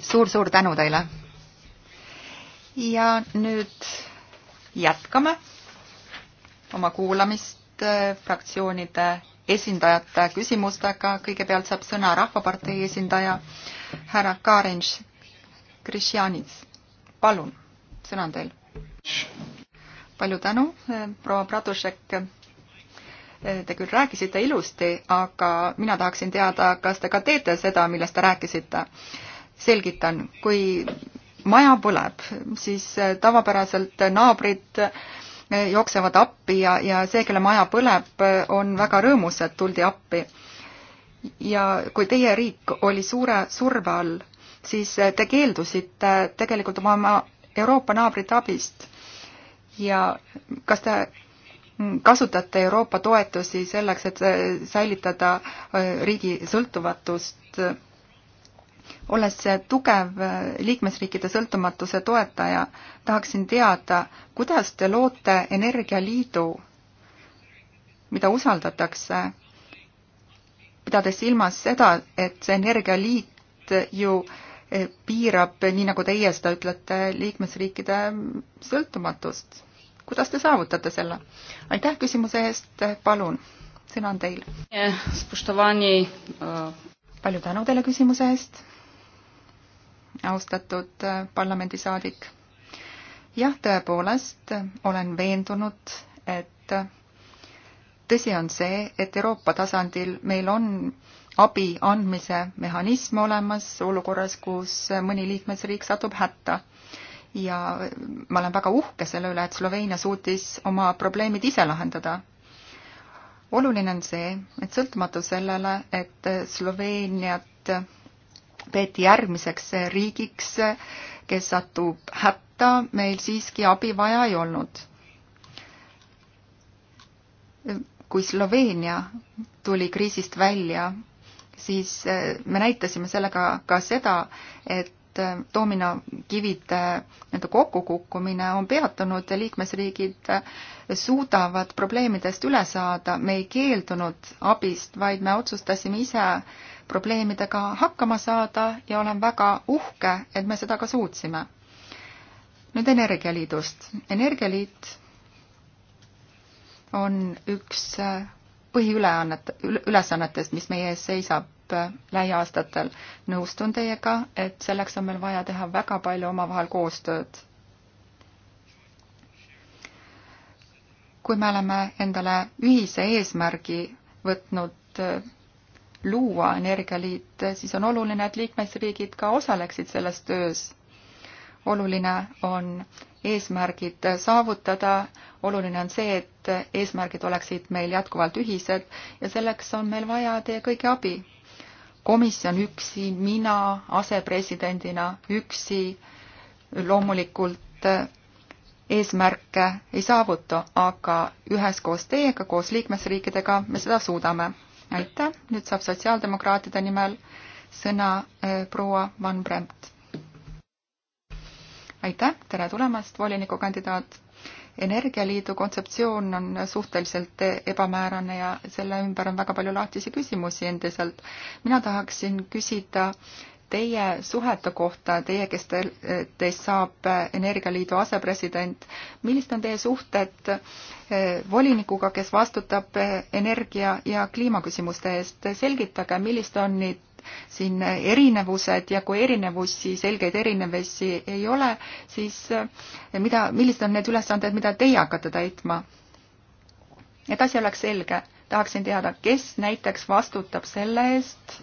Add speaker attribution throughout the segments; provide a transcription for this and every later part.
Speaker 1: suur-suur tänu teile. ja nüüd jätkame oma kuulamist äh, fraktsioonide esindajate küsimustega. kõigepealt saab sõna Rahvapartei esindaja härra Karinš Krisjanits. palun, sõna on teil. palju tänu, äh, proua Pradušek Te küll rääkisite ilusti, aga mina tahaksin teada, kas te ka teete seda, millest te rääkisite. selgitan, kui maja põleb, siis äh, tavapäraselt naabrid äh, jooksevad appi ja, ja see, kelle maja põleb, äh, on väga rõõmus, et tuldi appi. ja kui teie riik oli suure surve all, siis te keeldusite tegelikult oma Euroopa naabrite abist. ja kas te kasutate Euroopa toetusi selleks, et äh, säilitada äh, riigi sõltumatust? olles tugev äh, liikmesriikide sõltumatuse toetaja, tahaksin teada, kuidas te loote energialiidu, mida usaldatakse, pidades silmas seda, et see energialiit ju piirab, nii nagu teie seda ütlete, liikmesriikide sõltumatust kuidas te saavutate selle? aitäh küsimuse eest, palun, sõna on teil. Äh, palju tänu teile küsimuse eest, austatud äh, parlamendisaadik. jah, tõepoolest olen veendunud, et tõsi on see, et Euroopa tasandil meil on abi andmise mehhanism olemas olukorras, kus mõni liikmesriik satub hätta ja ma olen väga uhke selle üle, et Sloveenia suutis oma probleemid ise lahendada. oluline on see, et sõltumatu sellele, et Sloveeniat peeti järgmiseks riigiks, kes satub hätta, meil siiski abi vaja ei olnud. kui Sloveenia tuli kriisist välja, siis me näitasime sellega ka seda, et et doominokivide äh, nii-öelda kokkukukkumine on peatunud ja liikmesriigid äh, suudavad probleemidest üle saada. me ei keeldunud abist, vaid me otsustasime ise probleemidega hakkama saada ja olen väga uhke, et me seda ka suutsime. nüüd Energialiidust. energialiit on üks äh, põhiülesannetest, mis meie ees seisab muutub äh, lähiaastatel. nõustun teiega, et selleks on meil vaja teha väga palju omavahel koostööd. kui me oleme endale ühise eesmärgi võtnud äh, luua energialiit, siis on oluline, et liikmesriigid ka osaleksid selles töös. oluline on eesmärgid saavutada, oluline on see, et eesmärgid oleksid meil jätkuvalt ühised ja selleks on meil vaja teie kõigi abi komisjon üksi, mina asepresidendina üksi loomulikult äh, eesmärke ei saavuta, aga üheskoos teiega, koos liikmesriikidega me seda suudame. aitäh, nüüd saab sotsiaaldemokraatide nimel sõna äh, proua Van Bremt. aitäh, tere tulemast, volinikukandidaat energialiidu kontseptsioon on suhteliselt ebamäärane ja selle ümber on väga palju lahtisi küsimusi endiselt. mina tahaksin küsida teie suhete kohta, teie, kes te, teist saab Energialiidu asepresident, millised on teie suhted eh, volinikuga, kes vastutab energia ja kliimaküsimuste eest, selgitage, millised on nii siin erinevused ja kui erinevusi, selgeid erinevusi ei ole, siis eh, mida, millised on need ülesanded, mida teie hakkate täitma? et asi oleks selge, tahaksin teada, kes näiteks vastutab selle eest,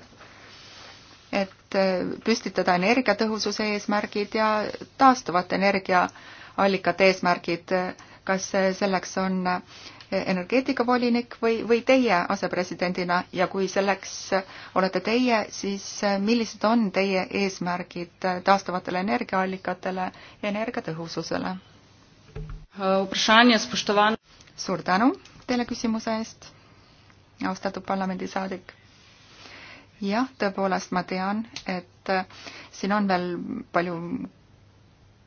Speaker 1: et eh, püstitada energiatõhususe eesmärgid ja taastuvate energiaallikate eesmärgid, kas eh, selleks on äh, energeetikavolinik või, või teie asepresidendina ja kui selleks olete teie, siis äh, millised on teie eesmärgid äh, taastuvatele energiaallikatele ja energiatõhususele? suur tänu teile küsimuse eest, austatud parlamendisaadik. jah, tõepoolest ma tean, et äh, siin on veel palju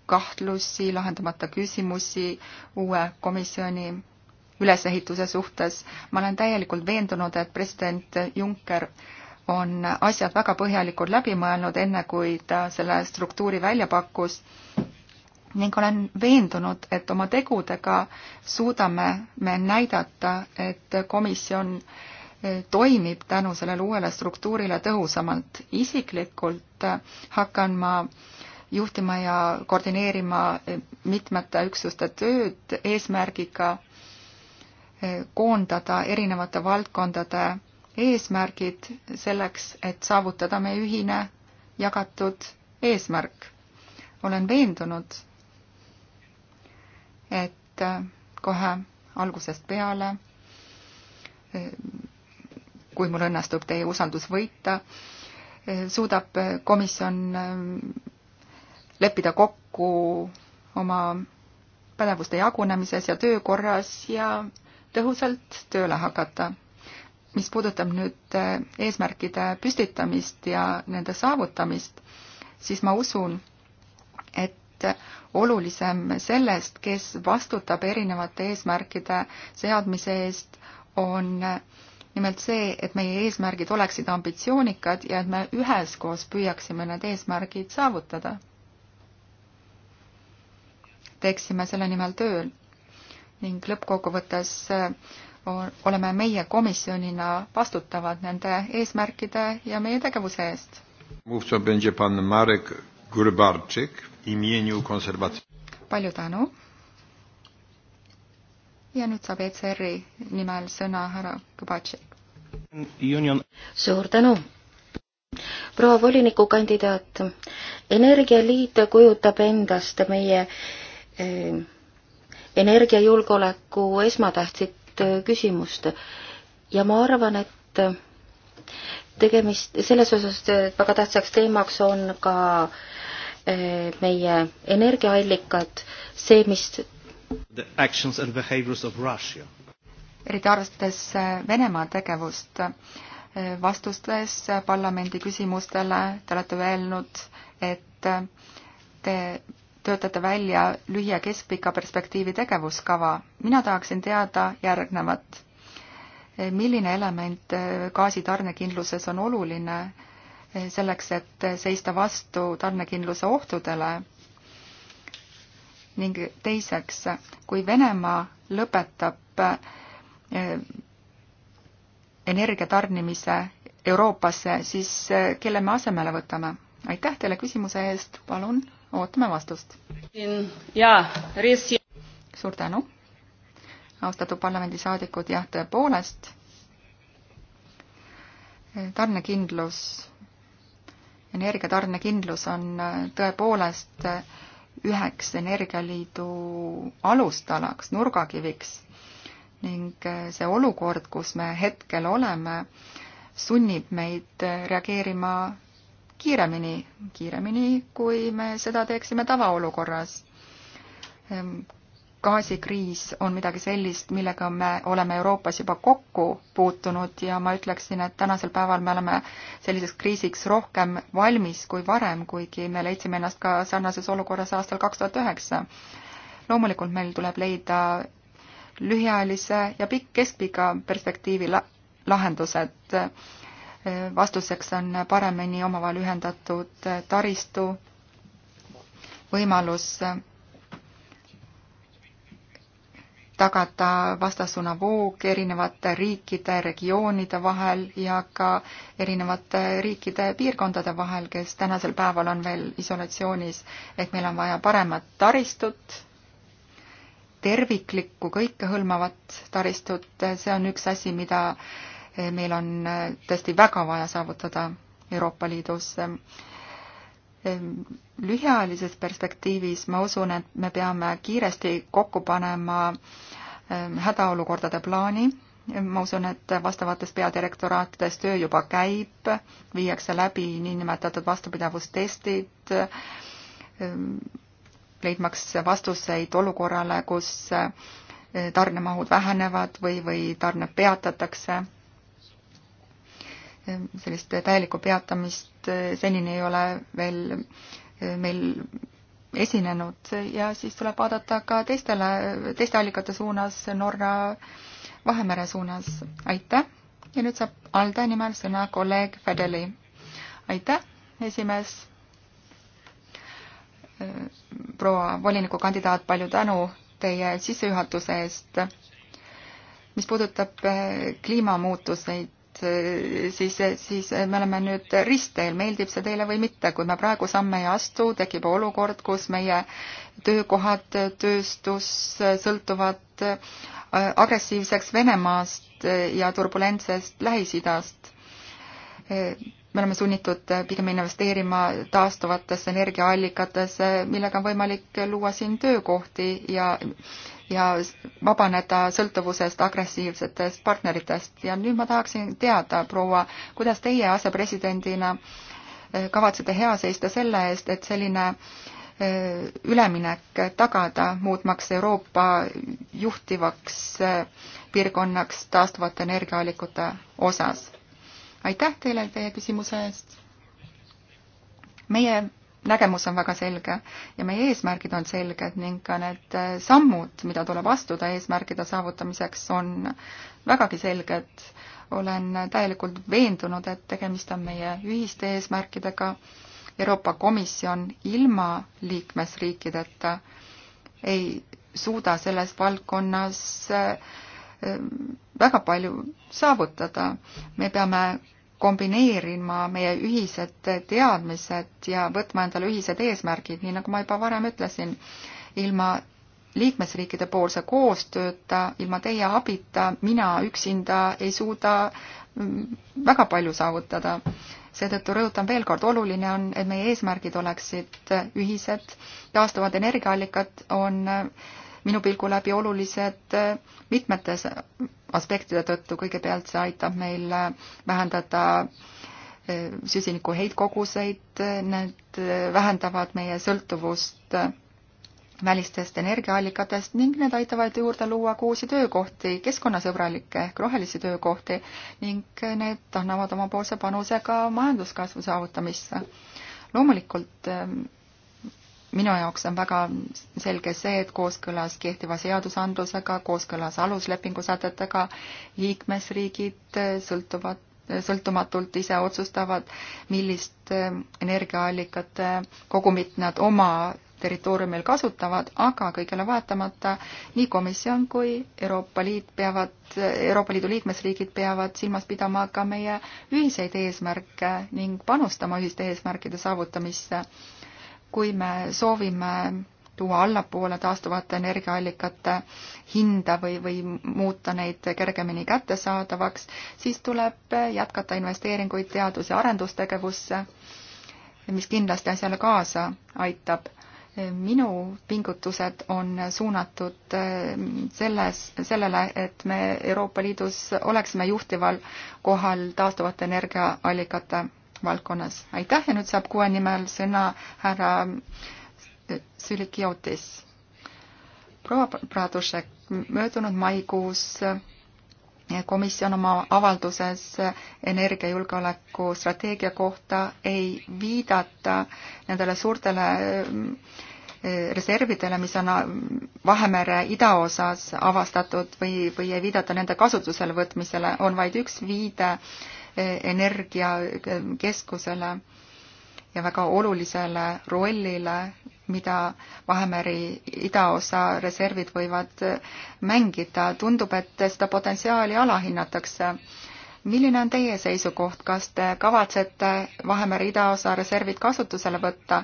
Speaker 1: kahtlusi, lahendamata küsimusi uue komisjoni ülesehituse suhtes. ma olen täielikult veendunud, et president Juncker on asjad väga põhjalikult läbi mõelnud, enne kui ta selle struktuuri välja pakkus ning olen veendunud, et oma tegudega suudame me näidata, et komisjon eh, toimib tänu sellele uuele struktuurile tõhusamalt. isiklikult eh, hakkan ma juhtima ja koordineerima eh, mitmete üksuste tööd eesmärgiga koondada erinevate valdkondade eesmärgid selleks, et saavutada meie ühine jagatud eesmärk. olen veendunud, et kohe algusest peale, kui mul õnnestub teie usaldus võita, suudab komisjon ähm, leppida kokku oma pädevuste jagunemises ja töökorras ja tõhusalt tööle hakata. mis puudutab nüüd eh, eesmärkide püstitamist ja nende saavutamist, siis ma usun, et olulisem sellest, kes vastutab erinevate eesmärkide seadmise eest, on nimelt see, et meie eesmärgid oleksid ambitsioonikad ja et me üheskoos püüaksime need eesmärgid saavutada. teeksime selle nimel tööl ning lõppkokkuvõttes äh, oleme meie komisjonina vastutavad nende eesmärkide ja meie tegevuse eest. palju tänu. ja nüüd saab ECR-i nimel sõna härra Kõbatšik.
Speaker 2: suur tänu proua volinikukandidaat, Energialiit kujutab endast meie eh, energiajulgeoleku esmatähtsit äh, küsimust. ja ma arvan, et äh, tegemist, selles osas äh, väga tähtsaks teemaks on ka meie energiaallikad, see, mis
Speaker 3: The actions and behaviors of Russia.
Speaker 2: eriti arvestades Venemaa
Speaker 1: tegevust, vastustes parlamendi küsimustele te olete öelnud, et te töötate välja lühi- ja keskpika perspektiivi tegevuskava. mina tahaksin teada järgnevat. milline element eh, gaasitarnekindluses on oluline eh, selleks, et seista vastu tarnekindluse ohtudele? ning teiseks, kui Venemaa lõpetab eh, energia tarnimise Euroopasse, siis kelle me asemele võtame? aitäh teile küsimuse eest, palun ootame vastust.
Speaker 3: jaa, res-.
Speaker 1: suur tänu, austatud parlamendisaadikud, jah, tõepoolest, tarnekindlus, energiatarnekindlus on äh, tõepoolest äh, üheks Energialiidu alustalaks, nurgakiviks ning äh, see olukord, kus me hetkel oleme, sunnib meid reageerima kiiremini, kiiremini, kui me seda teeksime tavaolukorras. Ehm, gaasikriis on midagi sellist, millega me oleme Euroopas juba kokku puutunud ja ma ütleksin, et tänasel päeval me oleme selliseks kriisiks rohkem valmis kui varem, kuigi me leidsime ennast ka sarnases olukorras aastal kaks tuhat üheksa. loomulikult meil tuleb leida lühiajalise ja pikk, keskpika perspektiivi lahendused vastuseks on paremini omavahel ühendatud taristu, võimalus tagada vastassuunavoog erinevate riikide, regioonide vahel ja ka erinevate riikide piirkondade vahel, kes tänasel päeval on veel isolatsioonis. ehk meil on vaja paremat taristut, terviklikku, kõikehõlmavat taristut, see on üks asi, mida meil on äh, tõesti väga vaja saavutada Euroopa Liidus. Ähm, ähm, lühiajalises perspektiivis ma usun, et me peame kiiresti kokku panema ähm, hädaolukordade plaani, ma usun, et vastavates peadirektoraatides töö juba käib, viiakse läbi niinimetatud vastupidavustestid, leidmaks vastuseid olukorrale, kus äh, tarnemahud vähenevad või, või tarned peatatakse sellist täielikku peatamist eh, senini ei ole veel eh, meil esinenud ja siis tuleb vaadata ka teistele, teiste allikate suunas, Norra Vahemere suunas. aitäh ja nüüd saab Alde nimel sõna kolleeg Fedeli. aitäh, esimees. Eh, proua volinikukandidaat, palju tänu teie sissejuhatuse eest. mis puudutab kliimamuutuseid, Eh, siis, siis me oleme nüüd ristteel, meeldib see teile või mitte. kui me praegu samme ei astu, tekib olukord, kus meie töökohad, tööstus sõltuvad eh, agressiivseks Venemaast ja turbulentsest Lähis-Idast eh, me oleme sunnitud pigem investeerima taastuvatesse energiaallikatesse, millega on võimalik luua siin töökohti ja, ja vabaneda sõltuvusest agressiivsetest partneritest. ja nüüd ma tahaksin teada, proua, kuidas teie asepresidendina eh, kavatsete hea seista selle eest, et selline eh, üleminek tagada, muutmaks Euroopa juhtivaks eh, piirkonnaks taastuvate energiaallikute osas aitäh teile teie küsimuse eest. meie nägemus on väga selge ja meie eesmärgid on selged ning ka need äh, sammud, mida tuleb astuda eesmärgide saavutamiseks, on vägagi selged. olen täielikult veendunud, et tegemist on meie ühiste eesmärkidega. Euroopa Komisjon ilma liikmesriikideta ei suuda selles valdkonnas äh, väga palju saavutada. me peame kombineerima meie ühised teadmised ja võtma endale ühised eesmärgid, nii nagu ma juba varem ütlesin, ilma liikmesriikide poolse koostööta, ilma teie abita mina üksinda ei suuda mm, väga palju saavutada. seetõttu rõhutan veel kord, oluline on, et meie eesmärgid oleksid ühised, taastuvad energiaallikad on äh, minu pilgu läbi olulised äh, mitmetes aspektide tõttu. kõigepealt see aitab meil äh, vähendada äh, süsiniku heitkoguseid, need vähendavad meie sõltuvust välistest energiaallikatest ning need aitavad juurde luua ka uusi töökohti, keskkonnasõbralikke ehk rohelisi töökohti ning need annavad omapoolse panuse ka majanduskasvu saavutamisse. loomulikult minu jaoks on väga selge see, et kooskõlas kehtiva seadusandlusega, kooskõlas aluslepingu sätetega liikmesriigid eh, sõltuvad, eh, sõltumatult ise otsustavad, millist eh, energiaallikate kogumit nad oma territooriumil kasutavad, aga kõigele vaatamata nii komisjon kui Euroopa Liit peavad, Euroopa Liidu liikmesriigid peavad silmas pidama ka meie ühiseid eesmärke ning panustama ühiste eesmärkide saavutamisse kui me soovime tuua allapoole taastuvate energiaallikate hinda või, või muuta neid kergemini kättesaadavaks, siis tuleb jätkata investeeringuid teadus- ja arendustegevusse, mis kindlasti asjale kaasa aitab. minu pingutused on suunatud mm, selles, sellele, et me Euroopa Liidus oleksime juhtival kohal taastuvate energiaallikate valdkonnas. aitäh ja nüüd saab kuue nimel sõna härra Sülikiotis. proua Pradušek, möödunud maikuus komisjon oma avalduses energiajulgeoleku strateegia kohta ei viidata nendele suurtele e, reservidele, mis on Vahemere idaosas avastatud või, või ei viidata nende kasutusele võtmisele, on vaid üks viide energiakeskusele ja väga olulisele rollile, mida Vahemeri idaosa reservid võivad mängida. tundub, et seda potentsiaali alahinnatakse. milline on teie seisukoht, kas te kavatsete Vahemere idaosa reservid kasutusele võtta,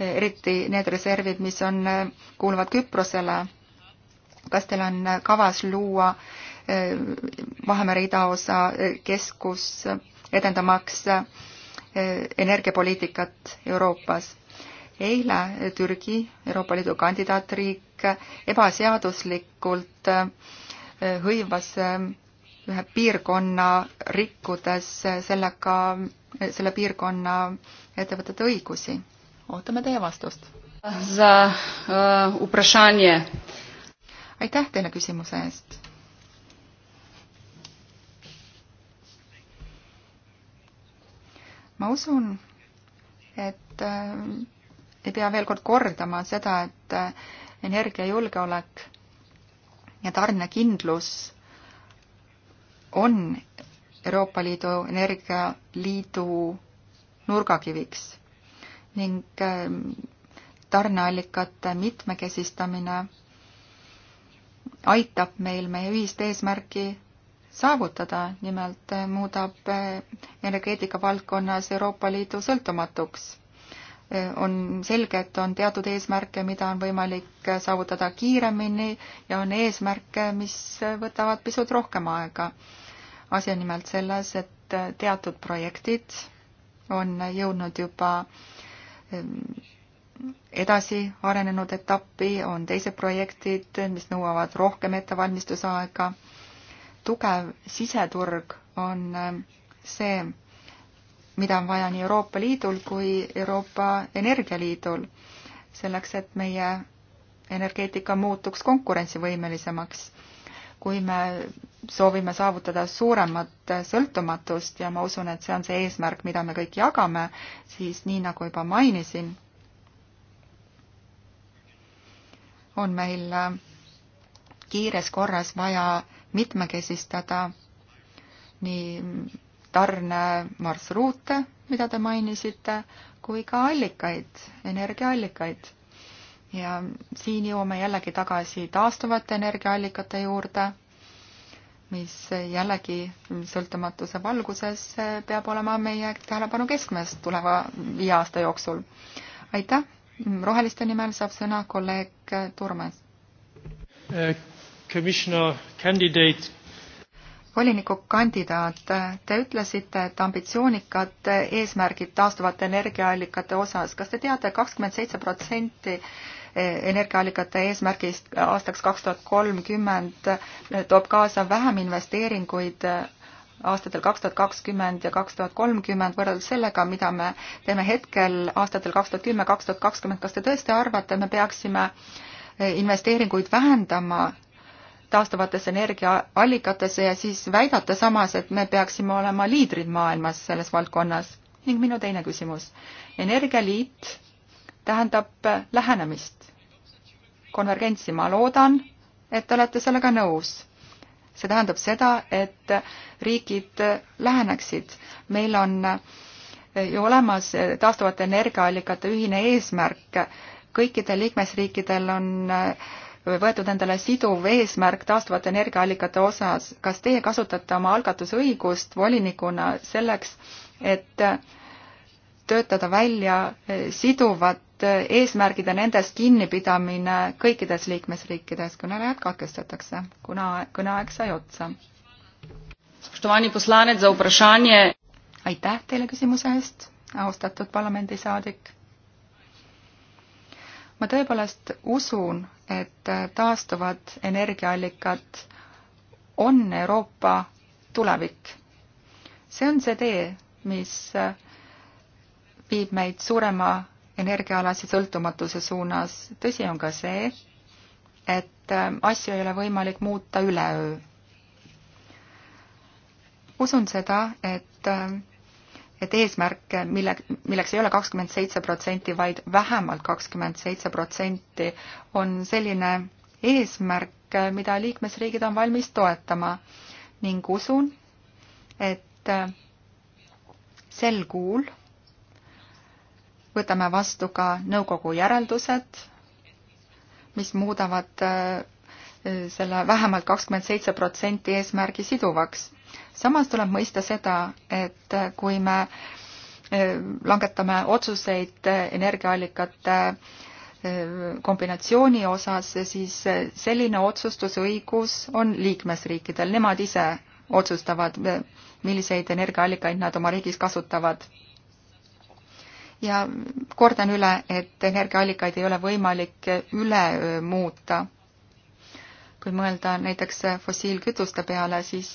Speaker 1: eriti need reservid, mis on, kuuluvad Küprosele? kas teil on kavas luua äh, Äh, Vahemere idaosa äh, keskus, äh, edendamaks energiapoliitikat Euroopas. eile Türgi, Euroopa Liidu kandidaatriik, ebaseaduslikult hõivas ühe piirkonna, rikkudes sellega, selle piirkonna ettevõtete õigusi. ootame teie vastust. aitäh teile küsimuse eest ma usun, et äh, ei pea veel kord kordama seda, et äh, energiajulgeolek ja tarnekindlus on Euroopa Liidu Energialiidu nurgakiviks ning äh, tarneallikate mitmekesistamine aitab meil meie ühist eesmärki saavutada, nimelt eh, muudab eh, energeetika valdkonnas Euroopa Liidu sõltumatuks. Eh, on selge, et on teatud eesmärke, mida on võimalik saavutada kiiremini ja on eesmärke, mis võtavad pisut rohkem aega. asi on nimelt selles, et teatud projektid on jõudnud juba ehm, edasi arenenud etappi, on teised projektid, mis nõuavad rohkem ettevalmistusaega tugev siseturg on äh, see, mida on vaja nii Euroopa Liidul kui Euroopa Energialiidul, selleks et meie energeetika muutuks konkurentsivõimelisemaks. kui me soovime saavutada suuremat sõltumatust ja ma usun, et see on see eesmärk, mida me kõik jagame, siis nii nagu juba mainisin, on meil äh, kiires korras vaja mitmekesistada nii tarnemarsruute, mida te mainisite, kui ka allikaid, energiaallikaid. ja siin jõuame jällegi tagasi taastuvate energiaallikate juurde, mis jällegi sõltumatuse valguses peab olema meie tähelepanu keskmes tuleva viie aasta jooksul. aitäh, roheliste nimel saab sõna kolleeg Turmes.
Speaker 3: Äh, Commissioner candidate
Speaker 1: volinikukandidaat, te ütlesite, et ambitsioonikad eesmärgid taastuvate energiaallikate osas, kas te teate, kakskümmend seitse protsenti energiaallikate eesmärgist aastaks kaks tuhat kolmkümmend toob kaasa vähem investeeringuid aastatel kaks tuhat kakskümmend ja kaks tuhat kolmkümmend võrreldes sellega, mida me teeme hetkel aastatel kaks tuhat kümme, kaks tuhat kakskümmend, kas te tõesti arvate, me peaksime investeeringuid vähendama taastuvatesse energiaallikatesse ja siis väidate samas, et me peaksime olema liidrid maailmas selles valdkonnas. ning minu teine küsimus. energialiit tähendab lähenemist, konvergentsi, ma loodan, et te olete sellega nõus. see tähendab seda, et riigid läheneksid. meil on ju olemas taastuvate energiaallikate ühine eesmärk, kõikidel liikmesriikidel on äh, võetud endale siduv eesmärk taastuvate energiaallikate osas. kas teie kasutate oma algatusõigust volinikuna selleks, et töötada välja eh, siduvad eh, eesmärgid ja nendest kinnipidamine kõikides liikmesriikides, kõnelejad katkestatakse, kuna kõneaeg sai otsa. aitäh teile küsimuse eest, austatud parlamendisaadik. ma tõepoolest usun, et taastuvad energiaallikad on Euroopa tulevik. see on see tee, mis viib meid suurema energiaalase sõltumatuse suunas. tõsi on ka see, et asju ei ole võimalik muuta üleöö. usun seda, et et eesmärk, mille, milleks ei ole kakskümmend seitse protsenti, vaid vähemalt kakskümmend seitse protsenti, on selline eesmärk, mida liikmesriigid on valmis toetama ning usun, et sel kuul võtame vastu ka nõukogu järeldused, mis muudavad äh, selle vähemalt kakskümmend seitse protsenti eesmärgi siduvaks samas tuleb mõista seda, et äh, kui me äh, langetame otsuseid äh, energiaallikate kombinatsiooni osas, siis selline otsustusõigus on liikmesriikidel, nemad ise otsustavad, milliseid energiaallikaid nad oma riigis kasutavad. ja kordan üle, et energiaallikaid ei ole võimalik üleöö muuta kui mõelda näiteks fossiilkütuste peale, siis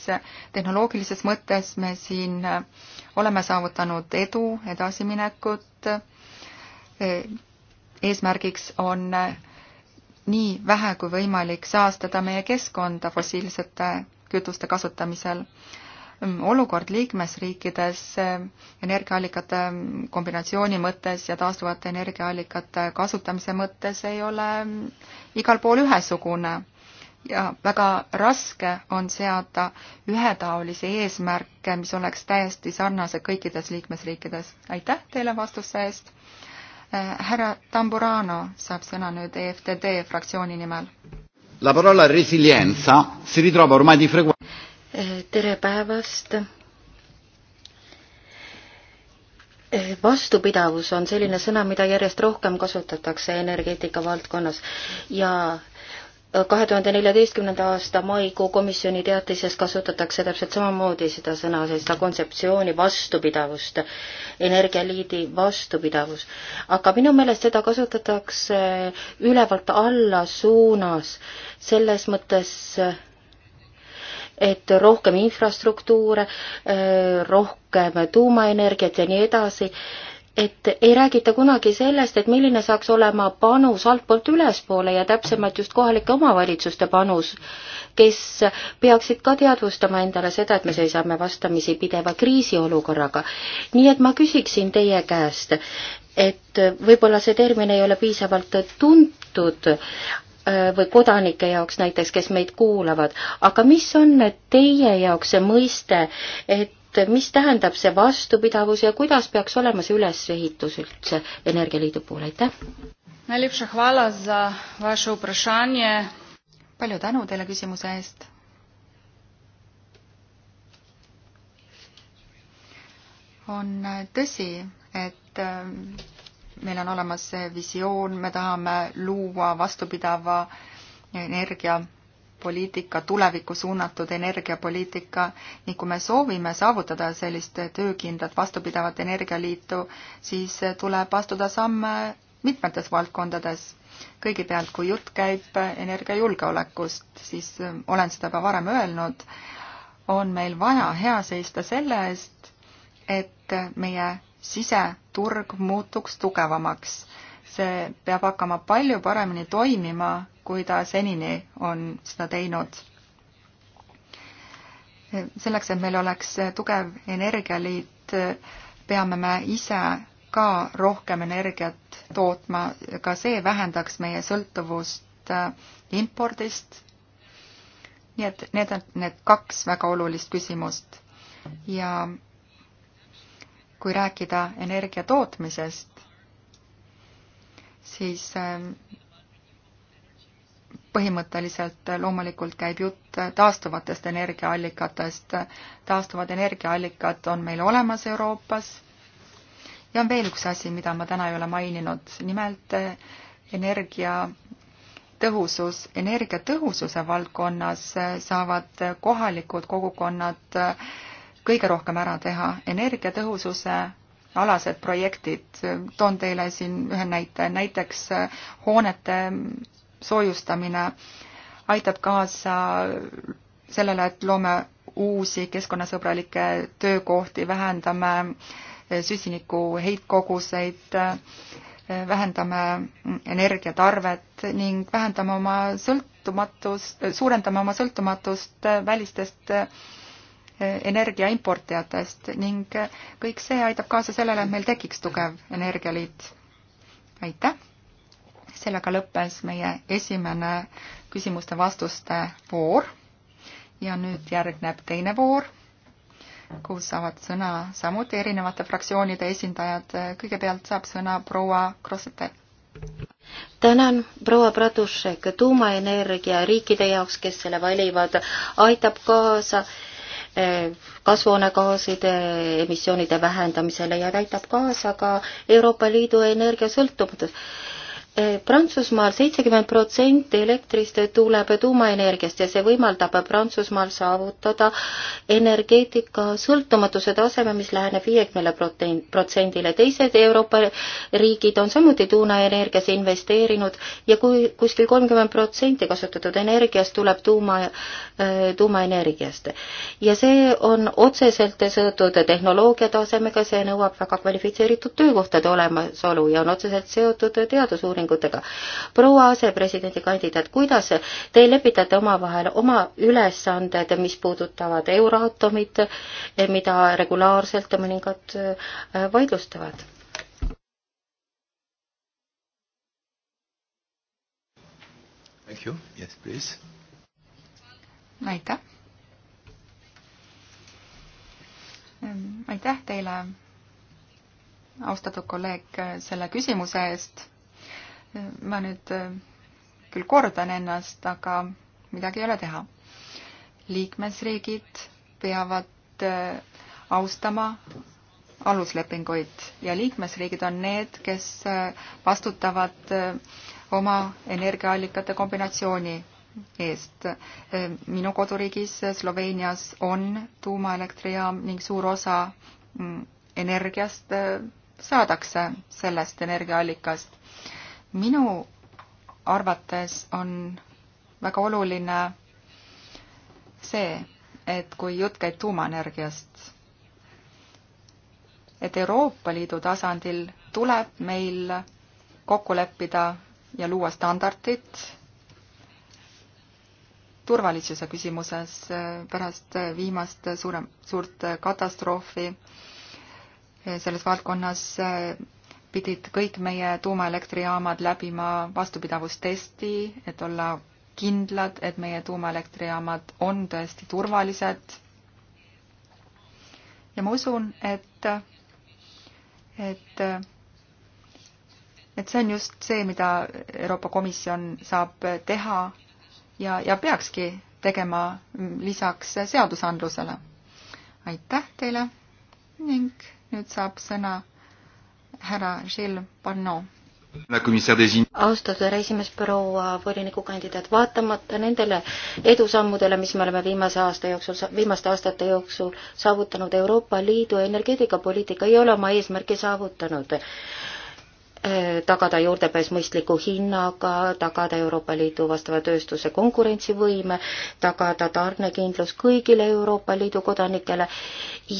Speaker 1: tehnoloogilises mõttes me siin äh, oleme saavutanud edu, edasiminekut. Äh, eesmärgiks on äh, nii vähe kui võimalik saastada meie keskkonda fossiilsete kütuste kasutamisel. Mm, olukord liikmesriikides energiaallikate mm, kombinatsiooni mõttes ja taastuvate energiaallikate kasutamise mõttes ei ole mm, igal pool ühesugune ja väga raske on seada ühetaolisi eesmärke, mis oleks täiesti sarnased kõikides liikmesriikides. aitäh teile vastuse eest. Äh, härra Tamburano saab sõna nüüd EFTD fraktsiooni nimel.
Speaker 3: La parola resilienza si ritrova ormai di fregu-.
Speaker 2: Äh, tere päevast äh, vastupidavus on selline sõna, mida järjest rohkem kasutatakse energeetika valdkonnas ja kahe tuhande neljateistkümnenda aasta maikuu komisjoni teatises kasutatakse täpselt samamoodi seda sõna, seda kontseptsiooni vastupidavust, energialiidi vastupidavus. aga minu meelest seda kasutatakse ülevalt alla suunas, selles mõttes et rohkem infrastruktuure, rohkem tuumaenergiat ja nii edasi et ei räägita kunagi sellest, et milline saaks olema panus altpoolt ülespoole ja täpsemalt just kohalike omavalitsuste panus, kes peaksid ka teadvustama endale seda, et me seisame vastamisi pideva kriisiolukorraga. nii et ma küsiksin teie käest, et võib-olla see termin ei ole piisavalt tuntud, äh, või kodanike jaoks näiteks, kes meid kuulavad, aga mis on teie jaoks see mõiste, et mis tähendab see vastupidavus ja kuidas peaks olema see ülesehitus üldse Energialiidu puhul, aitäh!
Speaker 3: palju tänu teile küsimuse eest!
Speaker 1: on tõsi, et äh, meil on olemas visioon, me tahame luua vastupidava energiaturgu poliitika, tulevikku suunatud energiapoliitika ning kui me soovime saavutada sellist töökindlat vastupidavat energialiitu, siis tuleb astuda samme mitmetes valdkondades. kõigepealt, kui jutt käib energiajulgeolekust, siis ähm, olen seda juba varem öelnud, on meil vaja hea seista selle eest, et meie siseturg muutuks tugevamaks see peab hakkama palju paremini toimima, kui ta senini on seda teinud. selleks, et meil oleks tugev energialiit, peame me ise ka rohkem energiat tootma, ka see vähendaks meie sõltuvust impordist. nii et need on need kaks väga olulist küsimust. ja kui rääkida energia tootmisest, siis ähm, põhimõtteliselt äh, loomulikult käib jutt äh, taastuvatest energiaallikatest. taastuvad energiaallikad on meil olemas Euroopas ja on veel üks asi, mida ma täna ei ole maininud, nimelt äh, energia tõhusus, energiatõhususe valdkonnas saavad kohalikud kogukonnad kõige rohkem ära teha. energiatõhususe alased projektid, toon teile siin ühe näite, näiteks eh, hoonete soojustamine aitab kaasa sellele, et loome uusi keskkonnasõbralikke töökohti, vähendame eh, süsiniku heitkoguseid, eh, vähendame energiatarvet ning vähendame oma sõltumatust, suurendame oma sõltumatust välistest energiaimportijatest ning kõik see aitab kaasa sellele, et meil tekiks tugev energialiit. aitäh! sellega lõppes meie esimene küsimuste-vastuste voor ja nüüd järgneb teine voor, kus saavad sõna samuti erinevate fraktsioonide esindajad. kõigepealt saab sõna proua
Speaker 2: Krossete tänan, proua Pradušek, tuumaenergia riikide jaoks, kes selle valivad, aitab kaasa äh, kasvuhoonegaaside emissioonide vähendamisele ja näitab kaasa ka Euroopa Liidu energiasõltumatus Äh, Prantsusmaal seitsekümmend protsenti elektrist tuleb tuumaenergiast ja see võimaldab Prantsusmaal saavutada energeetika sõltumatuse taseme, mis läheneb viiekümnele protsendile. teised Euroopa riigid on samuti tuumaenergiasse investeerinud ja kui kuskil kolmkümmend protsenti kasutatud energiast tuleb tuuma, äh, tuumaenergiast. ja see on otseselt seotud tehnoloogia tasemega, see nõuab väga kvalifitseeritud töökohtade olemasolu ja on otseselt seotud teadusuuringutega investeeringutega. proua asepresidendi kandidaat, kuidas te lepitate omavahel oma ülesanded, mis puudutavad Euratomit, mida regulaarselt mõningad äh, vaidlustavad?
Speaker 3: Thank you. Yes, please.
Speaker 1: aitäh. Ehm, aitäh teile, austatud kolleeg, selle küsimuse eest ma nüüd äh, küll kordan ennast, aga midagi ei ole teha. liikmesriigid peavad äh, austama aluslepinguid ja liikmesriigid on need, kes äh, vastutavad oma energiaallikate kombinatsiooni eest. minu koduriigis Sloveenias on tuumaelektrijaam ning suur osa mm, energiast saadakse sellest energiaallikast minu arvates on väga oluline see, et kui jutt käib tuumaenergiast, et Euroopa Liidu tasandil tuleb meil kokku leppida ja luua standardid turvalisuse küsimuses eh, pärast viimast suurem, suurt katastroofi eh, selles valdkonnas eh, pidid kõik meie tuumaelektrijaamad läbima vastupidavustesti, et olla kindlad, et meie tuumaelektrijaamad on tõesti turvalised. ja ma usun, et, et, et see on just see, mida Euroopa Komisjon saab teha ja, ja peakski tegema lisaks seadusandlusele. aitäh teile ning nüüd saab sõna härra Gilles Barnot.
Speaker 2: austatud härra esimees, proua volinikukandidaat, vaatamata nendele edusammudele, mis me oleme viimase aasta jooksul, viimaste aastate jooksul saavutanud, Euroopa Liidu energeetikapoliitika ei ole oma eesmärki saavutanud Äh, tagada juurdepääs mõistliku hinnaga, tagada Euroopa Liidu vastava tööstuse konkurentsivõime, tagada tarnekindlus kõigile Euroopa Liidu kodanikele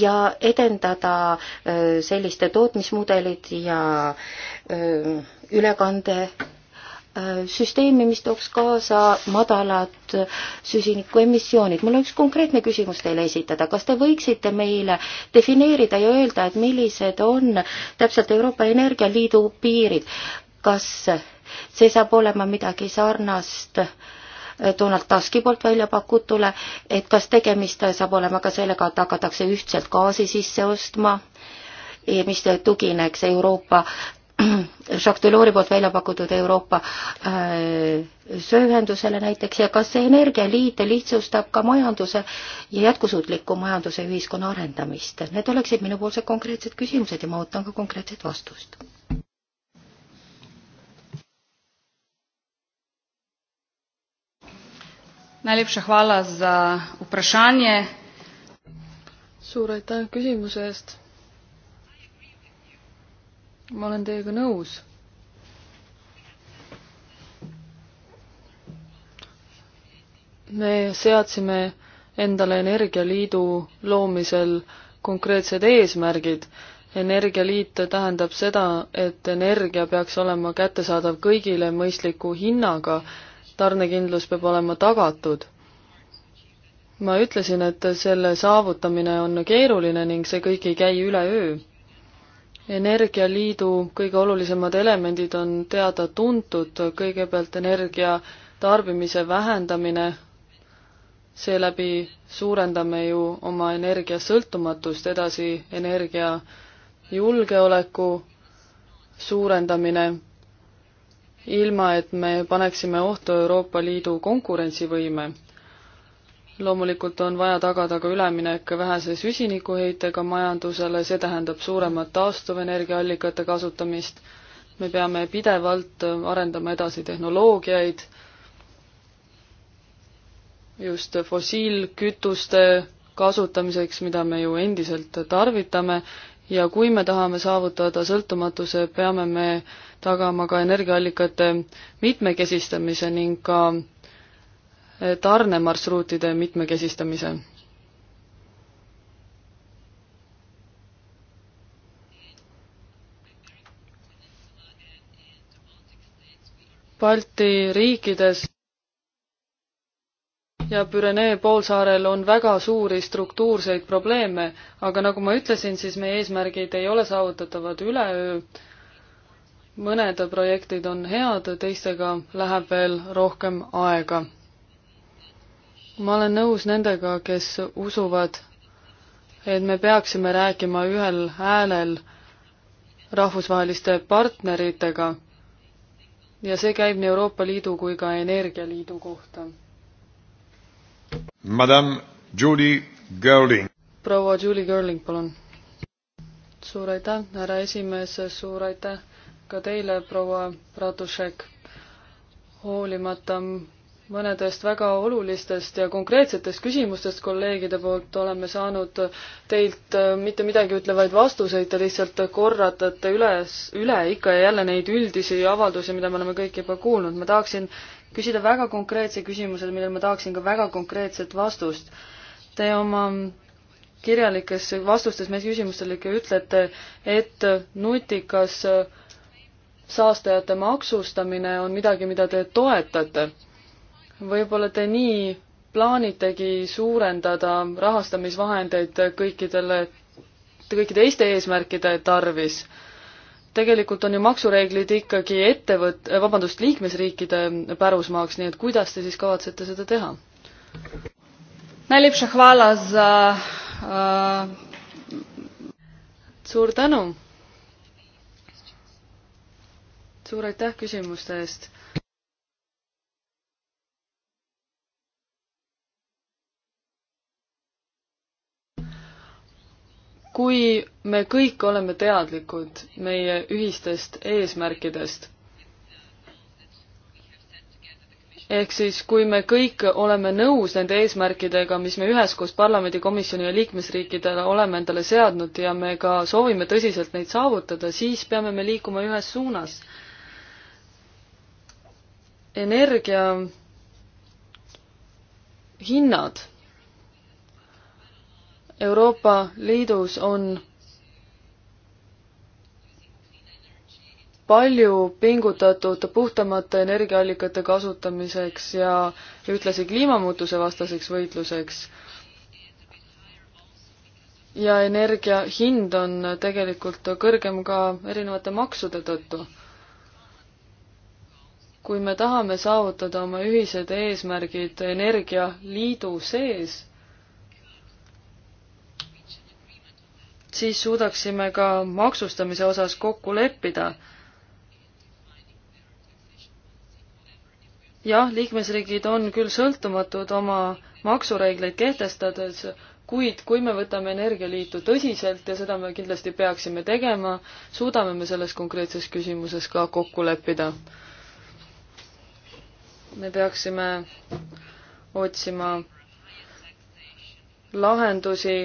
Speaker 2: ja edendada äh, selliste tootmismudelid ja äh, ülekande Äh, süsteemi, mis tooks kaasa madalad süsinikuemissioonid. mul on üks konkreetne küsimus teile esitada. kas te võiksite meile defineerida ja öelda, et millised on täpselt Euroopa Energialiidu piirid? kas see saab olema midagi sarnast äh, Donald Tuski poolt välja pakutule, et kas tegemist saab olema ka sellega, et hakatakse ühtselt gaasi sisse ostma? Eh, mis tugineks Euroopa Jacques Delors'i poolt välja pakutud Euroopa äh, sööühendusele näiteks ja kas see energialiit lihtsustab ka majanduse ja jätkusuutliku majanduse ja ühiskonna arendamist? Need oleksid minupoolsed konkreetsed küsimused ja ma ootan ka konkreetset vastust.
Speaker 3: Najlepša hvala za vprašanje. suur aitäh küsimuse eest ma olen teiega nõus.
Speaker 4: me seadsime endale Energialiidu loomisel konkreetsed eesmärgid. energialiit tähendab seda, et energia peaks olema kättesaadav kõigile mõistliku hinnaga, tarnekindlus peab olema tagatud. ma ütlesin, et selle saavutamine on keeruline ning see kõik ei käi üleöö energialiidu kõige olulisemad elemendid on teada-tuntud, kõigepealt energia tarbimise vähendamine, seeläbi suurendame ju oma energiasõltumatust, edasi energiajulgeoleku suurendamine, ilma et me paneksime ohtu Euroopa Liidu konkurentsivõime loomulikult on vaja tagada ka üleminek vähese süsinikuheitega majandusele, see tähendab suuremat taastuvenergiaallikate kasutamist, me peame pidevalt arendama edasi tehnoloogiaid, just fossiilkütuste kasutamiseks, mida me ju endiselt tarvitame, ja kui me tahame saavutada sõltumatuse, peame me tagama ka energiaallikate mitmekesistamise ning ka tarnemarsruutide mitmekesistamise. Balti riikides ja Pürenee poolsaarel on väga suuri struktuurseid probleeme, aga nagu ma ütlesin, siis meie eesmärgid ei ole saavutatavad üleöö. mõned projektid on head, teistega läheb veel rohkem aega ma olen nõus nendega, kes usuvad, et me peaksime rääkima ühel häälel rahvusvaheliste partneritega ja see käib nii Euroopa Liidu kui ka Energialiidu kohta.
Speaker 3: Madame Julie Gerling.
Speaker 4: proua Julie Gerling, palun. suur aitäh, härra esimees, suur aitäh ka teile, proua Radušek. hoolimata mõnedest väga olulistest ja konkreetsetest küsimustest kolleegide poolt oleme saanud teilt äh, mitte midagi ütlevaid vastuseid, te lihtsalt korratate üles, üle ikka ja jälle neid üldisi avaldusi, mida me oleme kõik juba kuulnud. ma tahaksin küsida väga konkreetse küsimuse, millele ma tahaksin ka väga konkreetset vastust. Te oma kirjalikes vastustes meie küsimustele ikka ütlete, et nutikas saastajate maksustamine on midagi, mida te toetate võib-olla te nii plaanitegi suurendada rahastamisvahendeid kõikidele, kõikide teiste eesmärkide tarvis. tegelikult on ju maksureeglid ikkagi ettevõt-, äh, vabandust, liikmesriikide pärusmaaks, nii et kuidas te siis kavatsete seda teha?
Speaker 3: Najlepša hvala za uh... suur tänu!
Speaker 4: suur aitäh küsimuste eest kui me kõik oleme teadlikud meie ühistest eesmärkidest, ehk siis, kui me kõik oleme nõus nende eesmärkidega, mis me üheskoos parlamendikomisjoni ja liikmesriikidele oleme endale seadnud ja me ka soovime tõsiselt neid saavutada, siis peame me liikuma ühes suunas. energia hinnad Euroopa Liidus on palju pingutatud puhtamate energiaallikate kasutamiseks ja ühtlasi kliimamuutuse vastaseks võitluseks. ja energia hind on tegelikult kõrgem ka erinevate maksude tõttu. kui me tahame saavutada oma ühised eesmärgid Energialiidu sees siis suudaksime ka maksustamise osas kokku leppida. jah, liikmesriigid on küll sõltumatud oma maksureegleid kehtestades, kuid kui me võtame Energialiitu tõsiselt ja seda me kindlasti peaksime tegema, suudame me selles konkreetses küsimuses ka kokku leppida. me peaksime otsima lahendusi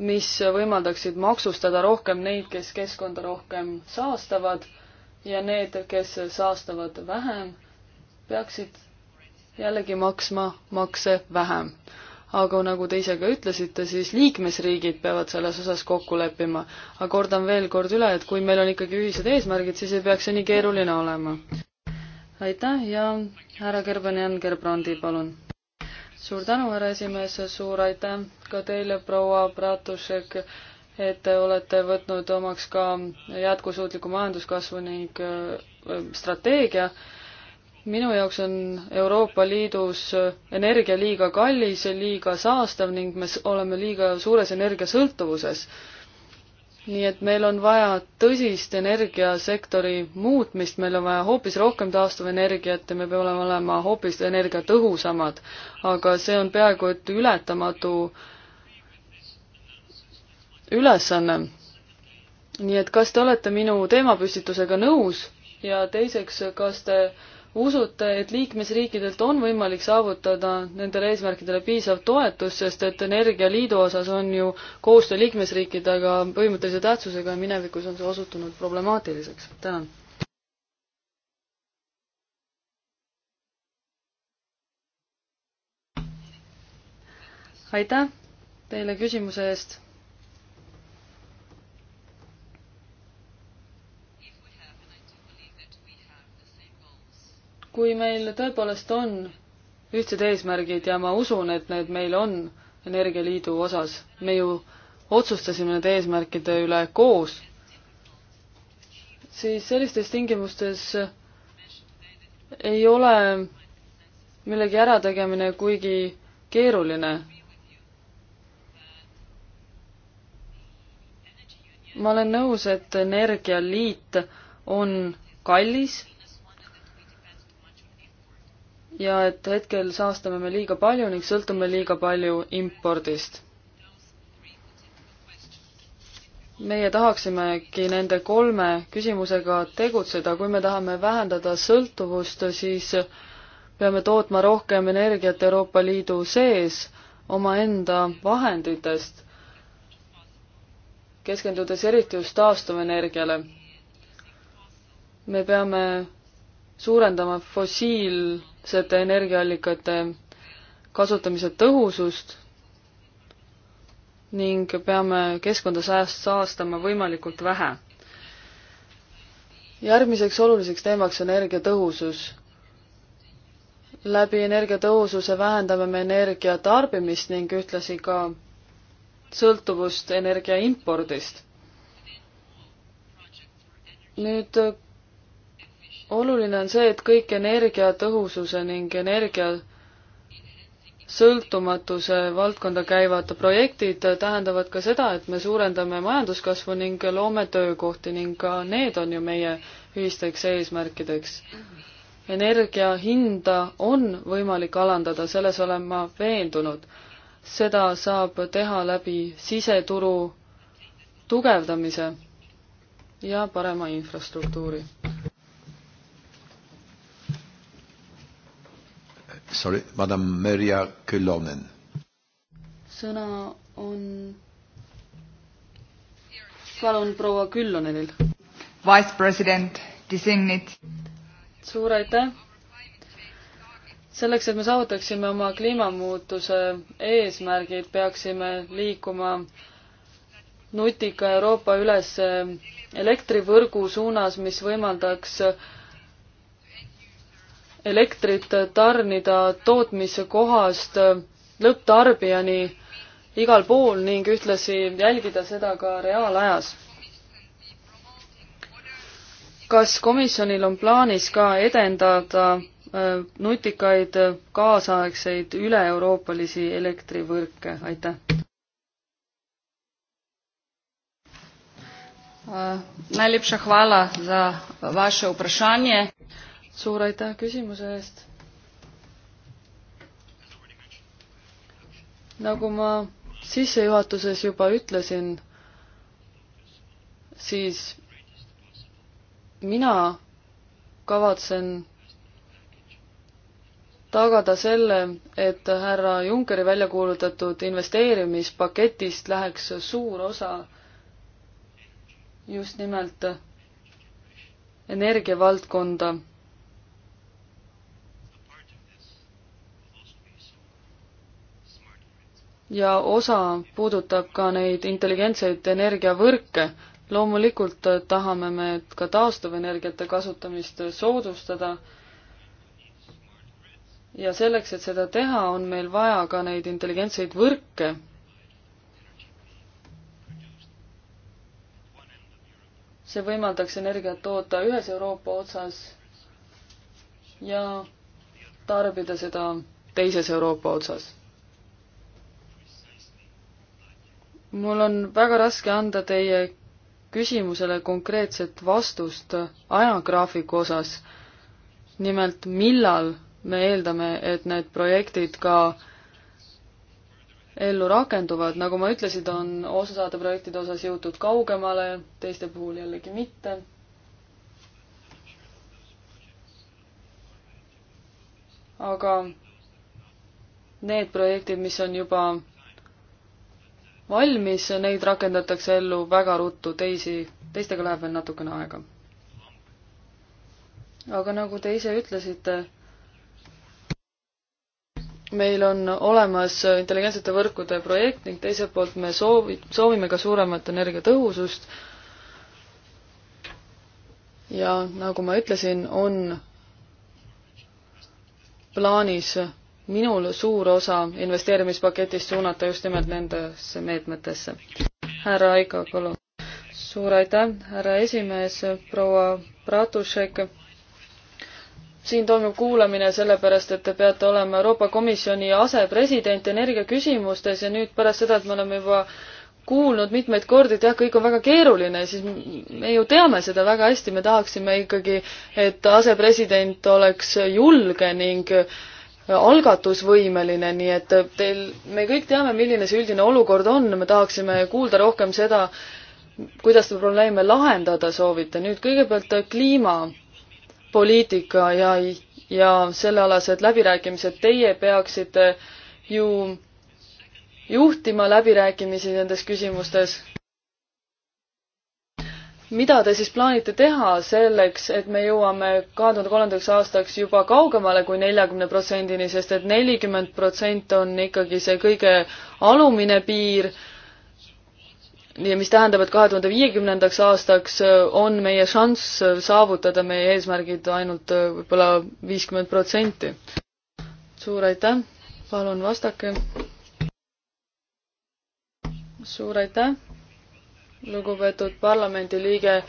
Speaker 4: mis võimaldaksid maksustada rohkem neid, kes keskkonda rohkem saastavad ja need, kes saastavad vähem, peaksid jällegi maksma makse vähem. aga nagu te ise ka ütlesite, siis liikmesriigid peavad selles osas kokku leppima. aga kordan veel kord üle, et kui meil on ikkagi ühised eesmärgid, siis ei peaks see nii keeruline olema. aitäh ja härra Gerben-Jan Gerbrandi, palun suur tänu, härra esimees, suur aitäh ka teile, proua Bratušek, et te olete võtnud omaks ka jätkusuutliku majanduskasvu ning äh, strateegia minu jaoks on Euroopa Liidus energia liiga kallis ja liiga saastav ning me oleme liiga suures energiasõltuvuses nii et meil on vaja tõsist energiasektori muutmist, meil on vaja hoopis rohkem taastuvenergiat ja me peame olema hoopis energiatõhusamad. aga see on peaaegu et ületamatu ülesanne. nii et kas te olete minu teemapüstitusega nõus ja teiseks, kas te äh, usute, et liikmesriikidelt on võimalik saavutada nendele eesmärkidele piisav toetus, sest et Energialiidu osas on ju koostöö liikmesriikidega põhimõttelise tähtsusega ja minevikus on see osutunud problemaatiliseks. tänan. aitäh teile küsimuse eest kui meil tõepoolest on ühtsed eesmärgid ja ma usun, et need meil on Energialiidu osas, me ju otsustasime nende eesmärkide üle koos, siis sellistes tingimustes ei ole millegi ärategemine kuigi keeruline. ma olen nõus, et Energialiit on kallis ja et hetkel saastame me liiga palju ning sõltume liiga palju impordist. meie tahaksimegi nende kolme küsimusega tegutseda, kui me tahame vähendada sõltuvust, siis peame tootma rohkem energiat Euroopa Liidu sees omaenda vahenditest, keskendudes eriti just taastuvenergiale. me peame suurendama fossiil sete energiaallikate kasutamise tõhusust ning peame keskkonda sääst-, saastama võimalikult vähe. järgmiseks oluliseks teemaks on energiatõhusus. läbi energiatõhususe vähendame me energia tarbimist ning ühtlasi ka sõltuvust energia impordist. nüüd oluline on see, et kõik energiatõhususe ning energia sõltumatuse valdkonda käivad projektid tähendavad ka seda, et me suurendame majanduskasvu ning loome töökohti ning ka need on ju meie ühisteks eesmärkideks. energia hinda on võimalik alandada, selles olen ma veendunud. seda saab teha läbi siseturu tugevdamise ja parema infrastruktuuri.
Speaker 3: sorry, madam Merja Kylonen.
Speaker 4: sõna on, palun proua Küllonenil. Vice
Speaker 1: president, designid.
Speaker 4: suur aitäh. selleks, et me saavutaksime oma kliimamuutuse eesmärgid, peaksime liikuma nutika Euroopa üles elektrivõrgu suunas, mis võimaldaks äh, elektrit tarnida tootmise kohast lõpptarbijani igal pool ning ühtlasi jälgida seda ka reaalajas. kas komisjonil on plaanis ka edendada äh, nutikaid kaasaegseid üle-euroopalisi elektrivõrke, aitäh!
Speaker 3: Äh, najlepša hvala za vaše vprašanje suur aitäh küsimuse eest.
Speaker 4: nagu ma sissejuhatuses juba ütlesin, siis mina kavatsen tagada selle, et härra Junckeri välja kuulutatud investeerimispaketist läheks suur osa just nimelt energiavaldkonda ja osa puudutab ka neid intelligentseid energiavõrke. loomulikult tahame me ka taastuvenergiate kasutamist soodustada ja selleks, et seda teha, on meil vaja ka neid intelligentseid võrke. see võimaldaks energiat toota ühes Euroopa otsas ja tarbida seda teises Euroopa otsas mul on väga raske anda teie küsimusele konkreetset vastust ajagraafiku osas. nimelt, millal me eeldame, et need projektid ka ellu rakenduvad, nagu ma ütlesin, on osasaade projektide osas jõutud kaugemale, teiste puhul jällegi mitte aga need projektid, mis on juba valmis, neid rakendatakse ellu väga ruttu, teisi, teistega läheb veel natukene aega. aga nagu te ise ütlesite, meil on olemas intelligentsete võrkude projekt ning teiselt poolt me soovi, soovime ka suuremat energiatõhusust. ja nagu ma ütlesin, on plaanis minul suur osa investeerimispaketist suunata just nimelt nendesse meetmetesse. härra Aiko Kolo. suur aitäh, härra esimees, proua Bratušek. siin toimub kuulamine sellepärast, et te peate olema Euroopa Komisjoni asepresident energiaküsimustes ja nüüd pärast seda, et me oleme juba kuulnud mitmeid kordi, et jah, kõik on väga keeruline, siis me ju teame seda väga hästi, me tahaksime ikkagi, et asepresident oleks julge ning äh, algatusvõimeline, nii et äh, teil, me kõik teame, milline see üldine olukord on, me tahaksime kuulda rohkem seda, kuidas te probleeme lahendada soovite. nüüd kõigepealt äh, kliimapoliitika ja, ja sellealased läbirääkimised, teie peaksite ju juhtima läbirääkimisi nendes küsimustes mida te siis plaanite teha selleks, et me jõuame kahe tuhande kolmandaks aastaks juba kaugemale kui neljakümne protsendini, sest et nelikümmend protsenti on ikkagi see kõige alumine piir ja mis tähendab, et kahe tuhande viiekümnendaks aastaks on meie šanss saavutada meie eesmärgid ainult võib-olla viiskümmend protsenti. suur aitäh, palun vastake. suur aitäh lugupeetud parlamendiliige,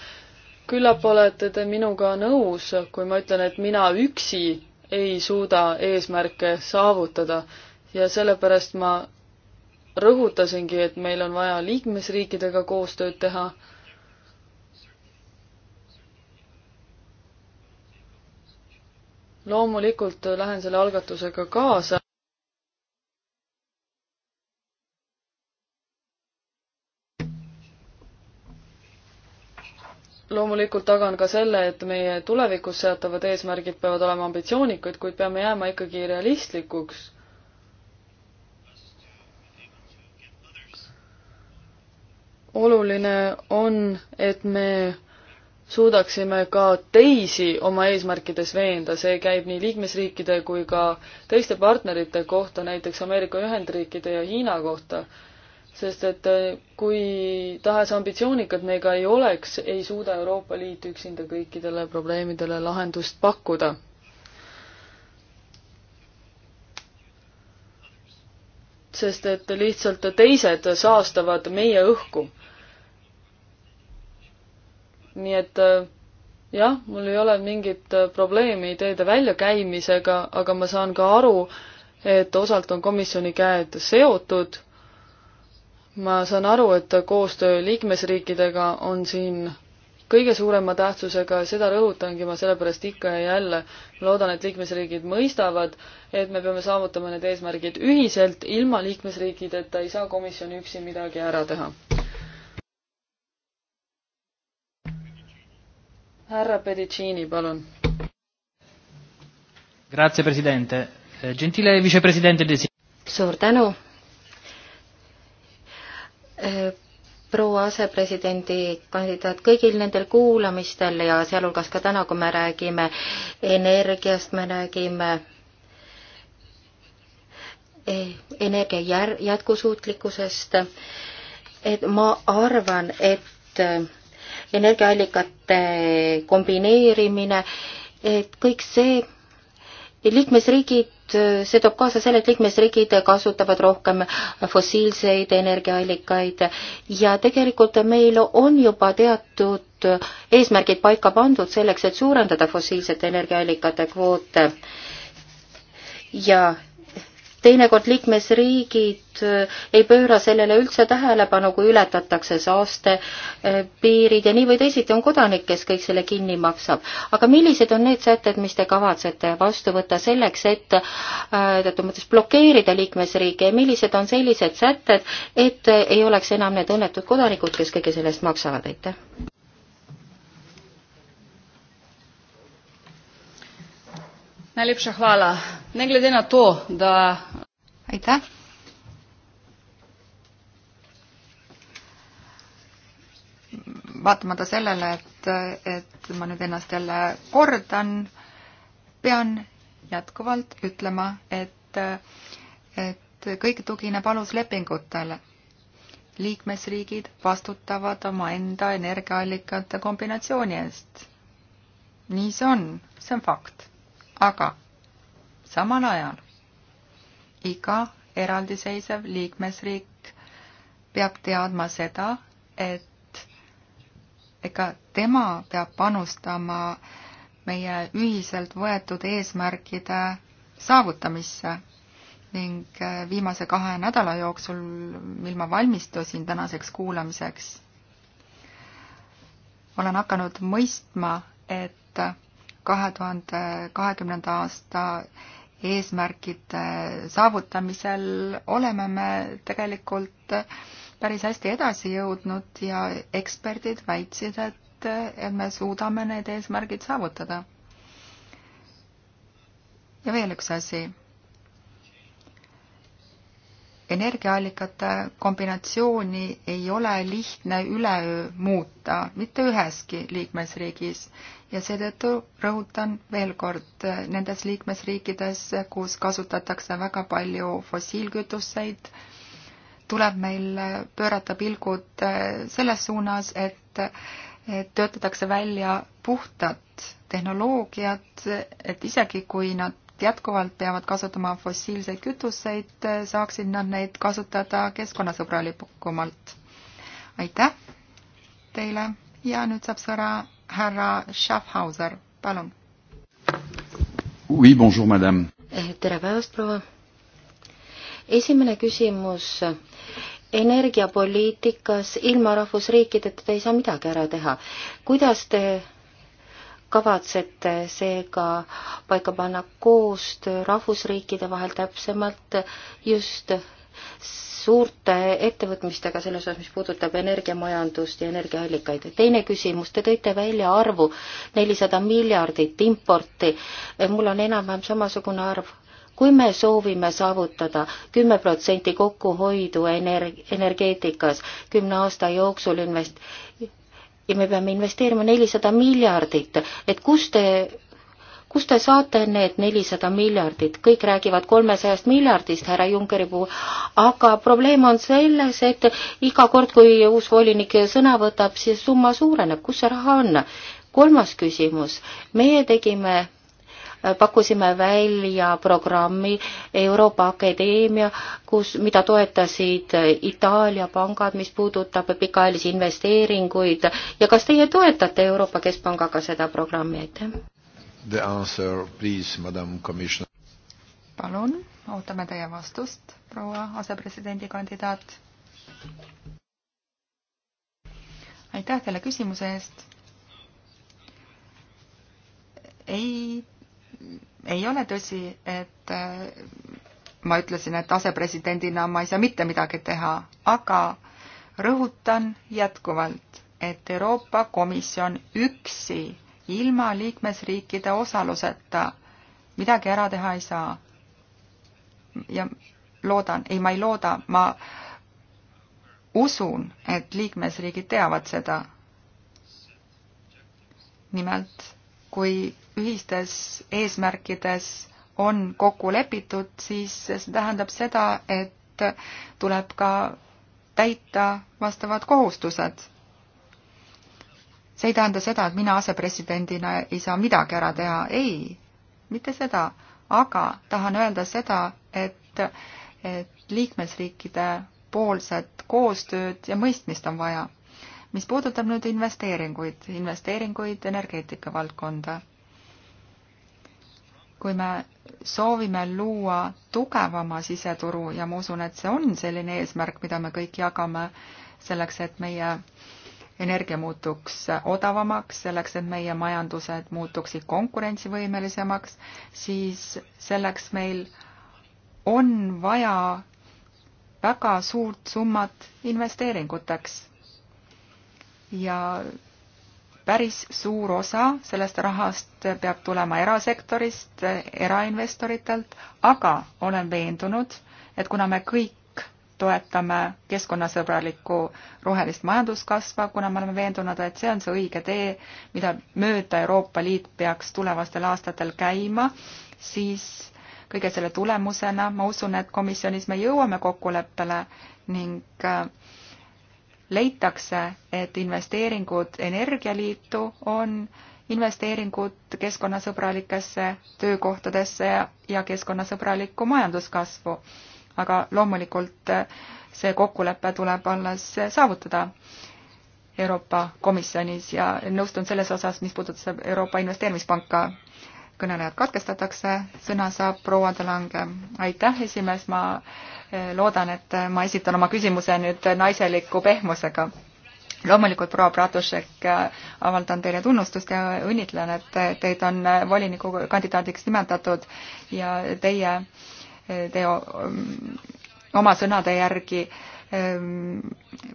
Speaker 4: küllap olete te minuga nõus, kui ma ütlen, et mina üksi ei suuda eesmärke saavutada ja sellepärast ma rõhutasingi, et meil on vaja liikmesriikidega koostööd teha. loomulikult lähen selle algatusega kaasa. loomulikult tagan ka selle, et meie tulevikus seatavad eesmärgid peavad olema ambitsioonikud, kuid peame jääma ikkagi realistlikuks. oluline on, et me suudaksime ka teisi oma eesmärkides veenda, see käib nii liikmesriikide kui ka teiste partnerite kohta, näiteks Ameerika Ühendriikide ja Hiina kohta sest et äh, kui tahes ambitsioonikad me ka ei oleks, ei suuda Euroopa Liit üksinda kõikidele probleemidele lahendust pakkuda. sest et lihtsalt teised saastavad meie õhku. nii et äh, jah, mul ei ole mingit äh, probleemi ideede väljakäimisega, aga ma saan ka aru, et osalt on komisjoni käed seotud ma saan aru, et koostöö liikmesriikidega on siin kõige suurema tähtsusega, seda rõhutangi ma sellepärast ikka ja jälle. loodan, et liikmesriigid mõistavad, et me peame saavutama need eesmärgid ühiselt, ilma liikmesriikideta ei saa komisjon üksi midagi ära teha. härra Pedicini, palun.
Speaker 3: Grazie, president. Eh,
Speaker 4: gentile vicepresidente. suur tänu
Speaker 2: Äh, proua asepresidendi kandidaat, kõigil nendel kuulamistel ja sealhulgas ka täna, kui me räägime energiast, me räägime eh, energia jär-, jätkusuutlikkusest, et ma arvan, et eh, energiaallikate kombineerimine, et kõik see, liikmesriigid Äh, see toob kaasa selle, et liikmesriigid kasutavad rohkem fossiilseid energiaallikaid ja tegelikult meil on juba teatud eesmärgid paika pandud selleks, et suurendada fossiilsete energiaallikate kvoote ja teinekord liikmesriigid eh, ei pööra sellele üldse tähelepanu, kui ületatakse saastepiirid eh, ja nii või teisiti on kodanik, kes kõik selle kinni maksab. aga millised on need sätted, mis te kavatsete vastu võtta selleks, et eh, teatud mõttes blokeerida liikmesriike ja millised on sellised sätted, et ei oleks enam need õnnetud kodanikud, kes kõige selle eest maksavad, aitäh?
Speaker 3: Najlepša hvala. Ne glede na to, da. aitäh.
Speaker 1: vaatamata sellele, et, et ma nüüd ennast jälle kordan, pean jätkuvalt ütlema, et, et kõik tugineb aluslepingutele. liikmesriigid vastutavad omaenda energiaallikate kombinatsiooni eest. nii see on, see on fakt aga samal ajal iga eraldiseisev liikmesriik peab teadma seda, et ega tema peab panustama meie ühiselt võetud eesmärkide saavutamisse ning äh, viimase kahe nädala jooksul, mil ma valmistusin tänaseks kuulamiseks, olen hakanud mõistma, et kahe tuhande kahekümnenda aasta eesmärkide saavutamisel oleme me tegelikult päris hästi edasi jõudnud ja eksperdid väitsid, et, et me suudame need eesmärgid saavutada. ja veel üks asi energiaallikate kombinatsiooni ei ole lihtne üleöö muuta mitte üheski liikmesriigis ja seetõttu rõhutan veel kord, eh, nendes liikmesriikides, kus kasutatakse väga palju fossiilkütuseid, tuleb meil eh, pöörata pilgud eh, selles suunas, et töötatakse välja puhtad tehnoloogiad, et isegi kui nad jätkuvalt peavad kasutama fossiilseid kütuseid, saaksid nad neid kasutada keskkonnasõbralikumalt. aitäh teile ja nüüd saab sõna härra
Speaker 2: Schaffhauser, palun.
Speaker 3: Oui, bonjour, madame.
Speaker 2: Eh, tere päevast, proua. esimene küsimus energiapoliitikas ilma rahvusriikideta te ei saa midagi ära teha. kuidas te kavatsete seega paika panna koostöö rahvusriikide vahel täpsemalt just suurte ettevõtmistega selles osas, mis puudutab energiamajandust ja energiaallikaid. teine küsimus, te tõite välja arvu nelisada miljardit importi, mul on enam-vähem samasugune arv. kui me soovime saavutada kümme protsenti kokkuhoidu energ-, energeetikas kümne aasta jooksul invest-, ja me peame investeerima nelisada miljardit, et kus te kust te saate need nelisada miljardit, kõik räägivad kolmesajast miljardist härra Junckeri puhul, aga probleem on selles, et iga kord, kui uus volinik sõna võtab, siis summa suureneb, kus see raha on? kolmas küsimus, meie tegime pakkusime välja programmi Euroopa Akadeemia, kus, mida toetasid Itaalia pangad, mis puudutab pikaajalisi investeeringuid ja kas teie toetate Euroopa Keskpangaga seda programmi, aitäh?
Speaker 3: The answer please, madam commissioner.
Speaker 1: palun, ootame teie vastust, proua asepresidendi kandidaat. aitäh teile küsimuse eest ei ei ole tõsi, et äh, ma ütlesin, et asepresidendina ma ei saa mitte midagi teha, aga rõhutan jätkuvalt, et Euroopa Komisjon üksi ilma liikmesriikide osaluseta midagi ära teha ei saa. ja loodan, ei, ma ei looda, ma usun, et liikmesriigid teavad seda. nimelt, kui ühistes eesmärkides on kokku lepitud, siis see tähendab seda, et tuleb ka täita vastavad kohustused. see ei tähenda seda, et mina asepresidendina ei saa midagi ära teha, ei, mitte seda, aga tahan öelda seda, et, et liikmesriikide poolset koostööd ja mõistmist on vaja. mis puudutab nüüd investeeringuid, investeeringuid energeetika valdkonda kui me soovime luua tugevama siseturu ja ma usun, et see on selline eesmärk, mida me kõik jagame selleks, et meie energia muutuks odavamaks, selleks, et meie majandused muutuksid konkurentsivõimelisemaks, siis selleks meil on vaja väga suurt summat investeeringuteks. ja päris suur osa sellest rahast peab tulema erasektorist, erainvestoritelt, aga olen veendunud, et kuna me kõik toetame keskkonnasõbralikku rohelist majanduskasva, kuna me oleme veendunud, et see on see õige tee, mida mööda Euroopa Liit peaks tulevastel aastatel käima, siis kõige selle tulemusena ma usun, et komisjonis me jõuame kokkuleppele ning äh, leitakse, et investeeringud energialiitu on investeeringud keskkonnasõbralikesse töökohtadesse ja keskkonnasõbralikku majanduskasvu. aga loomulikult äh, see kokkulepe tuleb alles saavutada Euroopa Komisjonis ja nõustun selles osas, mis puudutab Euroopa Investeerimispanka kõnelejad katkestatakse, sõna saab proua Delange. aitäh, esimees, ma eh, loodan, et ma esitan oma küsimuse nüüd naiseliku pehmusega. loomulikult, proua Bratušek, eh, avaldan teile tunnustust ja õnnitlen, et teid on eh, volinikukandidaadiks nimetatud ja teie, teie mm, oma sõnade järgi äh, Ehm,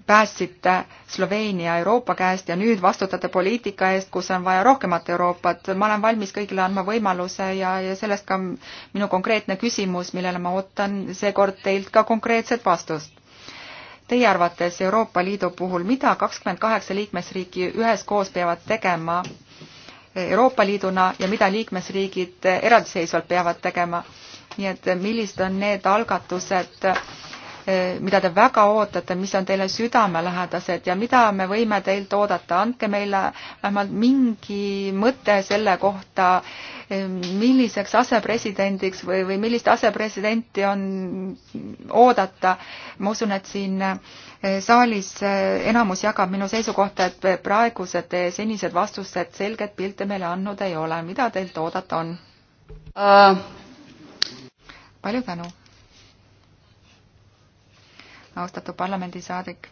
Speaker 1: päästsite Sloveenia Euroopa käest ja nüüd vastutate poliitika eest, kus on vaja rohkemat Euroopat. ma olen valmis kõigile andma võimaluse ja, ja sellest ka minu konkreetne küsimus, millele ma ootan seekord teilt ka konkreetset vastust. Teie arvates Euroopa Liidu puhul, mida kakskümmend kaheksa liikmesriiki üheskoos peavad tegema Euroopa Liiduna ja mida liikmesriigid eraldiseisvalt peavad tegema? nii et millised on need algatused, Eh, mida te väga ootate, mis on teile südamelähedased ja mida me võime teilt oodata, andke meile vähemalt mingi mõte selle kohta, eh, milliseks asepresidendiks või, või millist asepresidenti on oodata. ma usun, et siin eh, saalis enamus jagab minu seisukohta, et praegused senised vastused selget pilti meile andnud ei ole. mida teilt oodata on uh...? palju tänu! austatud parlamendisaadik.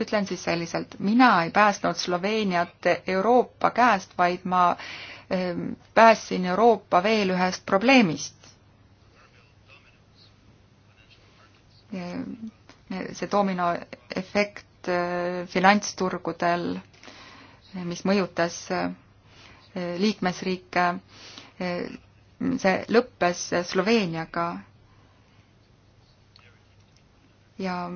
Speaker 1: ütlen siis selliselt, mina ei päästnud Sloveeniat Euroopa käest, vaid ma ehm, päästsin Euroopa veel ühest probleemist. Ehm, see dominoefekt ehm, finantsturgudel, mis mõjutas liikmesriike, see lõppes Sloveeniaga ja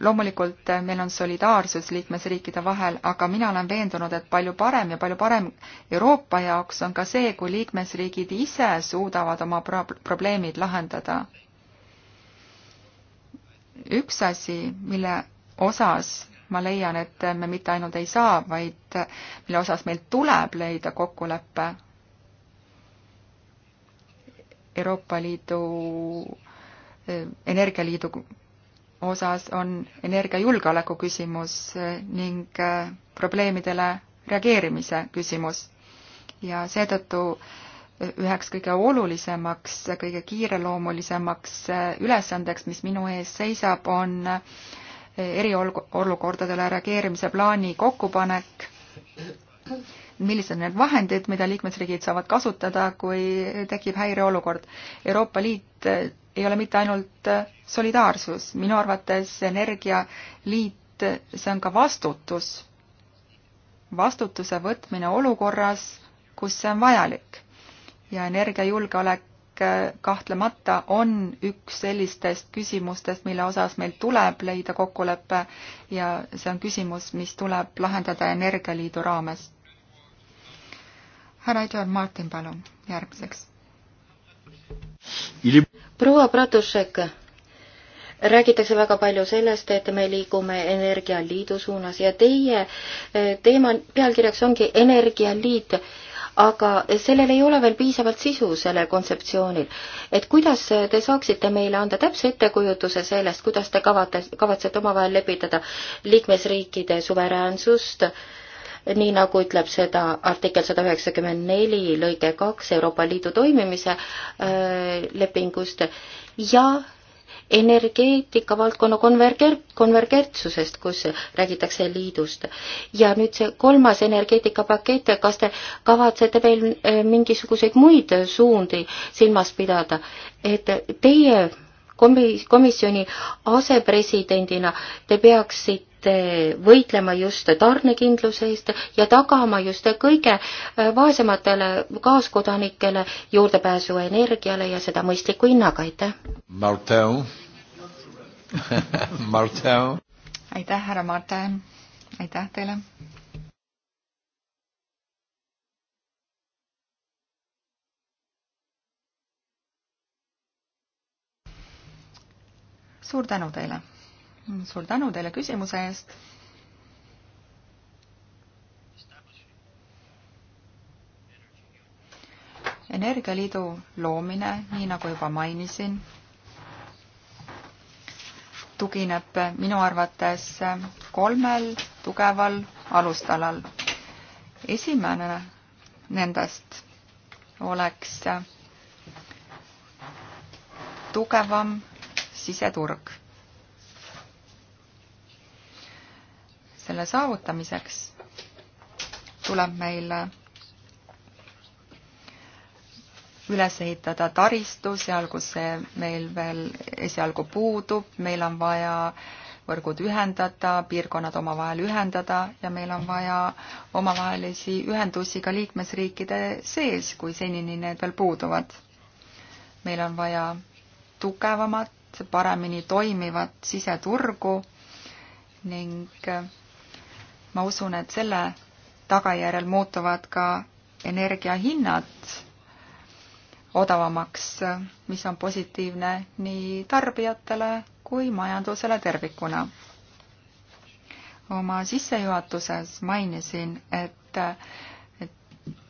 Speaker 1: loomulikult eh, meil on solidaarsus liikmesriikide vahel, aga mina olen veendunud, et palju parem ja palju parem Euroopa jaoks on ka see, kui liikmesriigid ise suudavad oma pro probleemid lahendada. üks asi, mille osas ma leian, et me mitte ainult ei saa, vaid eh, mille osas meil tuleb leida kokkulepe Euroopa Liidu eh, energialiidu osas on energiajulgeoleku küsimus eh, ning eh, probleemidele reageerimise küsimus. ja seetõttu eh, üheks kõige olulisemaks, kõige kiireloomulisemaks ülesandeks, mis minu ees seisab, on eriolukordadele reageerimise plaani kokkupanek. millised on need vahendid, mida liikmesriigid saavad kasutada, kui tekib häireolukord? Euroopa Liit ei ole mitte ainult äh, solidaarsus, minu arvates energialiit, see on ka vastutus. vastutuse võtmine olukorras, kus see on vajalik. ja energiajulgeolek äh, kahtlemata on üks sellistest küsimustest, mille osas meil tuleb leida kokkulepe ja see on küsimus, mis tuleb lahendada Energialiidu raames. härra Eduard Martin, palun
Speaker 2: järgmiseks proua Pratušek, räägitakse väga palju sellest, et me liigume energialiidu suunas ja teie eh, teema pealkirjaks ongi Energialiit aga sellel ei ole veel piisavalt sisu, sellel kontseptsioonil. et kuidas te saaksite meile anda täpse ettekujutuse sellest, kuidas te kavate, kavatsete omavahel lepitada liikmesriikide suveräänsust äh, nii nagu ütleb seda artikkel sada üheksakümmend neli lõige kaks Euroopa Liidu toimimise äh, lepingust ja energeetika valdkonna konverger-, konvergentsusest, kus räägitakse liidust. ja nüüd see kolmas energeetikapakett, kas te kavatsete veel äh, mingisuguseid muid suundi silmas pidada, et teie komi-, komisjoni asepresidendina te peaksite peate eh, võitlema just tarnekindluse eest ja tagama just kõige eh, vaesematele kaaskodanikele juurdepääsu energiale ja seda mõistliku hinnaga, aitäh!
Speaker 3: Martin Martin
Speaker 2: aitäh, härra Martin, aitäh teile!
Speaker 1: suur tänu teile! suur tänu teile küsimuse eest. energialiidu loomine, nii nagu juba mainisin, tugineb minu arvates kolmel tugeval alustalal. esimene nendest oleks tugevam siseturg selle saavutamiseks tuleb meil üles ehitada taristu seal, kus see meil veel esialgu puudub, meil on vaja võrgud ühendada, piirkonnad omavahel ühendada ja meil on vaja omavahelisi ühendusi ka liikmesriikide sees, kui senini need veel puuduvad. meil on vaja tugevamat, paremini toimivat siseturgu ning ma usun, et selle tagajärjel muutuvad ka energiahinnad odavamaks, mis on positiivne nii tarbijatele kui majandusele tervikuna. oma sissejuhatuses mainisin, et, et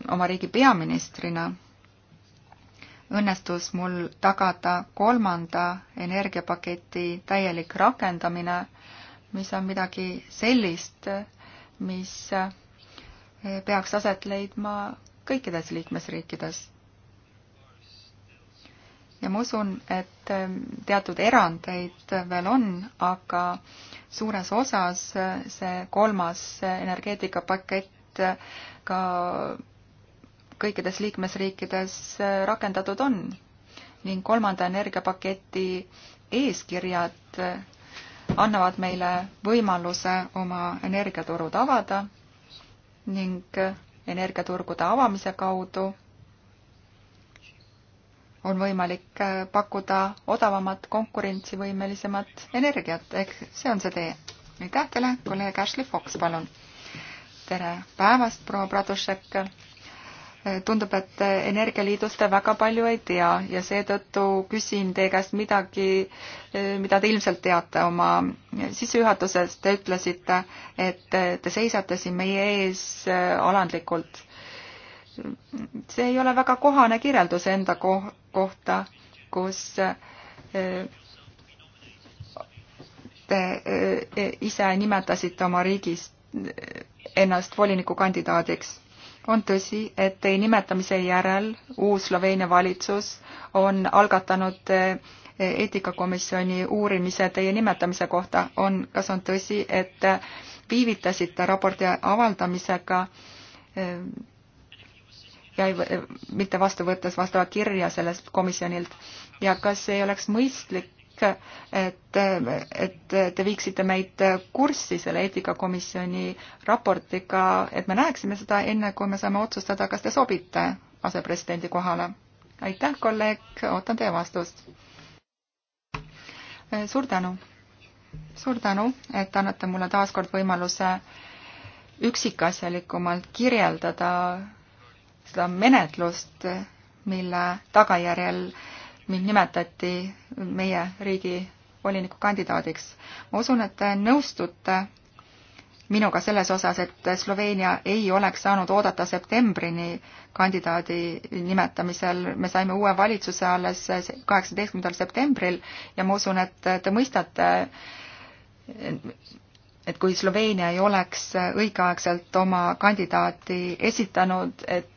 Speaker 1: oma riigi peaministrina õnnestus mul tagada kolmanda energiapaketi täielik rakendamine, mis on midagi sellist, mis eh, peaks aset leidma kõikides liikmesriikides. ja ma usun, et eh, teatud erandeid veel on, aga suures osas eh, see kolmas energeetikapakett ka kõikides liikmesriikides rakendatud on ning kolmanda energiapaketi eeskirjad annavad meile võimaluse oma energiaturud avada ning energiaturgude avamise kaudu on võimalik pakkuda odavamat, konkurentsivõimelisemat energiat, ehk see on see tee. aitäh teile, kolleeg Ashley Fox, palun. tere päevast, proua Pradušek tundub, et Energialiidust te väga palju ei tea ja seetõttu küsin teie käest midagi, mida te ilmselt teate oma sissejuhatuses. Te ütlesite, et te seisate siin meie ees äh, alandlikult. see ei ole väga kohane kirjeldus enda ko kohta, kus äh, te äh, ise nimetasite oma riigis ennast volinikukandidaadiks on tõsi, et teie nimetamise järel uus Sloveenia valitsus on algatanud eh, eetikakomisjoni uurimise teie nimetamise kohta. on, kas on tõsi, et viivitasite raporti avaldamisega eh, ja ei, mitte vastu võttes vastavat kirja sellest komisjonilt ja kas ei oleks mõistlik kõik, et, et te viiksite meid kurssi selle eetikakomisjoni raportiga, et me näeksime seda enne, kui me saame otsustada, kas te sobite asepresidendi kohale. aitäh, kolleeg, ootan teie vastust. suur tänu. suur tänu, et annate mulle taas kord võimaluse üksikasjalikumalt kirjeldada seda menetlust, mille tagajärjel äh, mind nimetati meie riigi volinikukandidaadiks. ma usun, et te nõustute minuga selles osas, et Sloveenia ei oleks saanud oodata septembrini kandidaadi nimetamisel, me saime uue valitsuse alles kaheksateistkümnendal septembril ja ma usun, et te mõistate, et kui Sloveenia ei oleks õigeaegselt oma kandidaati esitanud, et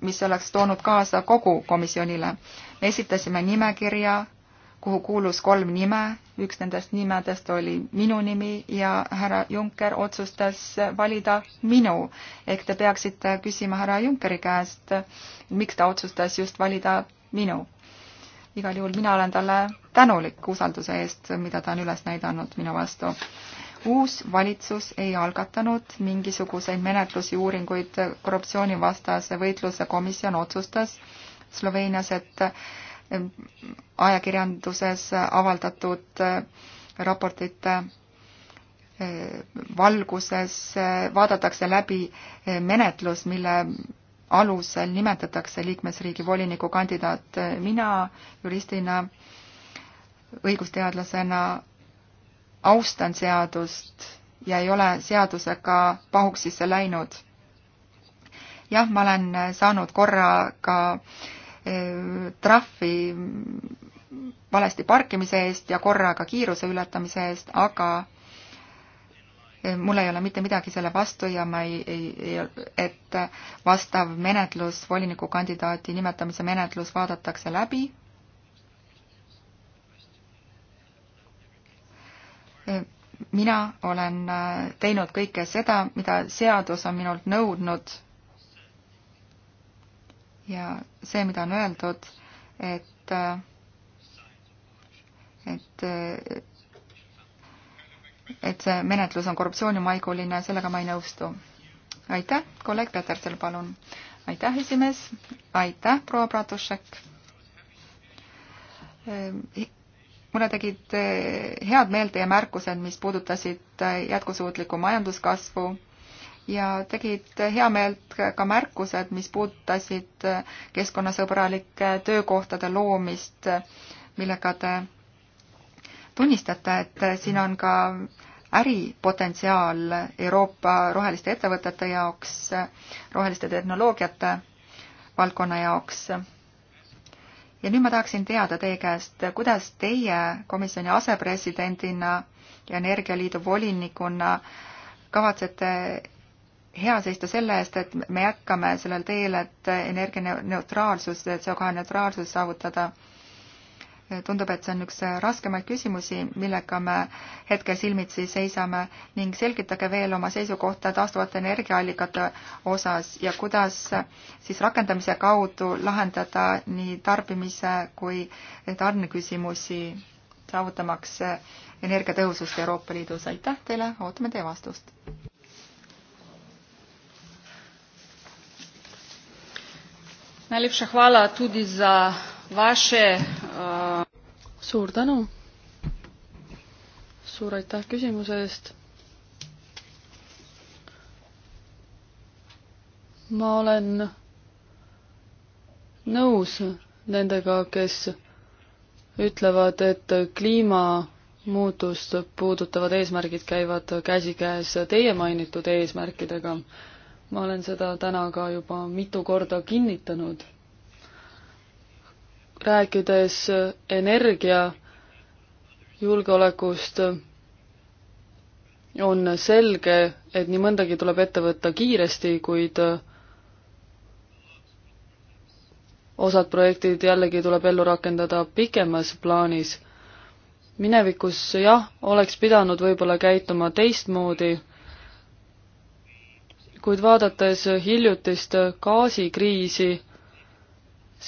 Speaker 1: mis oleks toonud kaasa kogu komisjonile me esitasime nimekirja, kuhu kuulus kolm nime, üks nendest nimedest oli minu nimi ja härra Juncker otsustas valida minu. ehk te peaksite küsima härra Junckeri käest, miks ta otsustas just valida minu. igal juhul mina olen talle tänulik usalduse eest, mida ta on üles näidanud minu vastu uus valitsus ei algatanud mingisuguseid menetlusi, uuringuid korruptsioonivastase võitluse komisjon otsustas, Sloveenias, et eh, ajakirjanduses avaldatud eh, raportite eh, valguses vaadatakse läbi menetlus, mille alusel nimetatakse liikmesriigi voliniku kandidaat. mina juristina, õigusteadlasena austan seadust ja ei ole seadusega pahuksisse läinud. jah, ma olen saanud korra ka äh, Äh, trahvi valesti parkimise eest ja korraga kiiruse ületamise eest, aga äh, mul ei ole mitte midagi selle vastu ja ma ei, ei, et vastav menetlus, volinikukandidaati nimetamise menetlus vaadatakse läbi. Äh, mina olen teinud kõike seda, mida seadus on minult nõudnud ja see, mida on öeldud, et, et, et see menetlus on korruptsioonimaiguline, sellega ma ei nõustu. aitäh, kolleeg Peterson, palun. aitäh, esimees, aitäh, proua Bratušek. Ehm, mulle tegid eh, head meelt teie märkused, mis puudutasid eh, jätkusuutlikku majanduskasvu ja tegid heameelt ka märkused, mis puudutasid keskkonnasõbralike töökohtade loomist, millega te tunnistate, et siin on ka äripotentsiaal Euroopa roheliste ettevõtete jaoks, roheliste tehnoloogiate valdkonna jaoks. ja nüüd ma tahaksin teada teie käest, kuidas teie komisjoni asepresidendina ja Energialiidu volinikuna kavatsete hea seista selle eest, et me jätkame sellel teel, et energianeutraalsus, CO2 neutraalsus saavutada. tundub, et see on üks raskemaid küsimusi, millega me hetkel silmitsi seisame ning selgitage veel oma seisukohta taastuvate energiaallikate osas ja kuidas siis rakendamise kaudu lahendada nii tarbimise kui tarneküsimusi, saavutamaks energiatõhusust Euroopa Liidus. aitäh teile, ootame teie vastust!
Speaker 3: Najlepša hvala tudi za vaše uh... suur tänu.
Speaker 4: suur aitäh küsimuse eest. ma olen nõus nendega, kes ütlevad, et kliimamuutust puudutavad eesmärgid käivad käsikäes teie mainitud eesmärkidega ma olen seda täna ka juba mitu korda kinnitanud. rääkides energia julgeolekust, on selge, et nii mõndagi tuleb ette võtta kiiresti, kuid osad projektid jällegi tuleb ellu rakendada pikemas plaanis. minevikus jah, oleks pidanud võib-olla käituma teistmoodi kuid vaadates hiljutist gaasikriisi,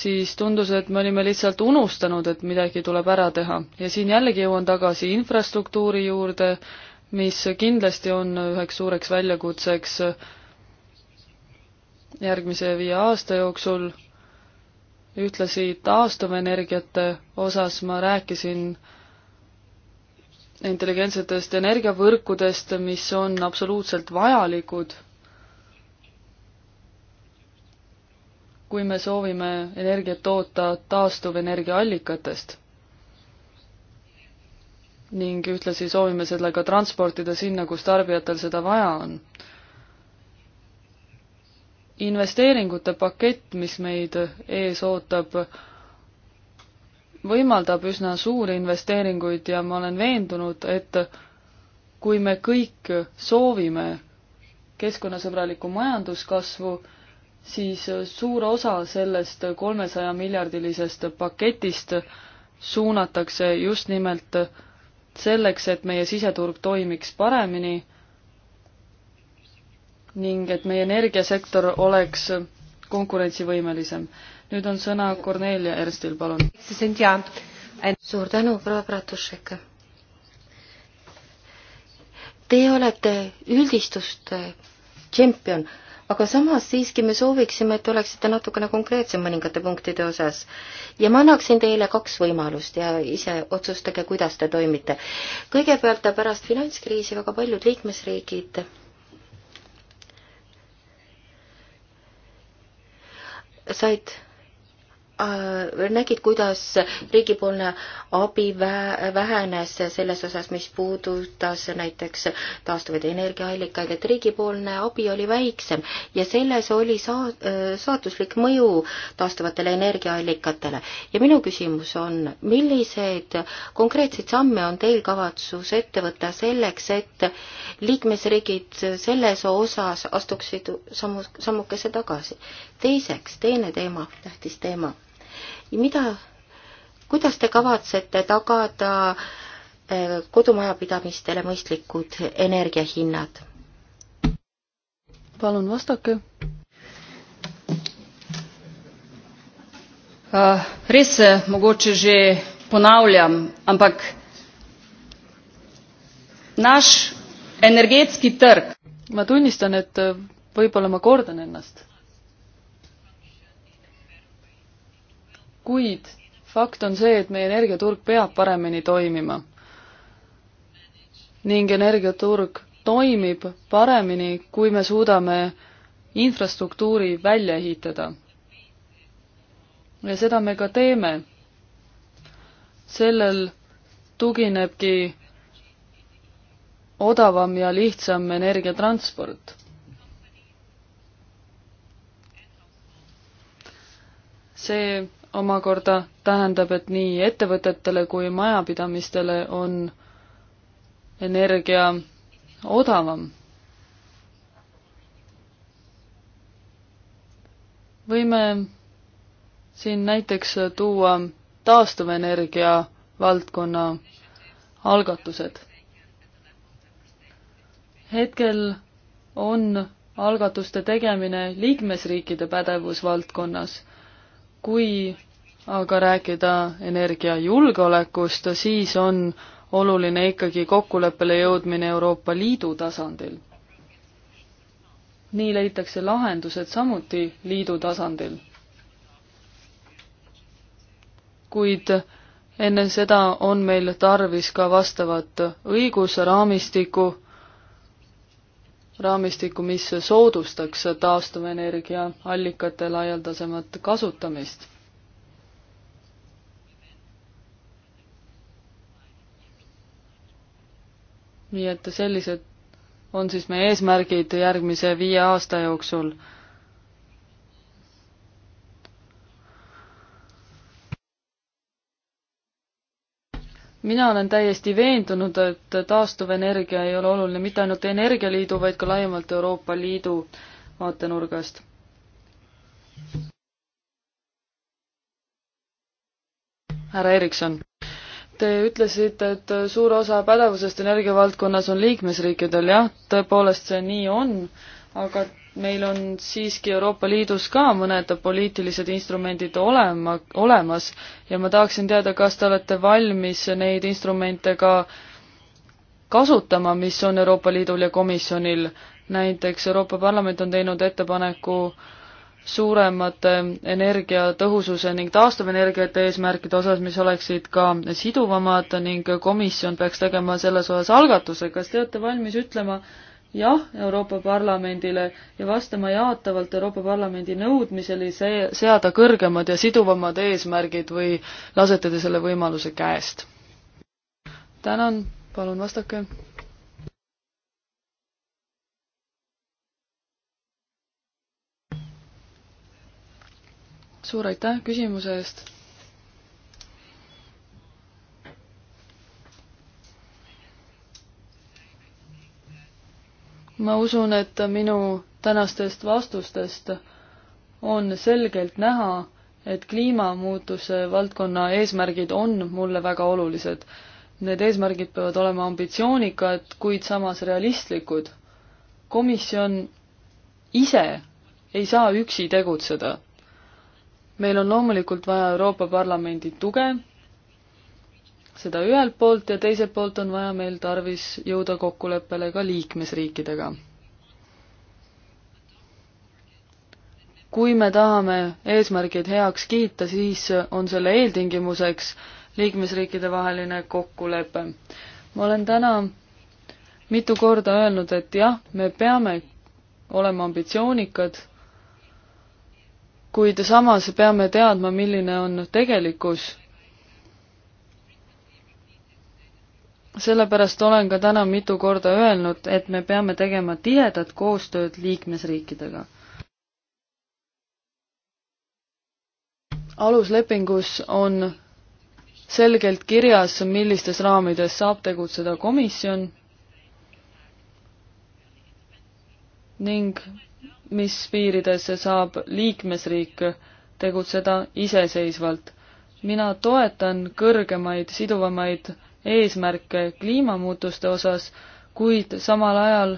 Speaker 4: siis tundus, et me olime lihtsalt unustanud, et midagi tuleb ära teha ja siin jällegi jõuan tagasi infrastruktuuri juurde, mis kindlasti on üheks suureks väljakutseks järgmise viie aasta jooksul. ühtlasi taastuvenergiate osas ma rääkisin intelligentsetest energiavõrkudest, mis on absoluutselt vajalikud kui me soovime energiat toota taastuvenergiaallikatest. ning ühtlasi soovime selle ka transportida sinna, kus tarbijatel seda vaja on. investeeringute pakett, mis meid ees ootab, võimaldab üsna suuri investeeringuid ja ma olen veendunud, et kui me kõik soovime keskkonnasõbralikku majanduskasvu, siis äh, suur osa sellest kolmesaja miljardilisest paketist suunatakse just nimelt selleks, et meie siseturg toimiks paremini ning et meie energiasektor oleks konkurentsivõimelisem. nüüd on sõna Kornelia Erstil, palun. suur tänu, proua Bratušek.
Speaker 2: Te olete üldistuste tšempion aga samas siiski me sooviksime, et oleksite natukene konkreetsem mõningate punktide osas. ja ma annaksin teile kaks võimalust ja ise otsustage, kuidas te toimite. kõigepealt pärast finantskriisi väga paljud liikmesriigid said Äh, nägid, kuidas riigipoolne abi vä-, vähenes selles osas, mis puudutas näiteks taastuvaid energiaallikaid, et riigipoolne abi oli väiksem ja selles oli saa-, äh, saatuslik mõju taastuvatele energiaallikatele. ja minu küsimus on, milliseid konkreetseid samme on teil kavatsus ette võtta selleks, et liikmesriigid selles osas astuksid sammu, sammukese tagasi? teiseks, teine teema, tähtis teema mida, kuidas te kavatsete tagada eh, kodumajapidamistele mõistlikud energiahinnad?
Speaker 3: palun vastake uh,. res se eh, mogoče že ponavljam, ampak naš energetski trg. ma tunnistan, et eh,
Speaker 4: võib-olla ma kordan ennast kuid fakt on see, et meie energiaturg peab paremini toimima. ning energiaturg toimib paremini, kui me suudame infrastruktuuri välja ehitada. ja seda me ka teeme. sellel tuginebki odavam ja lihtsam energiatransport. see omakorda tähendab, et nii ettevõtetele kui majapidamistele on energia odavam. võime siin näiteks tuua taastuvenergia valdkonna algatused. hetkel on algatuste tegemine liikmesriikide pädevusvaldkonnas kui aga rääkida energiajulgeolekust, siis on oluline ikkagi kokkuleppele jõudmine Euroopa Liidu tasandil. nii leitakse lahendused samuti liidu tasandil. kuid enne seda on meil tarvis ka vastavat õigusraamistikku raamistikku, mis soodustaks taastuvenergia allikate laialdasemat kasutamist. nii et sellised on siis meie eesmärgid järgmise viie aasta jooksul mina olen täiesti veendunud, et taastuvenergia ei ole oluline mitte ainult Energialiidu, vaid ka laiemalt Euroopa Liidu vaatenurgast. härra Erikson, te ütlesite, et suur osa pädevusest energiavaldkonnas on liikmesriikidel, jah, tõepoolest see nii on, aga meil on siiski Euroopa Liidus ka mõned poliitilised instrumendid olema, olemas ja ma tahaksin teada, kas te olete valmis neid instrumente ka kasutama, mis on Euroopa Liidul ja Komisjonil. näiteks Euroopa Parlament on teinud ettepaneku suuremate energiatõhususe ning taastuvenergiate eesmärkide osas, mis oleksid ka siduvamad ning komisjon peaks tegema selles osas algatuse. kas te olete valmis ütlema, jah Euroopa Parlamendile ja vastama jaatavalt Euroopa Parlamendi nõudmisele see, seada kõrgemad ja siduvamad eesmärgid või lasete te selle võimaluse käest? tänan, palun vastake. suur aitäh küsimuse eest ma usun, et minu tänastest vastustest on selgelt näha, et kliimamuutuse valdkonna eesmärgid on mulle väga olulised. Need eesmärgid peavad olema ambitsioonikad, kuid samas realistlikud. komisjon ise ei saa üksi tegutseda. meil on loomulikult vaja Euroopa Parlamendi tuge, seda ühelt poolt ja teiselt poolt on vaja meil tarvis jõuda kokkuleppele ka liikmesriikidega. kui me tahame eesmärgid heaks kiita, siis on selle eeltingimuseks liikmesriikide vaheline kokkulepe. ma olen täna mitu korda öelnud, et jah, me peame olema ambitsioonikad, kuid samas peame teadma, milline on tegelikkus sellepärast olen ka täna mitu korda öelnud, et me peame tegema tihedat koostööd liikmesriikidega. aluslepingus on selgelt kirjas, millistes raamides saab tegutseda komisjon ning mis piirides saab liikmesriik tegutseda iseseisvalt. mina toetan kõrgemaid siduvamaid eesmärke kliimamuutuste osas, kuid samal ajal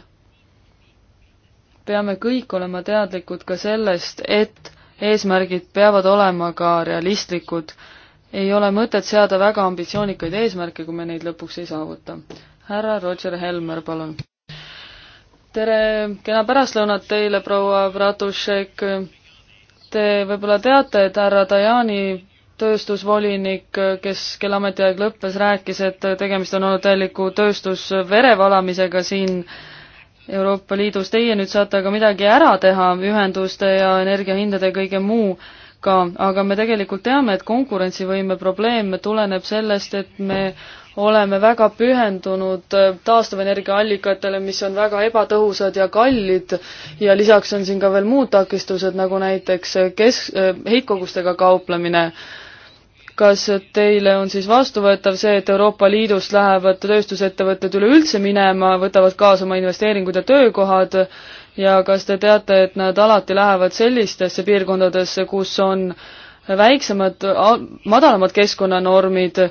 Speaker 4: peame kõik olema teadlikud ka sellest, et eesmärgid peavad olema ka realistlikud. ei ole mõtet seada väga ambitsioonikaid eesmärke, kui me neid lõpuks ei saavuta. härra Roger Helmer, palun. tere, kena pärastlõunat teile, proua Bratušek. Te võib-olla teate, et härra Tajani tööstusvolinik, kes, kelle ametiaeg lõppes, rääkis, et tegemist on olnud täieliku tööstusverevalamisega siin Euroopa Liidus. Teie nüüd saate aga midagi ära teha ühenduste ja energiahindade ja kõige muuga, aga me tegelikult teame, et konkurentsivõime probleem tuleneb sellest, et me oleme väga pühendunud taastuvenergiaallikatele, mis on väga ebatõhusad ja kallid ja lisaks on siin ka veel muud takistused, nagu näiteks kes-, heitkogustega kauplemine kas teile on siis vastuvõetav see, et Euroopa Liidust lähevad tööstusettevõtted üleüldse minema, võtavad kaasa oma investeeringud ja töökohad ja kas te teate, et nad alati lähevad sellistesse piirkondadesse, kus on väiksemad, madalamad keskkonnanormid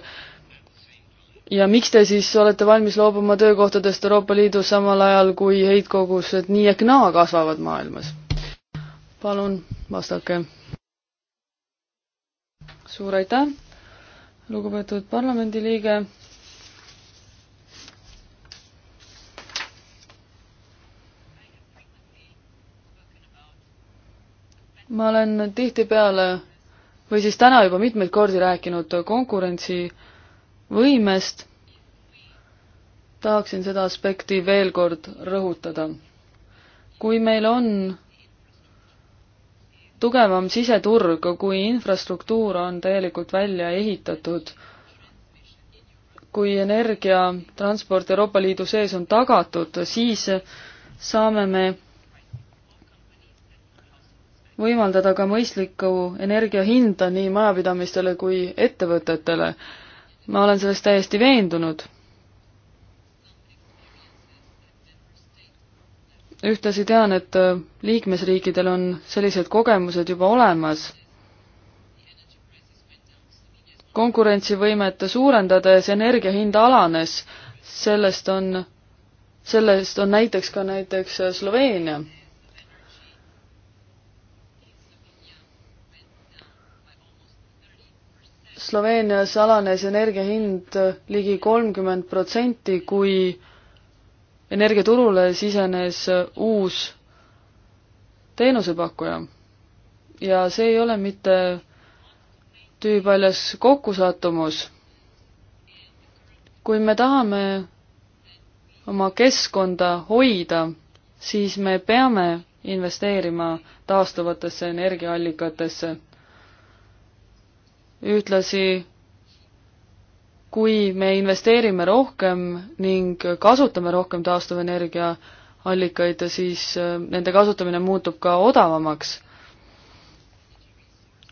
Speaker 4: ja miks te siis olete valmis loobuma töökohtadest Euroopa Liidus samal ajal, kui heitkogused nii ehk naa kasvavad maailmas? palun vastake suur aitäh, lugupeetud parlamendiliige. ma olen tihtipeale või siis täna juba mitmeid kordi rääkinud konkurentsivõimest, tahaksin seda aspekti veel kord rõhutada. kui meil on tugevam siseturg, kui infrastruktuur on täielikult välja ehitatud, kui energia, transport Euroopa Liidu sees on tagatud, siis saame me võimaldada ka mõistlikku energia hinda nii majapidamistele kui ettevõtetele. ma olen selles täiesti veendunud ühtlasi tean, et äh, liikmesriikidel on sellised kogemused juba olemas. konkurentsivõimet suurendades energia hind alanes, sellest on, sellest on näiteks ka näiteks äh, Sloveenia. Sloveenias alanes energia hind äh, ligi kolmkümmend protsenti, kui energiaturule sisenes uus teenusepakkuja. ja see ei ole mitte tüüpaljas kokkusattumus. kui me tahame oma keskkonda hoida, siis me peame investeerima taastuvatesse energiaallikatesse. ühtlasi kui me investeerime rohkem ning kasutame rohkem taastuvenergia allikaid, siis äh, nende kasutamine muutub ka odavamaks.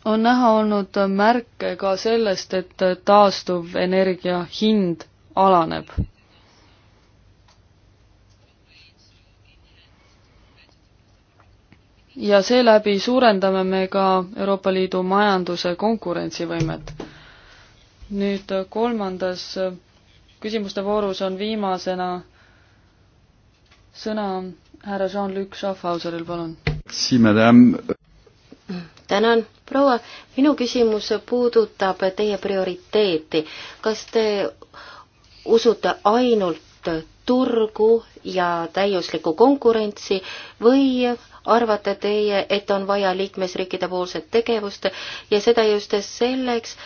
Speaker 4: on näha olnud märke ka sellest, et taastuvenergia hind alaneb. ja seeläbi suurendame me ka Euroopa Liidu majanduse konkurentsivõimet nüüd äh, kolmandas äh, küsimuste voorus on viimasena sõna härra Jean-Luc Schaffhauseril, palun. tänan, proua, minu küsimus puudutab
Speaker 2: teie prioriteeti. kas te usute ainult turgu ja täiuslikku konkurentsi või arvate teie, et on vaja liikmesriikide poolset tegevust ja seda just selleks,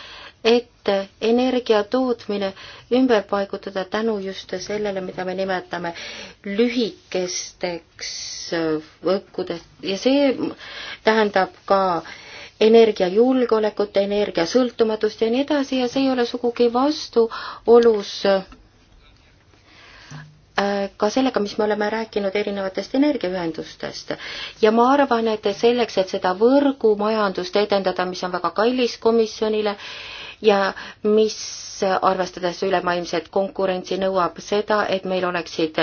Speaker 2: et energia tootmine ümber paigutada tänu just sellele, mida me nimetame lühikesteks võkkudeks ja see tähendab ka energiajulgeolekut, energiasõltumatust ja nii edasi ja see ei ole sugugi vastuolus äh, ka sellega, mis me oleme rääkinud erinevatest energiaühendustest. ja ma arvan, et selleks, et seda võrgumajandust edendada, mis on väga kallis komisjonile, ja mis arvestades ülemaailmset konkurentsi, nõuab seda, et meil oleksid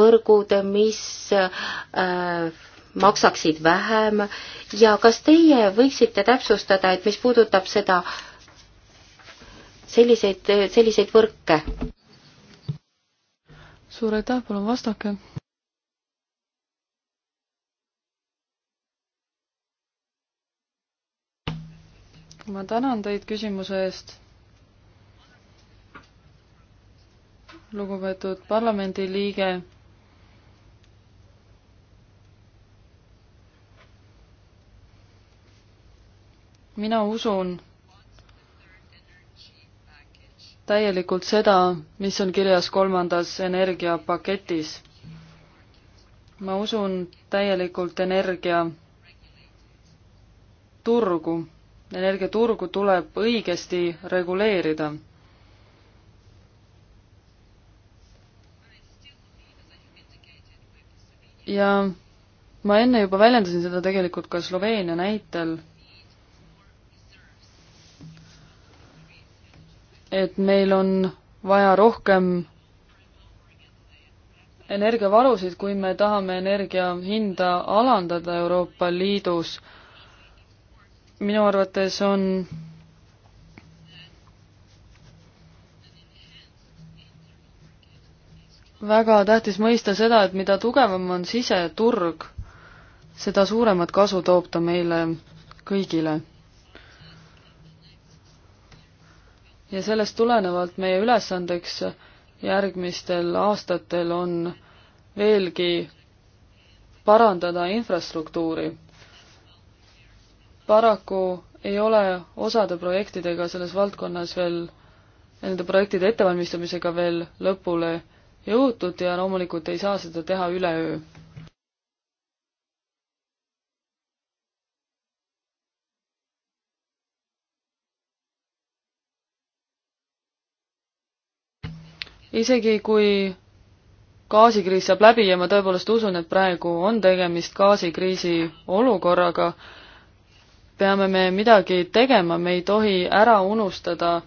Speaker 2: võrgud, mis äh, maksaksid vähem ja kas teie võiksite täpsustada, et mis puudutab seda, selliseid, selliseid võrke?
Speaker 4: suur aitäh, palun vastake. ma tänan teid küsimuse eest. lugupeetud parlamendiliige. mina usun täielikult seda, mis on kirjas kolmandas energiapaketis. ma usun täielikult energia turgu energiaturgu tuleb õigesti reguleerida. ja ma enne juba väljendasin seda tegelikult ka Sloveenia näitel, et meil on vaja rohkem energiavarusid, kui me tahame energia hinda alandada Euroopa Liidus minu arvates on väga tähtis mõista seda, et mida tugevam on siseturg, seda suuremat kasu toob ta meile kõigile. ja sellest tulenevalt meie ülesandeks järgmistel aastatel on veelgi parandada infrastruktuuri paraku ei ole osade projektidega selles valdkonnas veel, nende projektide ettevalmistamisega veel lõpule jõutud ja loomulikult ei saa seda teha üleöö. isegi kui gaasikriis saab läbi ja ma tõepoolest usun, et praegu on tegemist gaasikriisi olukorraga, peame me midagi tegema, me ei tohi ära unustada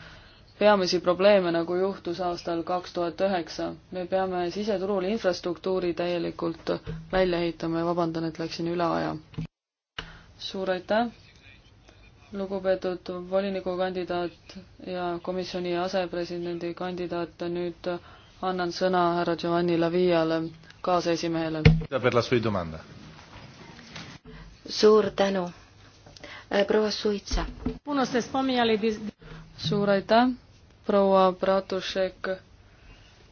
Speaker 4: peamisi probleeme, nagu juhtus aastal kaks tuhat üheksa. me peame siseturul infrastruktuuri täielikult välja ehitama ja vabandan, et läksin üle aja. suur aitäh, lugupeetud volinikukandidaat ja komisjoni asepresidendi kandidaat, nüüd annan sõna härra Giovanni Laviale, kaaseesimehele. suur tänu Eh,
Speaker 2: proua Suitsa.
Speaker 4: suur aitäh, proua Bratušek.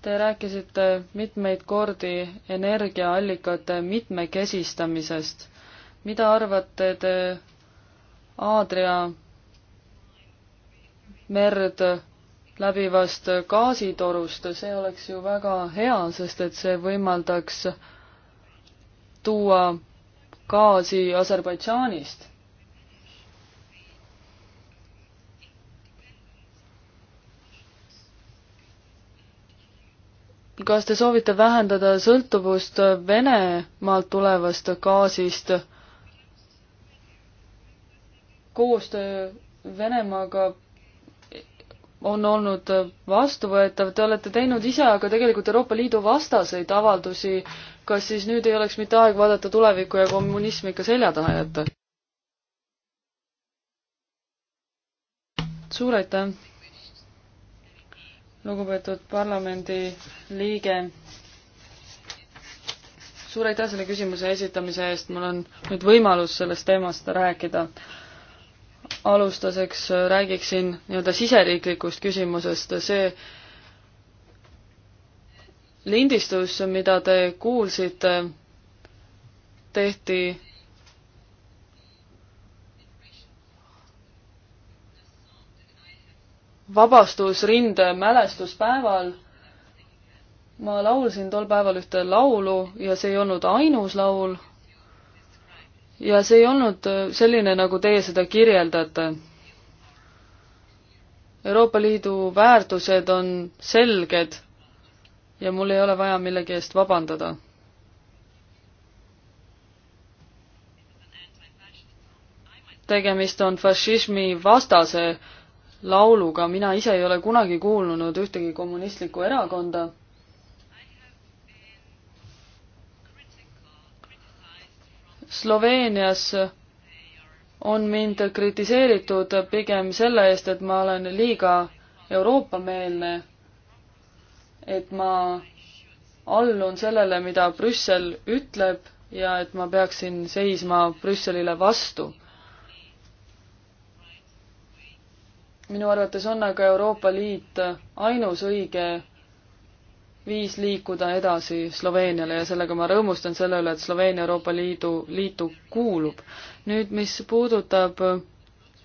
Speaker 4: Te rääkisite mitmeid kordi energiaallikate mitmekesistamisest. mida arvate te Aadria merd läbivast gaasitorust, see oleks ju väga hea, sest et see võimaldaks tuua gaasi Aserbaidžaanist. kas te soovite vähendada sõltuvust Venemaalt tulevast gaasist? koostöö Venemaaga on olnud vastuvõetav, te olete teinud ise aga tegelikult Euroopa Liidu vastaseid avaldusi. kas siis nüüd ei oleks mitte aeg vaadata tulevikku ja kommunism ikka selja taha jätta? suur aitäh! lugupeetud parlamendi liige. suur aitäh selle küsimuse esitamise eest, mul on nüüd võimalus sellest teemast rääkida. alustuseks räägiksin nii-öelda siseriiklikust küsimusest, see lindistus, mida te kuulsite, tehti vabastusrinde mälestuspäeval ma laulsin tol päeval ühte laulu ja see ei olnud ainus laul. ja see ei olnud äh, selline, nagu teie seda kirjeldate. Euroopa Liidu väärtused on selged ja mul ei ole vaja millegi eest vabandada. tegemist on fašismi vastase lauluga, mina ise ei ole kunagi kuulnud ühtegi kommunistlikku erakonda. Sloveenias on mind kritiseeritud pigem selle eest, et ma olen liiga Euroopa-meelne, et ma allun sellele, mida Brüssel ütleb ja et ma peaksin seisma Brüsselile vastu minu arvates on aga Euroopa Liit ainus õige viis liikuda edasi Sloveeniale ja sellega ma rõõmustan selle üle, et Sloveenia Euroopa Liidu, liitu kuulub. nüüd, mis puudutab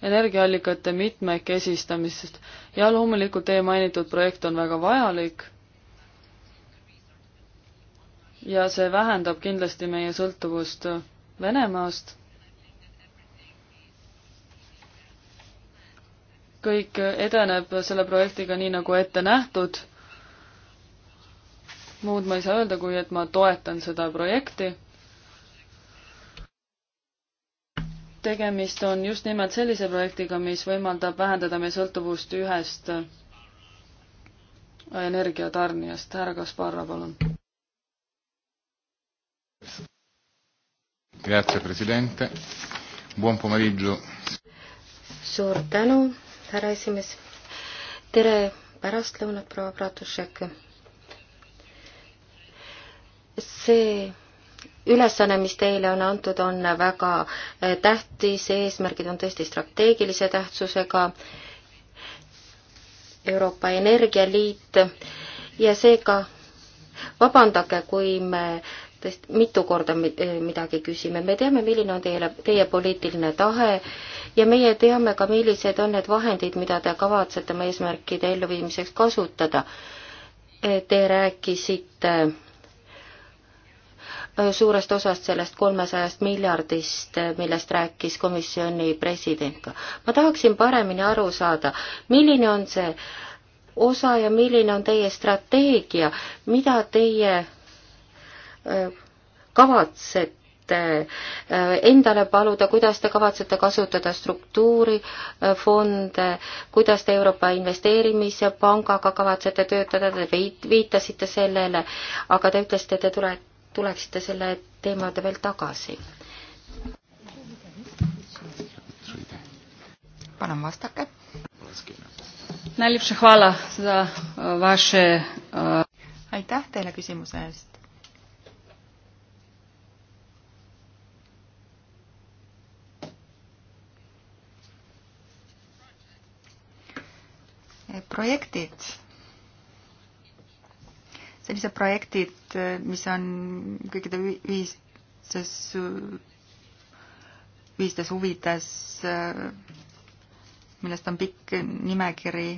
Speaker 4: energiaallikate mitmekesistamist, ja loomulikult teie mainitud projekt on väga vajalik ja see vähendab kindlasti meie sõltuvust Venemaast kõik edeneb selle projektiga nii, nagu ette nähtud. muud ma ei saa öelda, kui et ma toetan seda projekti. tegemist on just nimelt sellise projektiga, mis võimaldab vähendada meie sõltuvust ühest energiatarnijast. härra Kasparra, palun.
Speaker 3: Grazie Presidente, buon pomeriggio.
Speaker 2: suur tänu härra esimees. tere pärastlõunat, proua Pratušek. see ülesanne, mis teile on antud, on väga eh, tähtis, eesmärgid on tõesti strateegilise tähtsusega. Euroopa Energialiit ja seega vabandage, kui me äh, sest mitu korda eh, midagi küsime, me teame, milline on teile, teie poliitiline tahe ja meie teame ka, millised on need vahendid, mida te kavatsete oma eesmärkide elluviimiseks kasutada. Eh, te rääkisite eh, suurest osast sellest kolmesajast miljardist, millest rääkis komisjoni president ka. ma tahaksin paremini aru saada, milline on see osa ja milline on teie strateegia, mida teie kavatsete äh, endale paluda, kuidas te kavatsete kasutada struktuurifonde, kuidas te Euroopa Investeerimispangaga kavatsete töötada, te viitasite sellele, aga te ütlesite, te tule, tuleksite selle teemade veel tagasi.
Speaker 3: palun vastake. Najlepša hvala za vaše aitäh teile küsimuse eest.
Speaker 1: projektid, sellised projektid, mis on kõikide ühises, ühistes huvides, millest on pikk nimekiri,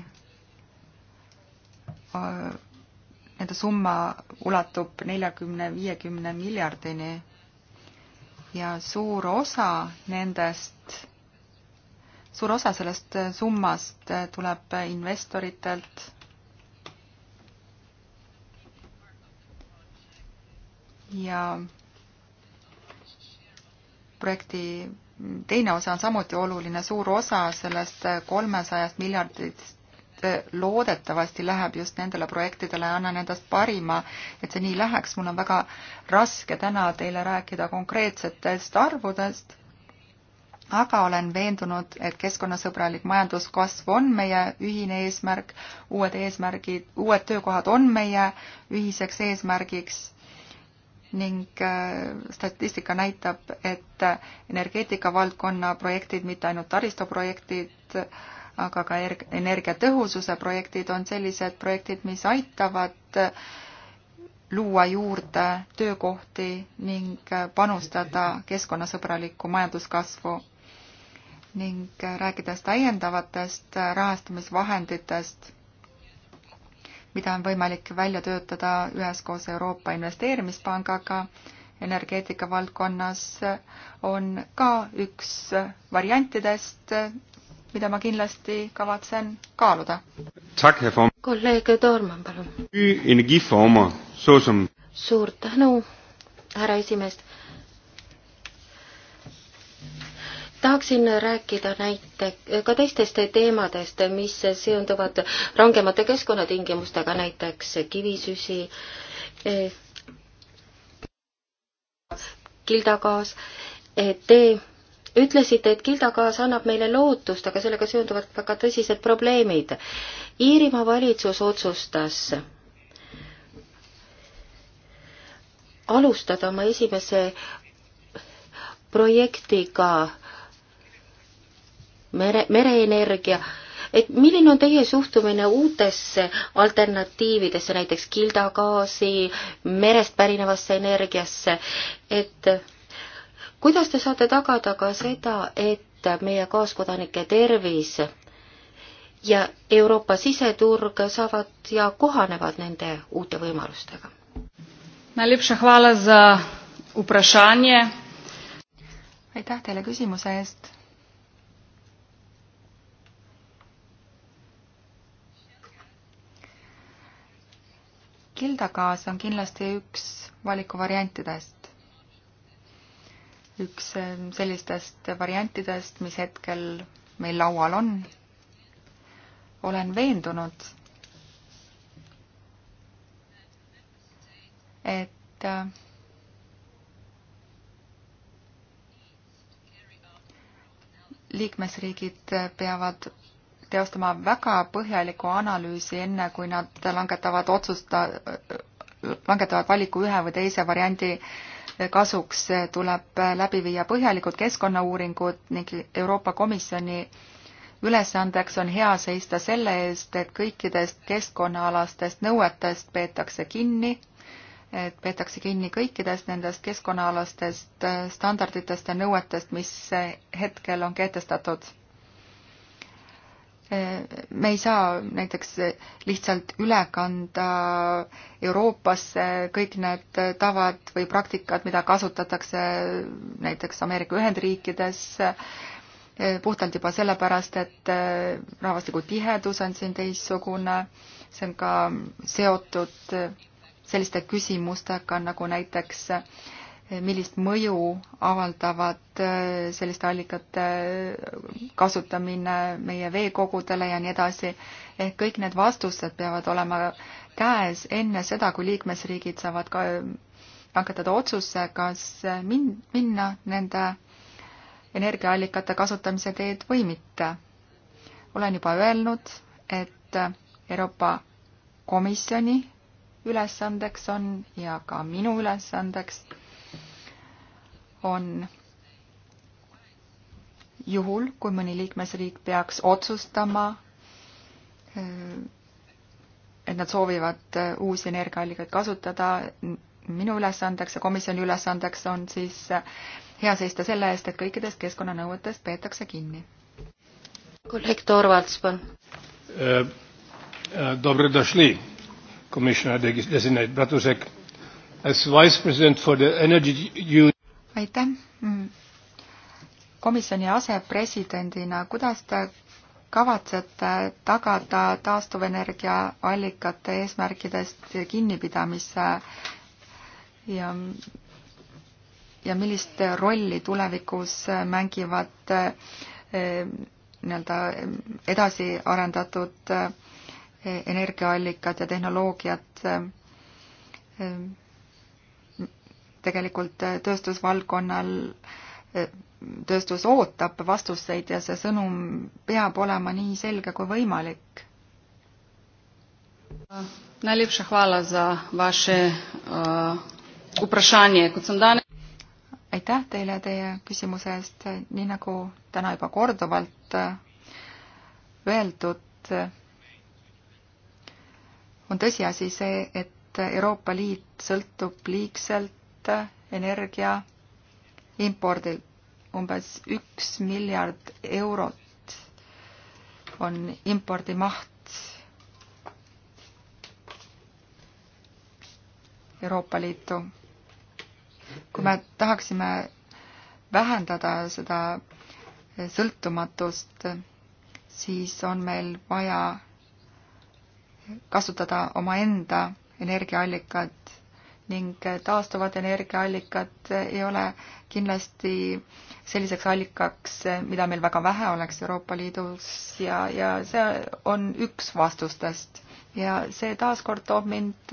Speaker 1: nende summa ulatub neljakümne, viiekümne miljardini ja suur osa nendest suur osa sellest summast tuleb investoritelt. ja projekti teine osa on samuti oluline, suur osa sellest kolmesajast miljardist eh, loodetavasti läheb just nendele projektidele ja annan endast parima, et see nii läheks. mul on väga raske täna teile rääkida konkreetsetest arvudest, aga olen veendunud, et keskkonnasõbralik majanduskasv on meie ühine eesmärk, uued eesmärgid, uued töökohad on meie ühiseks eesmärgiks ning äh, statistika näitab, et energeetikavaldkonna projektid, mitte ainult taristuprojektid, aga ka energiatõhususe projektid on sellised projektid, mis aitavad äh, luua juurde töökohti ning äh, panustada keskkonnasõbralikku majanduskasvu ning rääkides täiendavatest rahastamisvahenditest, mida on võimalik välja töötada üheskoos Euroopa Investeerimispangaga energeetika valdkonnas, on ka üks variantidest, mida ma kindlasti kavatsen
Speaker 2: kaaluda. kolleeg Toormann,
Speaker 3: palun.
Speaker 2: suur tänu, härra esimees tahaksin rääkida näite, ka teistest teemadest, mis seonduvad rangemate keskkonnatingimustega, näiteks kivisüsi, kildagaas. Te ütlesite, et kildagaas annab meile lootust, aga sellega seonduvad väga tõsised probleemid. Iirimaa valitsus otsustas alustada oma esimese projektiga mere, mereenergia, et milline on teie suhtumine uutesse alternatiividesse, näiteks kildagaasi, merest pärinevasse energiasse, et kuidas te saate tagada ka seda, et meie kaaskodanike tervis ja Euroopa siseturg saavad ja kohanevad nende uute võimalustega?
Speaker 3: Najlepša hvala za vprašanje. aitäh teile küsimuse eest
Speaker 1: kildagaas on kindlasti üks valikuvariantidest. üks ähm, sellistest variantidest, mis hetkel meil laual on. olen veendunud, et äh, liikmesriigid peavad teostama väga põhjaliku analüüsi, enne kui nad langetavad otsusta, langetavad valiku ühe või teise variandi kasuks, tuleb läbi viia põhjalikud keskkonnauuringud ning Euroopa Komisjoni ülesandeks on hea seista selle eest, et kõikidest keskkonnaalastest nõuetest peetakse kinni, et peetakse kinni kõikidest nendest keskkonnaalastest standarditest ja nõuetest, mis hetkel on kehtestatud me ei saa näiteks lihtsalt üle kanda Euroopasse kõik need tavad või praktikad, mida kasutatakse näiteks Ameerika Ühendriikides puhtalt juba sellepärast, et rahvastiku tihedus on siin teistsugune, see on ka seotud selliste küsimustega nagu näiteks äh, millist mõju avaldavad äh, selliste allikate äh, kasutamine meie veekogudele ja nii edasi. ehk kõik need vastused peavad olema käes enne seda, kui liikmesriigid saavad ka äh, langetada otsuse, kas min-, minna nende energiaallikate kasutamise teed või mitte. olen juba öelnud, et Euroopa Komisjoni ülesandeks on ja ka minu ülesandeks on juhul, kui mõni liikmesriik peaks otsustama, äh, et nad soovivad äh, uusi energiaallikaid kasutada, minu ülesandeks ja komisjoni ülesandeks on siis äh, hea seista selle eest, et kõikidest keskkonnanõuetest peetakse kinni. kolleeg
Speaker 2: Torvalds, palun.
Speaker 3: Dobre došli, komisjonär Designate Bratusek. As vice president for the energy union
Speaker 1: aitäh. Mm, komisjoni asepresidendina, kuidas te kavatsete tagada taastuvenergia allikate eesmärkidest kinnipidamise ja ja millist rolli tulevikus mängivad eh, nii-öelda eh, edasi arendatud eh, energiaallikad ja tehnoloogiad tegelikult äh, tööstusvaldkonnal, äh, tööstus ootab vastuseid ja see sõnum peab olema nii selge kui võimalik.
Speaker 3: Najlepša hvala za vaše uh, vprašanje. Kot sem danes aitäh teile teie küsimuse
Speaker 1: eest, nii nagu täna juba korduvalt öeldud, on tõsiasi see, et Euroopa Liit sõltub liigselt võtta energia impordilt. umbes üks miljard eurot on impordi maht Euroopa Liitu. kui me tahaksime vähendada seda sõltumatust, siis on meil vaja kasutada omaenda energiaallikad ning taastuvad energiaallikad ei ole kindlasti selliseks allikaks, mida meil väga vähe oleks Euroopa Liidus ja, ja see on üks vastustest. ja see taaskord toob mind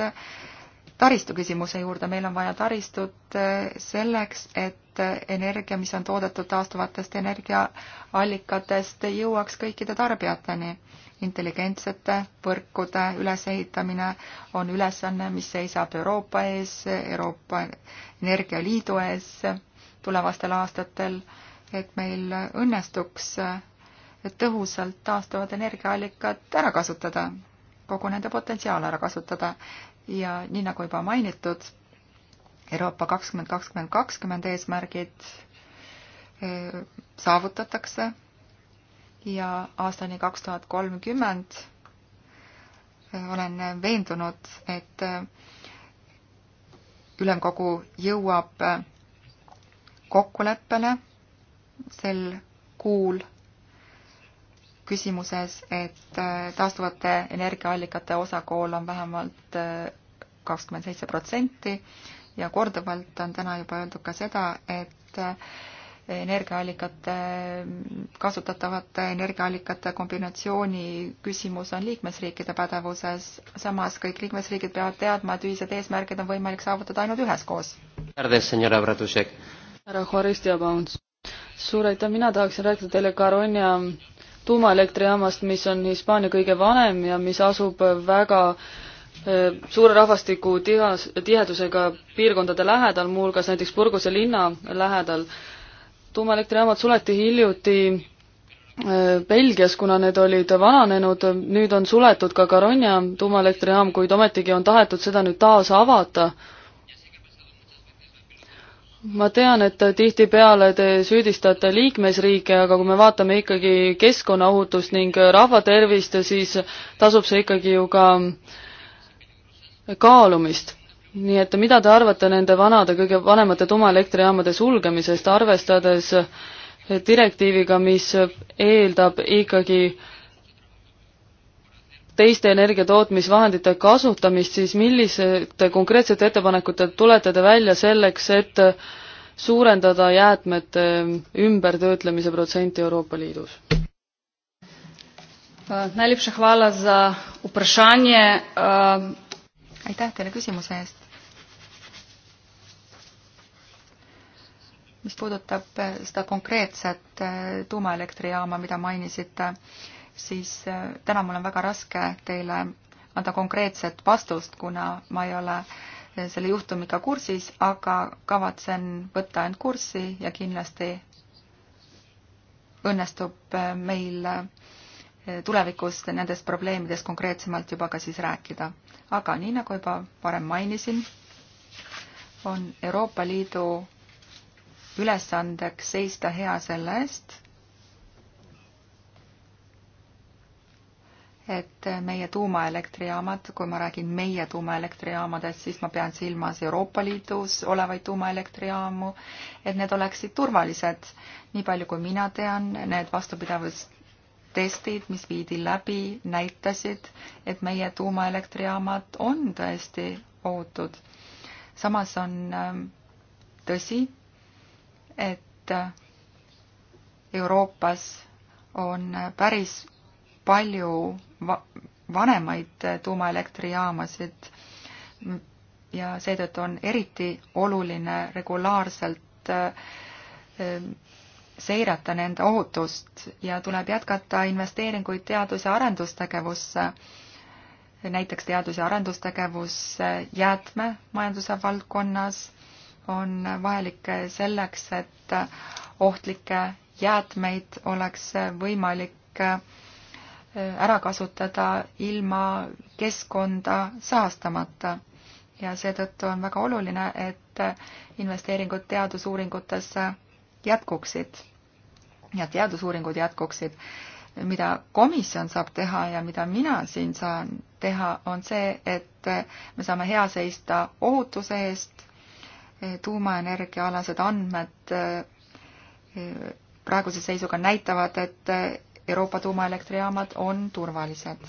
Speaker 1: taristu küsimuse juurde, meil on vaja taristut selleks, et energia, mis on toodetud taastuvatest energiaallikatest, jõuaks kõikide tarbijateni intelligentsete võrkude ülesehitamine on ülesanne, mis seisab Euroopa ees, Euroopa Energialiidu ees tulevastel aastatel, et meil õnnestuks tõhusalt taastuvad energiaallikad ära kasutada, kogu nende potentsiaal ära kasutada ja nii nagu juba mainitud, Euroopa kakskümmend kakskümmend kakskümmend eesmärgid eh, saavutatakse ja aastani kaks tuhat kolmkümmend äh, olen veendunud, et äh, ülemkogu jõuab äh, kokkuleppele sel kuul küsimuses, et taastuvate energiaallikate osakaal on vähemalt kakskümmend seitse protsenti ja korduvalt on täna juba öeldud ka seda, et energiaallikate, kasutatavate energiaallikate kombinatsiooni küsimus on liikmesriikide pädevuses, samas kõik liikmesriigid peavad teadma, et ühised eesmärgid on võimalik
Speaker 4: saavutada ainult üheskoos. härra Horist ja Pauns, suur aitäh, mina tahaksin rääkida teile Caronia tuumaelektrijaamast, mis on Hispaania kõige vanem ja mis asub väga e, suure rahvastiku tihas, tihedusega piirkondade lähedal, muuhulgas näiteks Burguse linna lähedal tuumaelektrijaamad suleti hiljuti äh, Belgias, kuna need olid vananenud, nüüd on suletud ka Garonia tuumaelektrijaam, kuid ometigi on tahetud seda nüüd taas avada. ma tean, et tihtipeale te süüdistate liikmesriike, aga kui me vaatame ikkagi keskkonnaohutust ning rahvatervist, siis tasub see ikkagi ju ka kaalumist nii et mida te arvate nende vanade, kõige vanemate tuumaelektrijaamade sulgemisest, arvestades direktiiviga, mis eeldab ikkagi teiste energiatootmisvahendite kasutamist, siis millisete konkreetsete ettepanekute tulete te välja selleks, et suurendada jäätmete ümbertöötlemise protsenti Euroopa Liidus?
Speaker 3: Äh, najlepša hvala za vprašanje. Äh, aitäh teile küsimuse eest. mis puudutab eh, seda
Speaker 1: konkreetset eh, tuumaelektrijaama, mida mainisite, siis eh, täna mul on väga raske teile anda konkreetset vastust, kuna ma ei ole selle juhtumiga kursis, aga kavatsen võtta end kurssi ja kindlasti õnnestub meil tulevikus nendest probleemidest konkreetsemalt juba ka siis rääkida. aga nii, nagu juba varem mainisin, on Euroopa Liidu ülesandeks seista hea selle eest, et meie tuumaelektrijaamad, kui ma räägin meie tuumaelektrijaamadest, siis ma pean silmas Euroopa Liidus olevaid tuumaelektrijaamu, et need oleksid turvalised. nii palju kui mina tean, need vastupidavustestid, mis viidi läbi, näitasid, et meie tuumaelektrijaamad on tõesti ohutud. samas on ähm, tõsi, et Euroopas on päris palju va vanemaid tuumaelektrijaamasid ja seetõttu on eriti oluline regulaarselt ähm, seirata nende ohutust ja tuleb jätkata investeeringuid teadus- ja arendustegevusse, näiteks teadus- ja arendustegevus jäätmemajanduse valdkonnas on vajalik selleks, et ohtlikke jäätmeid oleks võimalik äh, ära kasutada ilma keskkonda saastamata. ja seetõttu on väga oluline, et investeeringud teadusuuringutesse jätkuksid ja teadusuuringud jätkuksid. mida komisjon saab teha ja mida mina siin saan teha, on see, et me saame hea seista ohutuse eest, tuumaenergia alased andmed eh, praeguse seisuga näitavad, et eh, Euroopa tuumaelektrijaamad on turvalised.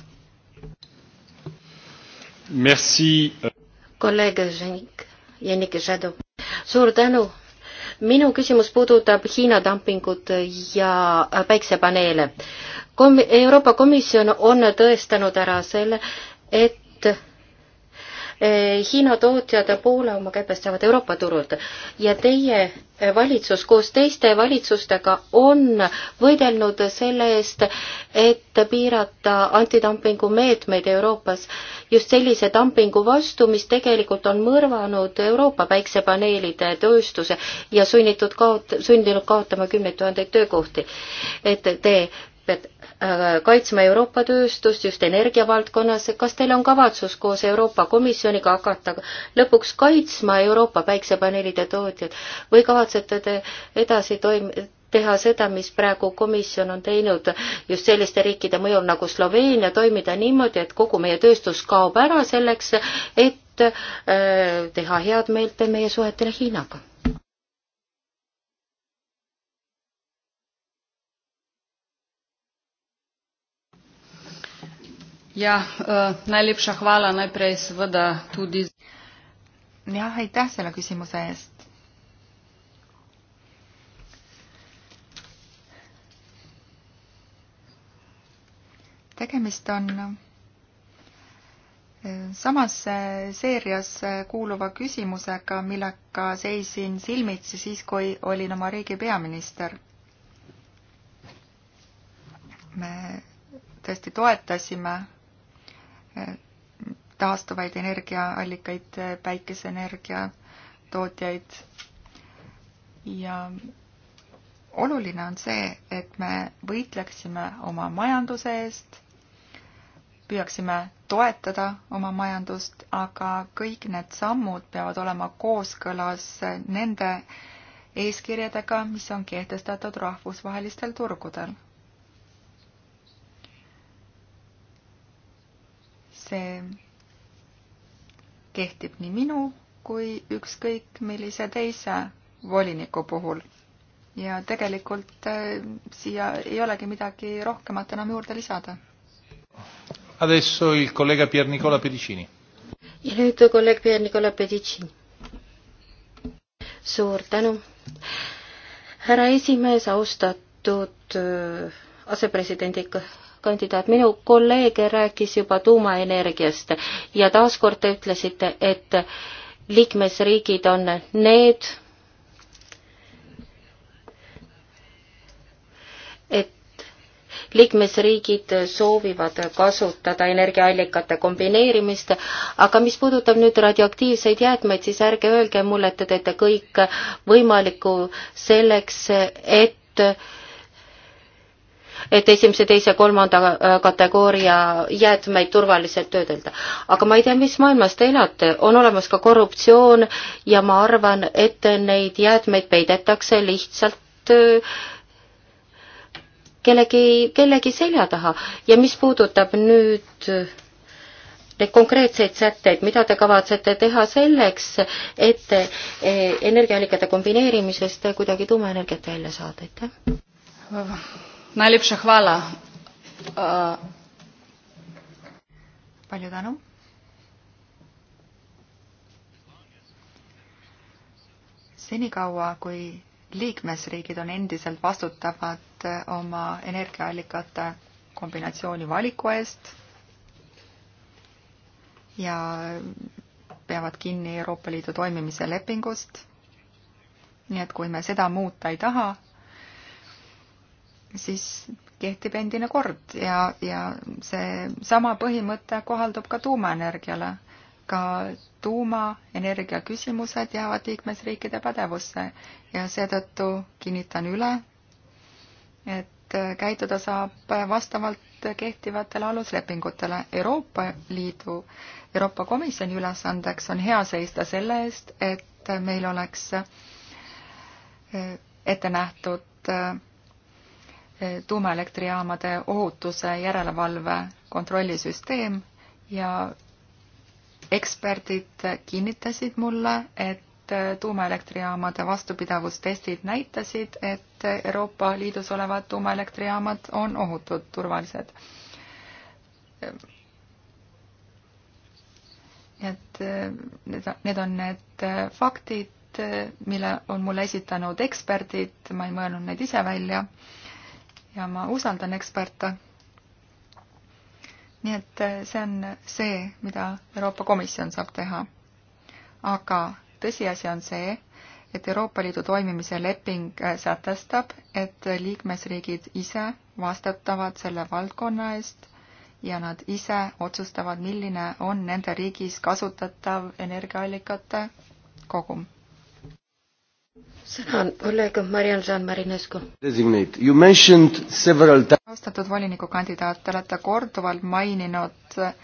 Speaker 2: kolleeg Jannik Žadu, suur tänu. minu küsimus puudutab Hiina dumpingut ja päiksepaneele. Kom-, Euroopa Komisjon on tõestanud ära selle, et Eh, Hiina tootjad poole oma käibest saavad Euroopa turult ja teie eh, valitsus koos teiste valitsustega on võidelnud selle eest, et piirata antidumpingu meetmeid Euroopas just sellise dumpingu vastu, mis tegelikult on mõrvanud Euroopa päiksepaneelide tööstuse ja sunnitud kaot-, sundinud kaotama kümneid tuhandeid töökohti. et te pead äh, kaitsma Euroopa tööstust just energiavaldkonnas, kas teil on kavatsus koos Euroopa Komisjoniga hakata lõpuks kaitsma Euroopa päiksepaneelide tootjad või kavatsete te edasi toim-, teha seda, mis praegu komisjon on teinud just selliste riikide mõjul nagu Sloveenia, toimida niimoodi, et kogu meie tööstus kaob ära selleks, et äh, teha head meelt meie suhetele Hiinaga
Speaker 3: Ja, äh, najlepša hvala najprej seveda tudi. jah, aitäh selle küsimuse eest.
Speaker 1: tegemist on eh, samas eh, seerias kuuluva küsimusega, millega seisin silmitsi siis, kui olin oma riigi peaminister. me tõesti toetasime taastuvaid energiaallikaid, päikeseenergia tootjaid. ja oluline on see, et me võitleksime oma majanduse eest, püüaksime toetada oma majandust, aga kõik need sammud peavad olema kooskõlas nende eeskirjadega, mis on kehtestatud rahvusvahelistel turgudel see kehtib nii minu kui ükskõik millise teise voliniku puhul. ja tegelikult äh, siia ei olegi midagi rohkemat enam juurde lisada.
Speaker 4: Adesso il collega Pier Nicola Pedicini.
Speaker 2: ja nüüd kolleeg Pier Nicola Pedicini. suur tänu. härra esimees, austatud äh, asepresidendi kandidaat, minu kolleeg rääkis juba tuumaenergiast ja taaskord te ütlesite, et liikmesriigid on need, et liikmesriigid soovivad kasutada energiaallikate kombineerimist, aga mis puudutab nüüd radioaktiivseid jäätmeid, siis ärge öelge mulle, et te teete kõik võimalikku selleks, et et esimese, teise, kolmanda äh, kategooria jäätmeid turvaliselt töödelda. aga ma ei tea, mis maailmas te elate, on olemas ka korruptsioon ja ma arvan, et neid jäätmeid peidetakse lihtsalt äh, kellegi, kellegi selja taha ja mis puudutab nüüd äh, neid konkreetseid sätteid, mida te kavatsete teha selleks, et energiaallikate kombineerimisest kuidagi tuumaenergiat välja saada,
Speaker 3: aitäh? Najlepša hvala. Uh... palju tänu.
Speaker 1: senikaua, kui liikmesriigid on endiselt vastutavad uh, oma energiaallikate kombinatsiooni valiku eest ja peavad kinni Euroopa Liidu toimimise lepingust. nii et kui me seda muuta ei taha, siis kehtib endine kord ja, ja see sama põhimõte kohaldub ka tuumaenergiale. ka tuumaenergia küsimused jäävad liikmesriikide pädevusse ja seetõttu kinnitan üle, et käituda saab vastavalt kehtivatele aluslepingutele. Euroopa Liidu, Euroopa Komisjoni ülesandeks on hea seista selle eest, et meil oleks eh, ette nähtud eh, tuumaelektrijaamade ohutuse järelevalve kontrollisüsteem ja eksperdid kinnitasid mulle, et tuumaelektrijaamade vastupidavustestid näitasid, et Euroopa Liidus olevad tuumaelektrijaamad on ohutud, turvalised. nii et äh, need on need äh, faktid, äh, mille on mulle esitanud eksperdid, ma ei mõelnud neid ise välja ja ma usaldan eksperte. nii et eh, see on see, mida Euroopa Komisjon saab teha. aga tõsiasi on see, et Euroopa Liidu toimimise leping eh, sätestab, et liikmesriigid ise vastutavad selle valdkonna eest ja nad ise otsustavad, milline on nende riigis kasutatav energiaallikate kogum sõna on
Speaker 2: kolleeg Mariann San-Marinescu.
Speaker 1: austatud volinikukandidaat, te olete korduvalt maininud eh,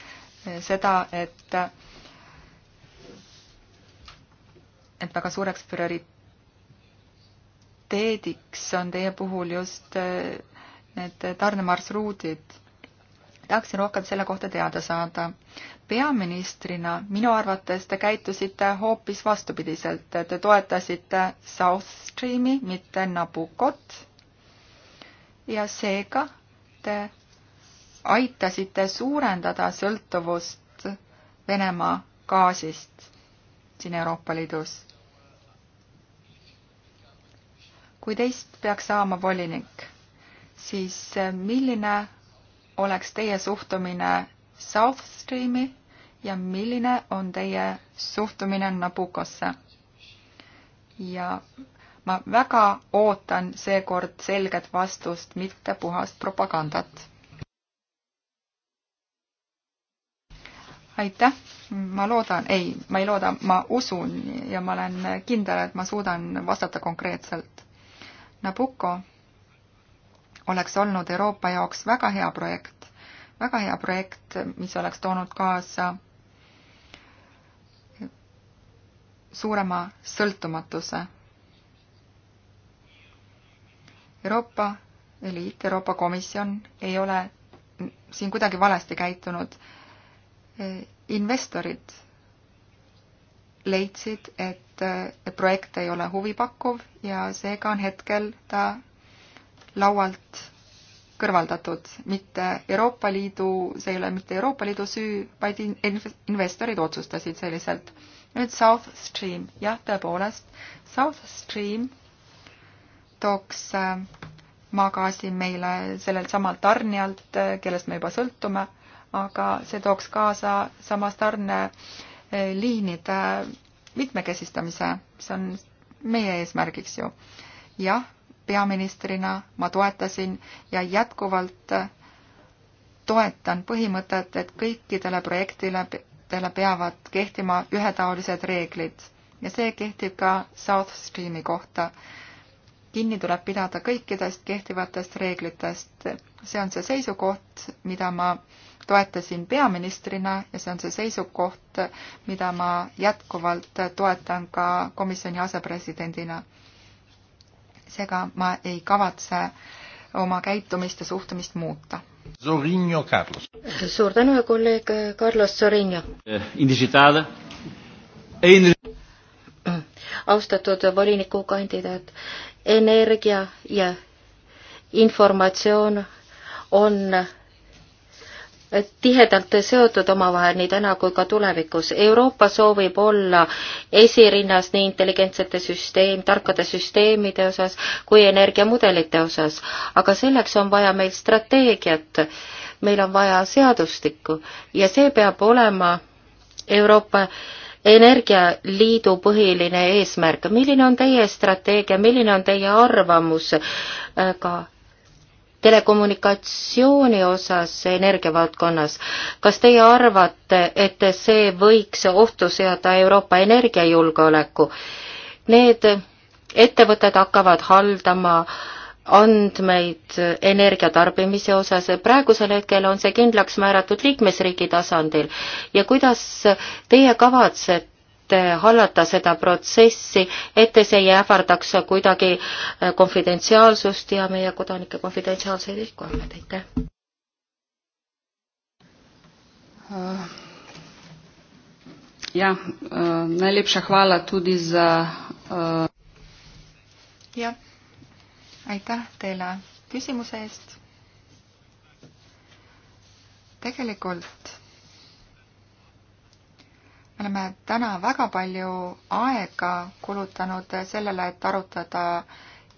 Speaker 1: seda, et et väga suureks prioriteediks on teie puhul just eh, need tarnemarsruudid tahaksin rohkem selle kohta teada saada. peaministrina minu arvates te käitusite hoopis vastupidiselt, te toetasite South Streami, mitte Nabucot. ja seega te aitasite suurendada sõltuvust Venemaa gaasist siin Euroopa Liidus. kui teist peaks saama volinik, siis milline oleks teie suhtumine South Streami ja milline on teie suhtumine Nabukosse? ja ma väga ootan seekord selget vastust, mitte puhast propagandat. aitäh, ma loodan, ei, ma ei looda, ma usun ja ma olen kindel, et ma suudan vastata konkreetselt. Nabucco oleks olnud Euroopa jaoks väga hea projekt, väga hea projekt, mis oleks toonud kaasa suurema sõltumatuse. Euroopa Liit, Euroopa Komisjon ei ole siin kuidagi valesti käitunud. investorid leidsid, et projekt ei ole huvipakkuv ja seega on hetkel ta laualt kõrvaldatud. mitte Euroopa Liidu, see ei ole mitte Euroopa Liidu süü, vaid investorid otsustasid selliselt. nüüd South Stream, jah, tõepoolest, South Stream tooks äh, maagaasi meile sellelt samalt tarnijalt, äh, kellest me juba sõltume, aga see tooks kaasa samas tarneliinide äh, mitmekesistamise, see on meie eesmärgiks ju. jah peaministrina ma toetasin ja jätkuvalt toetan põhimõtet, et kõikidele projektidele peavad kehtima ühetaolised reeglid ja see kehtib ka South Streami kohta. kinni tuleb pidada kõikidest kehtivatest reeglitest. see on see seisukoht, mida ma toetasin peaministrina ja see on see seisukoht, mida ma jätkuvalt toetan ka komisjoni asepresidendina seega ma ei kavatse oma käitumist ja suhtumist muuta.
Speaker 3: Sorinio Carlos.
Speaker 1: suur tänu ja
Speaker 2: kolleeg Carlos Sorinio.
Speaker 3: Eh, e
Speaker 2: austatud volinikukandidaat, energia ja informatsioon on tihedalt seotud omavahel nii täna kui ka tulevikus. Euroopa soovib olla esirinnas nii intelligentsete süsteem, tarkade süsteemide osas kui energiamudelite osas, aga selleks on vaja meil strateegiat, meil on vaja seadustikku ja see peab olema Euroopa energialiidu põhiline eesmärk. milline on teie strateegia, milline on teie arvamus äh, ka telekommunikatsiooni osas energiavaldkonnas, kas teie arvate, et see võiks ohtu seada Euroopa energiajulgeoleku? Need ettevõtted hakkavad haldama andmeid energiatarbimise osas, praegusel hetkel on see kindlaks määratud liikmesriigi tasandil ja kuidas teie kavatsete et hallata seda protsessi, et see ei ähvardaks kuidagi äh, konfidentsiaalsust ja meie
Speaker 3: kodanike konfidentsiaalseid isikuandmeid, aitäh uh,! Äh, jah äh, uh,, najlepša hvala tudi za uh... jah, aitäh
Speaker 1: teile küsimuse eest. tegelikult me oleme täna väga palju aega kulutanud sellele, et arutada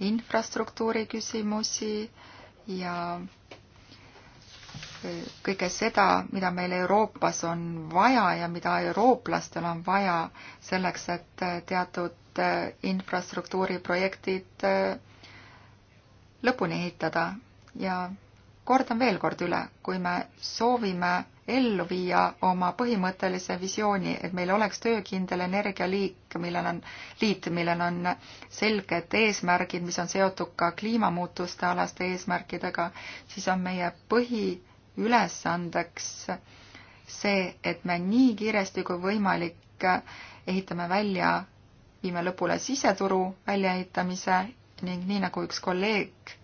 Speaker 1: infrastruktuuri küsimusi ja e, kõike seda, mida meil Euroopas on vaja ja mida eurooplastel on vaja selleks, et teatud e, infrastruktuuriprojektid e, lõpuni ehitada ja kordan veel kord üle, kui me soovime ellu viia oma põhimõttelise visiooni, et meil oleks töökindel energialiik, millel on, liit, millel on selged eesmärgid, mis on seotud ka kliimamuutuste alaste eesmärkidega, siis on meie põhiülesandeks see, et me nii kiiresti kui võimalik ehitame välja, viime lõpule siseturu väljaehitamise ning nii nagu üks kolleeg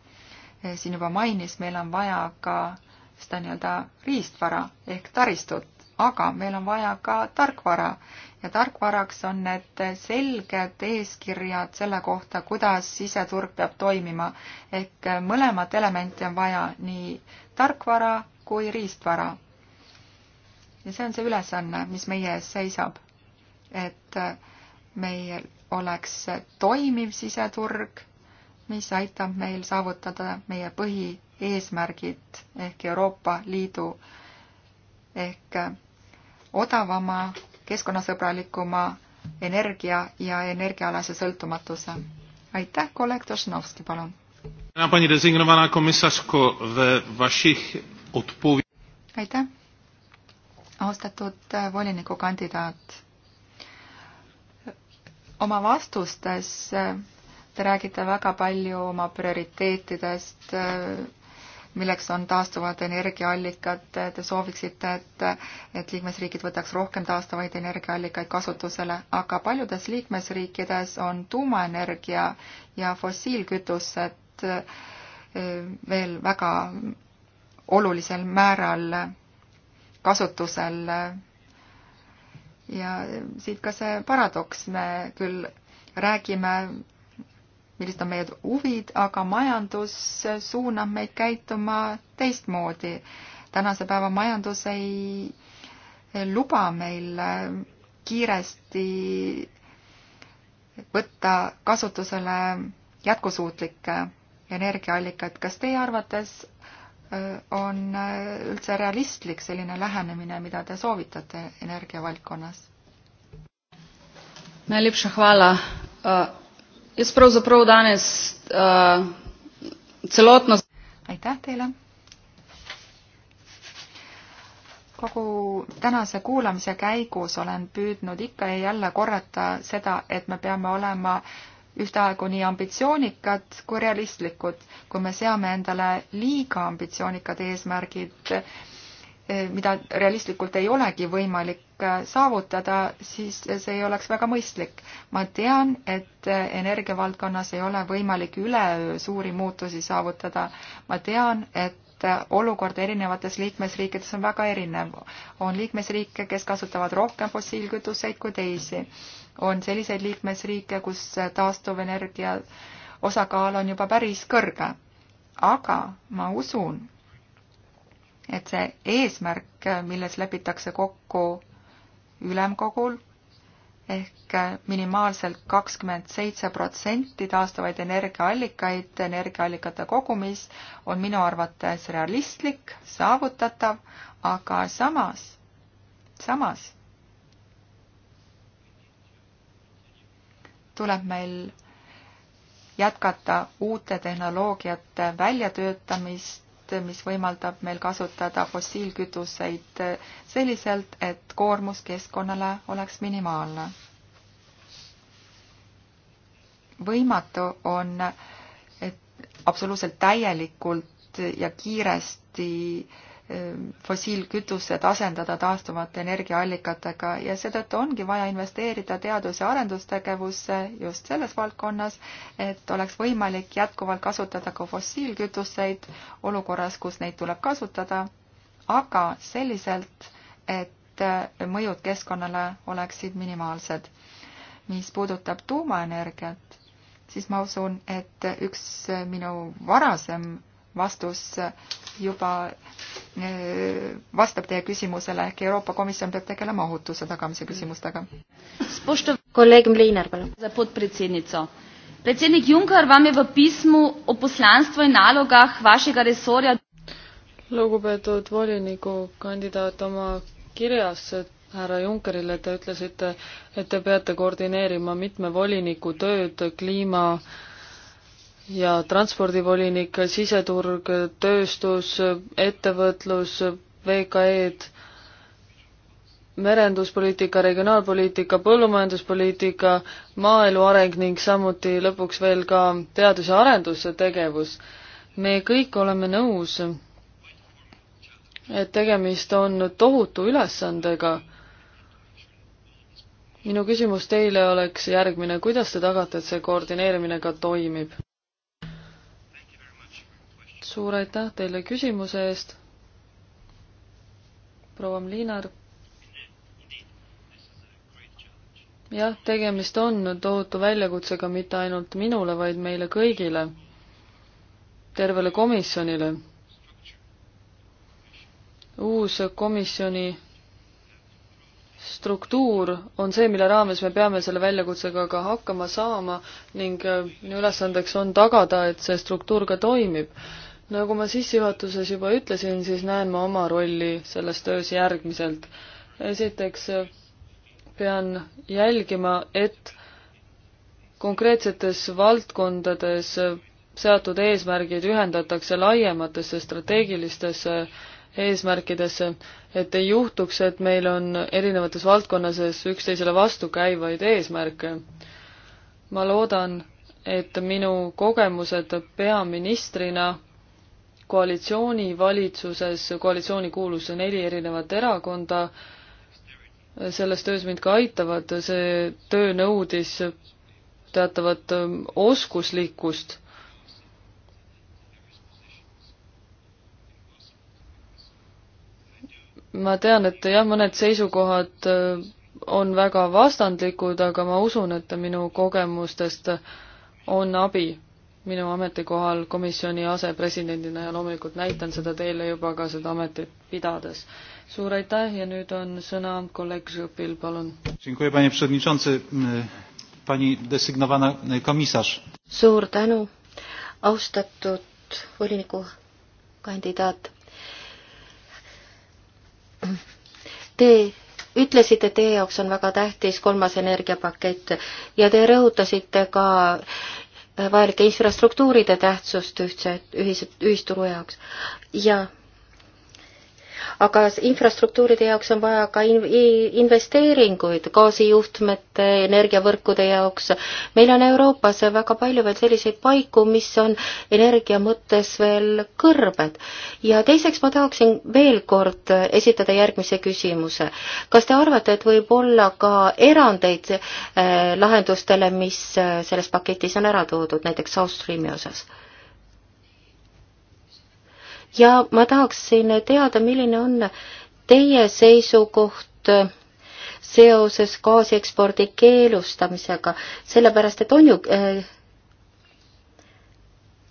Speaker 1: Eh, siin juba mainis, meil on vaja ka seda nii-öelda riistvara ehk taristut, aga meil on vaja ka tarkvara ja tarkvaraks on need selged eeskirjad selle kohta, kuidas siseturg peab toimima. ehk eh, mõlemat elementi on vaja, nii tarkvara kui riistvara. ja see on see ülesanne, mis meie ees seisab. et eh, meil oleks toimiv siseturg mis aitab meil saavutada meie põhieesmärgid ehk Euroopa Liidu ehk odavama, keskkonnasõbralikuma energia ja energiaalase sõltumatuse. aitäh, kolleeg Tošnovski, palun. aitäh, austatud äh, volinikukandidaat. oma vastustes äh, Te räägite väga palju oma prioriteetidest, milleks on taastuvad energiaallikad, te sooviksite, et, et liikmesriigid võtaks rohkem taastavaid energiaallikaid kasutusele, aga paljudes liikmesriikides on tuumaenergia ja fossiilkütused eh, veel väga olulisel määral kasutusel. ja siit ka see paradoks, me küll räägime millised on meie huvid, aga majandus suunab meid käituma teistmoodi. tänase päeva majandus ei luba meil kiiresti võtta kasutusele jätkusuutlikke energiaallikaid. kas teie arvates on üldse realistlik selline lähenemine, mida te soovitate energia valdkonnas?
Speaker 3: Najlepša hvala jaz pravzaprav danes uh, celotno. aitäh teile.
Speaker 1: kogu tänase kuulamise käigus olen püüdnud ikka ja jälle korrata seda, et me peame olema ühtaegu nii ambitsioonikad kui realistlikud, kui me seame endale liiga ambitsioonikad eesmärgid, eh, mida realistlikult ei olegi võimalik eesmärk äh, saavutada, siis see ei oleks väga mõistlik. ma tean, et äh, energiavaldkonnas ei ole võimalik üleöö suuri muutusi saavutada. ma tean, et äh, olukord erinevates liikmesriikides on väga erinev. on liikmesriike, kes kasutavad rohkem fossiilkütuseid kui teisi. on selliseid liikmesriike, kus taastuvenergia osakaal on juba päris kõrge. aga ma usun, et see eesmärk, milles lepitakse kokku ülemkogul ehk minimaalselt kakskümmend seitse protsenti taastavaid energiaallikaid, energiaallikate kogumis on minu arvates realistlik, saavutatav, aga samas, samas tuleb meil jätkata uute tehnoloogiate väljatöötamist, paket, mis võimaldab meil kasutada fossiilkütuseid selliselt, et koormus keskkonnale oleks minimaalne. võimatu on absoluutselt täielikult ja kiiresti äh, Ehm, fossiilkütused asendada taastuvate energiaallikatega ja seetõttu ongi vaja investeerida teadus- ja arendustegevusse just selles valdkonnas, et oleks võimalik jätkuvalt kasutada ka fossiilkütuseid olukorras, kus neid tuleb kasutada, aga selliselt, et eh, mõjud keskkonnale oleksid minimaalsed. mis puudutab tuumaenergiat, siis ma usun, et üks minu varasem vastus juba vastab teie küsimusele, ehk Euroopa Komisjon peab tegelema ohutuse tagamise küsimustega.
Speaker 2: kolleeg Mlinar,
Speaker 1: palun.
Speaker 3: predsednik Juncker, vam je v pismu o poslanstvo in nalogah vašega resorja
Speaker 4: lugupeetud volinikukandidaat, oma kirjas härra Junckerile te ütlesite, et te peate koordineerima mitme voliniku tööd kliima äh, ja transpordivolinik, siseturg, tööstus, ettevõtlus, VKE-d, merenduspoliitika, regionaalpoliitika, põllumajanduspoliitika, maaelu areng ning samuti lõpuks veel ka teadus- ja arendustegevus. me kõik oleme nõus, et tegemist on tohutu ülesandega. minu küsimus teile oleks järgmine, kuidas te tagate, et see koordineerimine ka toimib? suur aitäh teile küsimuse eest, proua Mlinar. jah, tegemist on tohutu väljakutsega mitte ainult minule, vaid meile kõigile, tervele komisjonile. uus komisjoni struktuur on see, mille raames me peame selle väljakutsega ka hakkama saama ning äh, minu ülesandeks on tagada, et see struktuur ka toimib nagu ma sissejuhatuses juba ütlesin, siis näen ma oma rolli selles töös järgmiselt. esiteks pean jälgima, et konkreetsetes valdkondades seatud eesmärgid ühendatakse laiematesse strateegilistesse eesmärkidesse, et ei juhtuks, et meil on erinevates valdkonnades üksteisele vastukäivaid eesmärke. ma loodan, et minu kogemused peaministrina koalitsioonivalitsuses, koalitsiooni kuulus neli erinevat erakonda, selles töös mind ka aitavad, see töö nõudis teatavat ähm, oskuslikkust. ma tean, et jah, mõned seisukohad äh, on väga vastandlikud, aga ma usun, et minu kogemustest on abi minu ametikohal komisjoni asepresidendina ja loomulikult näitan seda teile juba ka seda ametit pidades. suur aitäh ja nüüd on sõna kolleeg Žõpil, palun. E, suur tänu, austatud
Speaker 2: volinikukandidaat. Te ütlesite, teie jaoks on väga tähtis kolmas energiapakett ja te rõhutasite ka vajalike infrastruktuuride tähtsust ühtse, ühise, ühisturu jaoks ja aga infrastruktuuride jaoks on vaja ka in investeeringuid, gaasijuhtmete, energiavõrkude jaoks. meil on Euroopas väga palju veel selliseid paiku, mis on energia mõttes veel kõrbed. ja teiseks ma tahaksin veel kord esitada järgmise küsimuse. kas te arvate, et võib olla ka erandeid eh, lahendustele, mis eh, selles paketis on ära toodud, näiteks South Streami osas? ja ma tahaksin teada, milline on teie seisukoht seoses gaasiekspordi keelustamisega, sellepärast et on ju eh,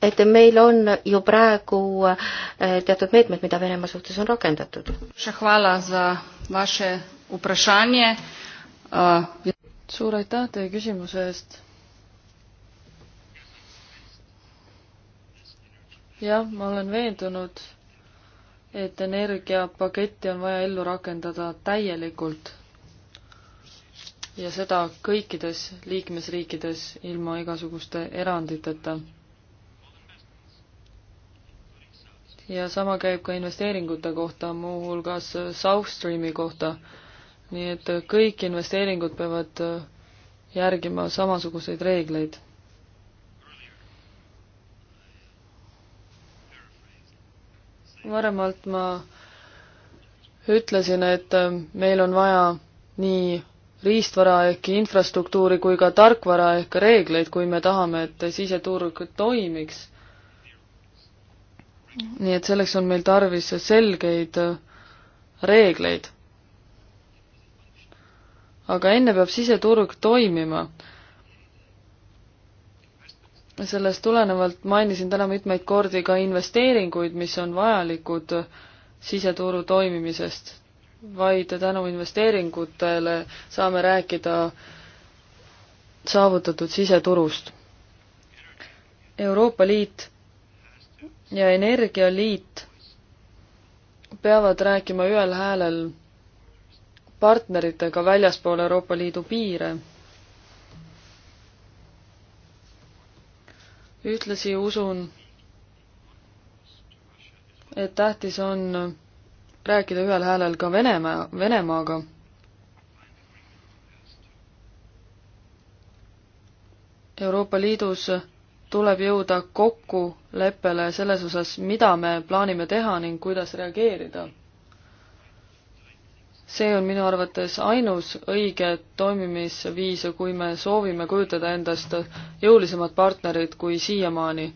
Speaker 2: et meil on ju praegu eh, teatud meetmed, mida Venemaa suhtes on rakendatud.
Speaker 3: suur aitäh teie küsimuse eest
Speaker 4: jah, ma olen veendunud, et energiapaketti on vaja ellu rakendada täielikult ja seda kõikides liikmesriikides ilma igasuguste eranditeta. ja sama käib ka investeeringute kohta, muuhulgas South Streami kohta. nii et kõik investeeringud peavad järgima samasuguseid reegleid varemalt ma ütlesin, et äh, meil on vaja nii riistvara ehk infrastruktuuri kui ka tarkvara ehk reegleid, kui me tahame, et siseturg toimiks. nii et selleks on meil tarvis selgeid äh, reegleid. aga enne peab siseturg toimima sellest tulenevalt mainisin täna mitmeid kordi ka investeeringuid, mis on vajalikud siseturu toimimisest, vaid tänu investeeringutele saame rääkida saavutatud siseturust. Euroopa Liit ja Energialiit peavad rääkima ühel häälel partneritega väljaspool Euroopa Liidu piire ühtlasi usun, et tähtis on rääkida ühel häälel ka Venemaa, Venemaaga. Euroopa Liidus tuleb jõuda kokkuleppele selles osas, mida me plaanime teha ning kuidas reageerida see on minu arvates ainus õige toimimisviis, kui me soovime kujutada endast jõulisemat partnerit kui siiamaani.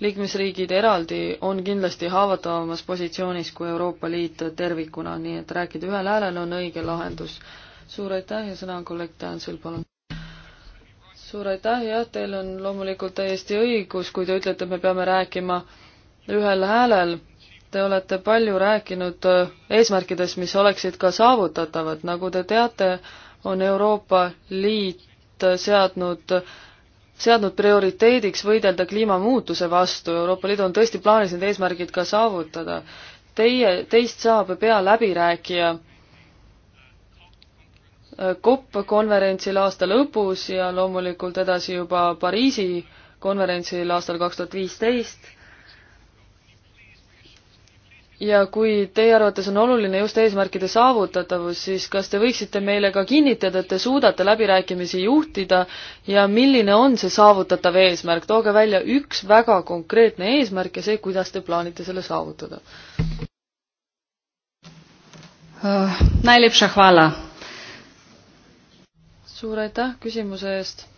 Speaker 4: liikmesriigid eraldi on kindlasti haavatavamas positsioonis kui Euroopa Liit tervikuna, nii et rääkida ühel häälel on õige lahendus. suur aitäh ja sõna on kolleeg Tänsil, palun. suur aitäh, jah, teil on loomulikult täiesti õigus, kui te ütlete, et me peame rääkima ühel häälel Te olete palju rääkinud äh, eesmärkidest, mis oleksid ka saavutatavad, nagu te teate, on Euroopa Liit äh, seadnud, seadnud prioriteediks võidelda kliimamuutuse vastu, Euroopa Liidul on tõesti plaanis need eesmärgid ka saavutada. Teie, teist saab pealäbirääkija äh, COP konverentsil aasta lõpus ja loomulikult edasi juba Pariisi konverentsil aastal kaks tuhat viisteist ja kui teie arvates on oluline just eesmärkide saavutatavus, siis kas te võiksite meile ka kinnitada, et te suudate läbirääkimisi juhtida ja milline on see saavutatav eesmärk, tooge välja üks väga konkreetne eesmärk ja see, kuidas te plaanite selle saavutada
Speaker 3: uh,? Najlepša hvala!
Speaker 4: suur aitäh küsimuse eest!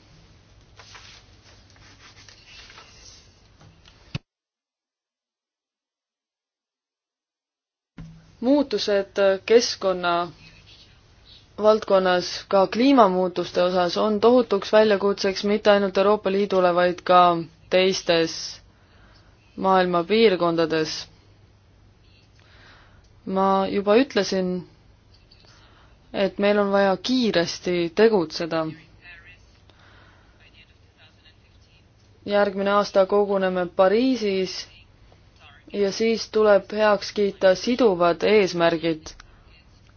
Speaker 4: muutused keskkonna valdkonnas, ka kliimamuutuste osas, on tohutuks väljakutseks mitte ainult Euroopa Liidule, vaid ka teistes maailma piirkondades. ma juba ütlesin, et meil on vaja kiiresti tegutseda. järgmine aasta koguneme Pariisis ja siis tuleb heaks kiita siduvad eesmärgid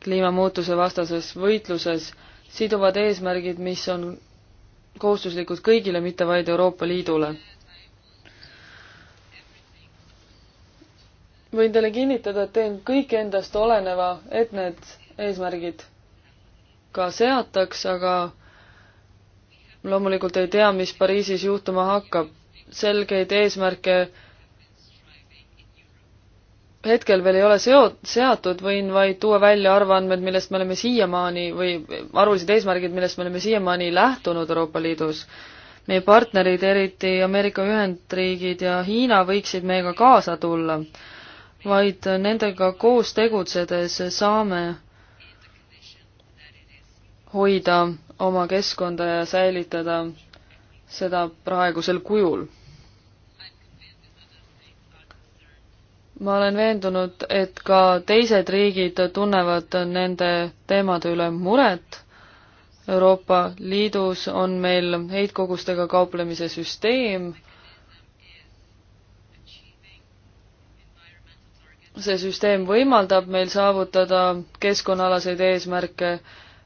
Speaker 4: kliimamuutuse vastases võitluses, siduvad eesmärgid, mis on kohustuslikud kõigile, mitte vaid Euroopa Liidule. võin teile kinnitada, et teen kõik endast oleneva, et need eesmärgid ka seataks, aga loomulikult ei tea, mis Pariisis juhtuma hakkab. selgeid eesmärke hetkel veel ei ole seo-, seatud, võin vaid tuua välja arvandmed, millest me oleme siiamaani või arvulised eesmärgid, millest me oleme siiamaani lähtunud Euroopa Liidus. meie partnerid, eriti Ameerika Ühendriigid ja Hiina, võiksid meiega kaasa tulla, vaid nendega koos tegutsedes saame hoida oma keskkonda ja säilitada seda praegusel kujul ma olen veendunud, et ka teised riigid tunnevad nende teemade üle muret. Euroopa Liidus on meil heitkogustega kauplemise süsteem. see süsteem võimaldab meil saavutada keskkonnaalaseid eesmärke,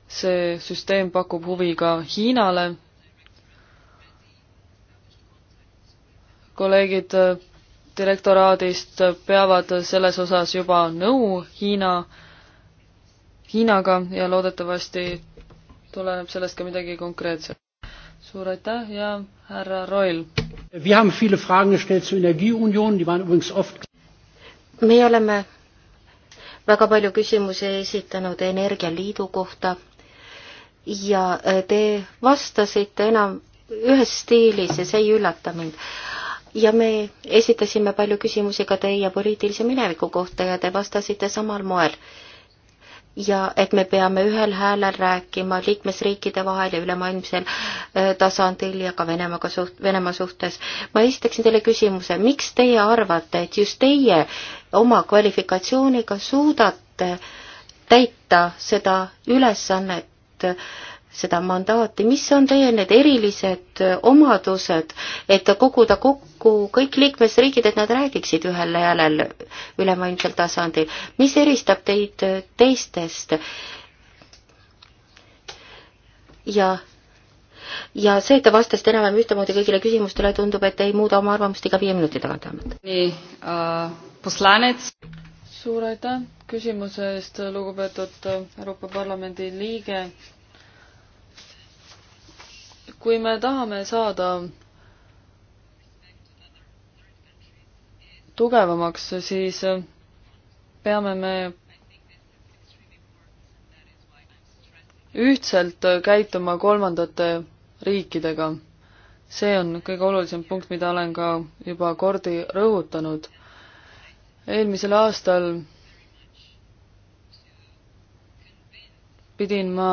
Speaker 4: see süsteem pakub huvi ka Hiinale. kolleegid direktoraadist peavad selles osas juba nõu Hiina, Hiinaga ja loodetavasti tuleneb sellest ka midagi konkreetset. suur aitäh ja härra Roil!
Speaker 2: meie oleme väga palju küsimusi esitanud Energialiidu kohta ja te vastasite enam ühes stiilis ja see ei üllata mind ja me esitasime palju küsimusi ka teie poliitilise mineviku kohta ja te vastasite samal moel. ja et me peame ühel häälel rääkima liikmesriikide vahel ja ülemaailmsel äh, tasandil ja ka Venemaaga suht-, Venemaa suhtes. ma esitaksin teile küsimuse, miks teie arvate, et just teie oma kvalifikatsiooniga suudate täita seda ülesannet, seda mandaati, mis on teie need erilised omadused, et koguda kokku kõik liikmesriigid, et nad räägiksid ühel häälel ülemaailmsel tasandil, mis eristab teid teistest? ja, ja see, et te vastasite enam-vähem ühtemoodi kõigile küsimustele, tundub, et ei muuda oma arvamust iga viie minuti tagant. nii äh,,
Speaker 3: poslanec.
Speaker 4: suur aitäh küsimuse eest, lugupeetud Euroopa Parlamendi liige kui me tahame saada tugevamaks, siis peame me ühtselt käituma kolmandate riikidega. see on kõige olulisem punkt, mida olen ka juba kordi rõhutanud. eelmisel aastal pidin ma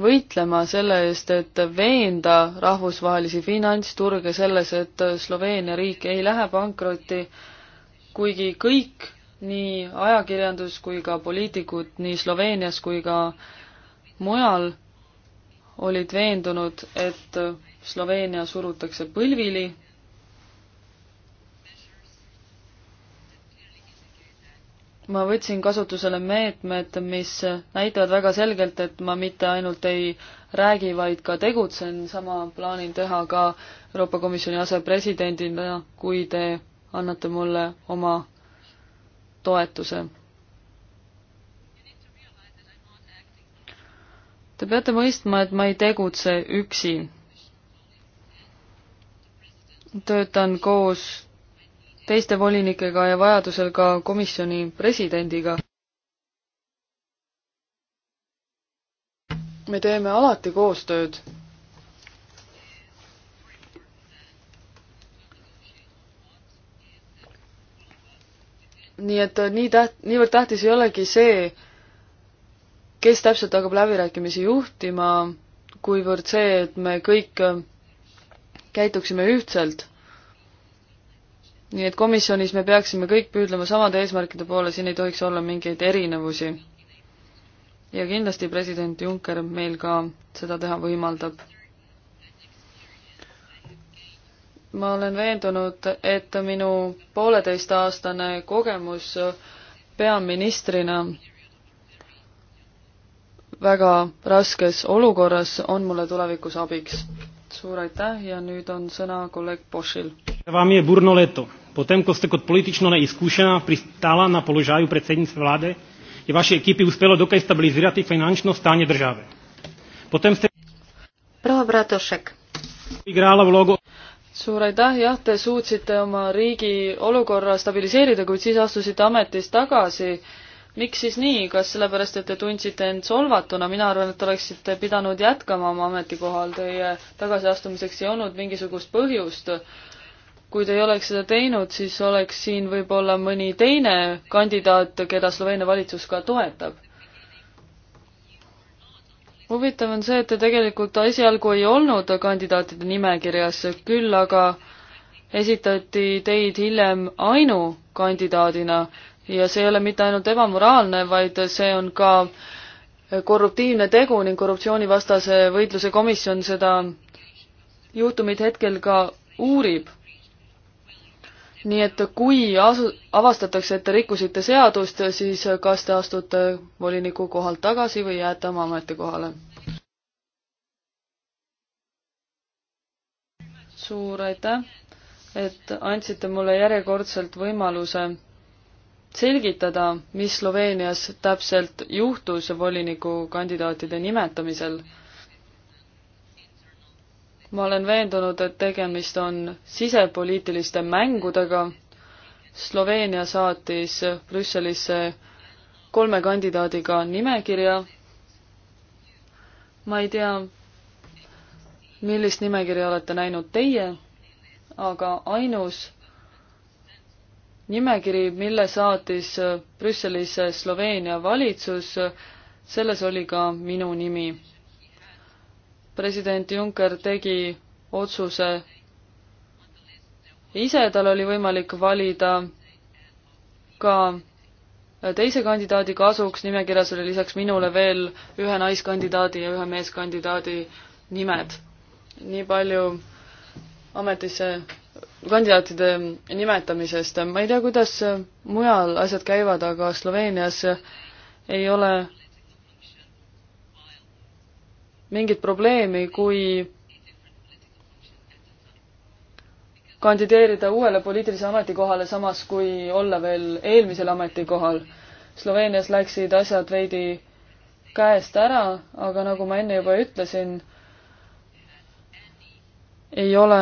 Speaker 4: võitlema selle eest, et veenda rahvusvahelisi finantsturge selles, et Sloveenia riik ei lähe pankrotti, kuigi kõik, nii ajakirjandus kui ka poliitikud nii Sloveenias kui ka mujal olid veendunud, et Sloveenia surutakse põlvili ma võtsin kasutusele meetmed, mis näitavad väga selgelt, et ma mitte ainult ei räägi, vaid ka tegutsen, sama plaanin teha ka Euroopa Komisjoni asepresidendina, kui te annate mulle oma toetuse. Te peate mõistma, et ma ei tegutse üksi. töötan koos teiste volinikega ja vajadusel ka komisjoni presidendiga. me teeme alati koostööd. nii et nii täht-, niivõrd tähtis ei olegi see, kes täpselt hakkab läbirääkimisi juhtima, kuivõrd see, et me kõik käituksime ühtselt nii et komisjonis me peaksime kõik püüdlema samade eesmärkide poole, siin ei tohiks olla mingeid erinevusi. ja kindlasti president Juncker meil ka seda teha võimaldab. ma olen veendunud, et minu pooleteistaastane kogemus peaministrina väga raskes olukorras on mulle tulevikus abiks. suur aitäh ja nüüd on sõna kolleeg Boschil.
Speaker 3: Vám je burno leto Potem, ko ste kot politično neizkušena pristala na položaju predsednice vlade, je vaši ekipi
Speaker 2: uspelo dokaj stabilizirati finančno stanje države. Potem ste... proua Bratušek. igrala vlogo
Speaker 4: suur aitäh, jah, te suutsite oma riigi olukorra stabiliseerida, kuid siis astusite ametist tagasi. miks siis nii, kas sellepärast, et te tundsite end solvatuna, mina arvan, et oleksite pidanud jätkama oma ametikohal, teie tagasiastumiseks ei olnud mingisugust põhjust kui te ei oleks seda teinud, siis oleks siin võib-olla mõni teine kandidaat, keda Sloveenia valitsus ka toetab. huvitav on see, et te tegelikult esialgu ei olnud kandidaatide nimekirjas, küll aga esitati teid hiljem ainukandidaadina ja see ei ole mitte ainult ebamoraalne, vaid see on ka korruptiivne tegu ning korruptsioonivastase võitluse komisjon seda juhtumit hetkel ka uurib nii et kui asu-, avastatakse, et te rikkusite seadust, siis kas te astute voliniku kohalt tagasi või jääte oma ametikohale? suur aitäh, et andsite mulle järjekordselt võimaluse selgitada, mis Sloveenias täpselt juhtus volinikukandidaatide nimetamisel ma olen veendunud, et tegemist on sisepoliitiliste mängudega. Sloveenia saatis Brüsselisse kolme kandidaadiga nimekirja. ma ei tea, millist nimekirja olete näinud teie, aga ainus nimekiri, mille saatis Brüsselisse Sloveenia valitsus, selles oli ka minu nimi president Juncker tegi otsuse ise, tal oli võimalik valida ka teise kandidaadi kasuks, nimekirjas oli lisaks minule veel ühe naiskandidaadi ja ühe meeskandidaadi nimed. nii palju ametisse kandidaatide nimetamisest, ma ei tea, kuidas mujal asjad käivad, aga Sloveenias ei ole mingit probleemi, kui kandideerida uuele poliitilisele ametikohale, samas kui olla veel eelmisel ametikohal. Sloveenias läksid asjad veidi käest ära, aga nagu ma enne juba ütlesin, ei ole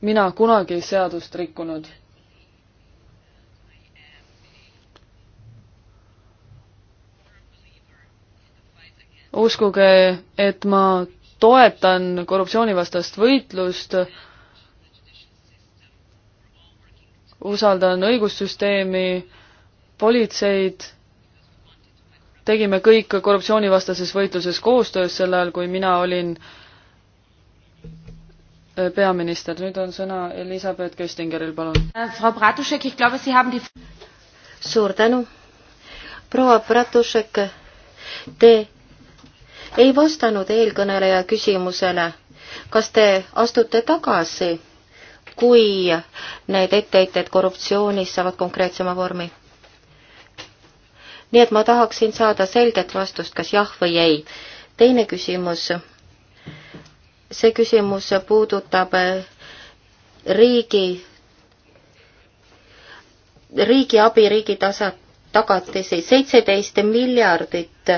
Speaker 4: mina kunagi seadust rikkunud uskuge, et ma toetan korruptsioonivastast võitlust, usaldan õigussüsteemi, politseid, tegime kõik korruptsioonivastases võitluses koostöös sel ajal, kui mina olin äh, peaminister. nüüd on sõna Elizabeth Köstingeril, palun. Äh,
Speaker 2: suur tänu. proua Bratušek, te ei vastanud eelkõneleja küsimusele, kas te astute tagasi, kui need etteheited korruptsioonis saavad konkreetsema vormi? nii et ma tahaksin saada selget vastust, kas jah või ei. teine küsimus, see küsimus puudutab eh, riigi, riigiabi, riigi tasa, tagatisi, seitseteist miljardit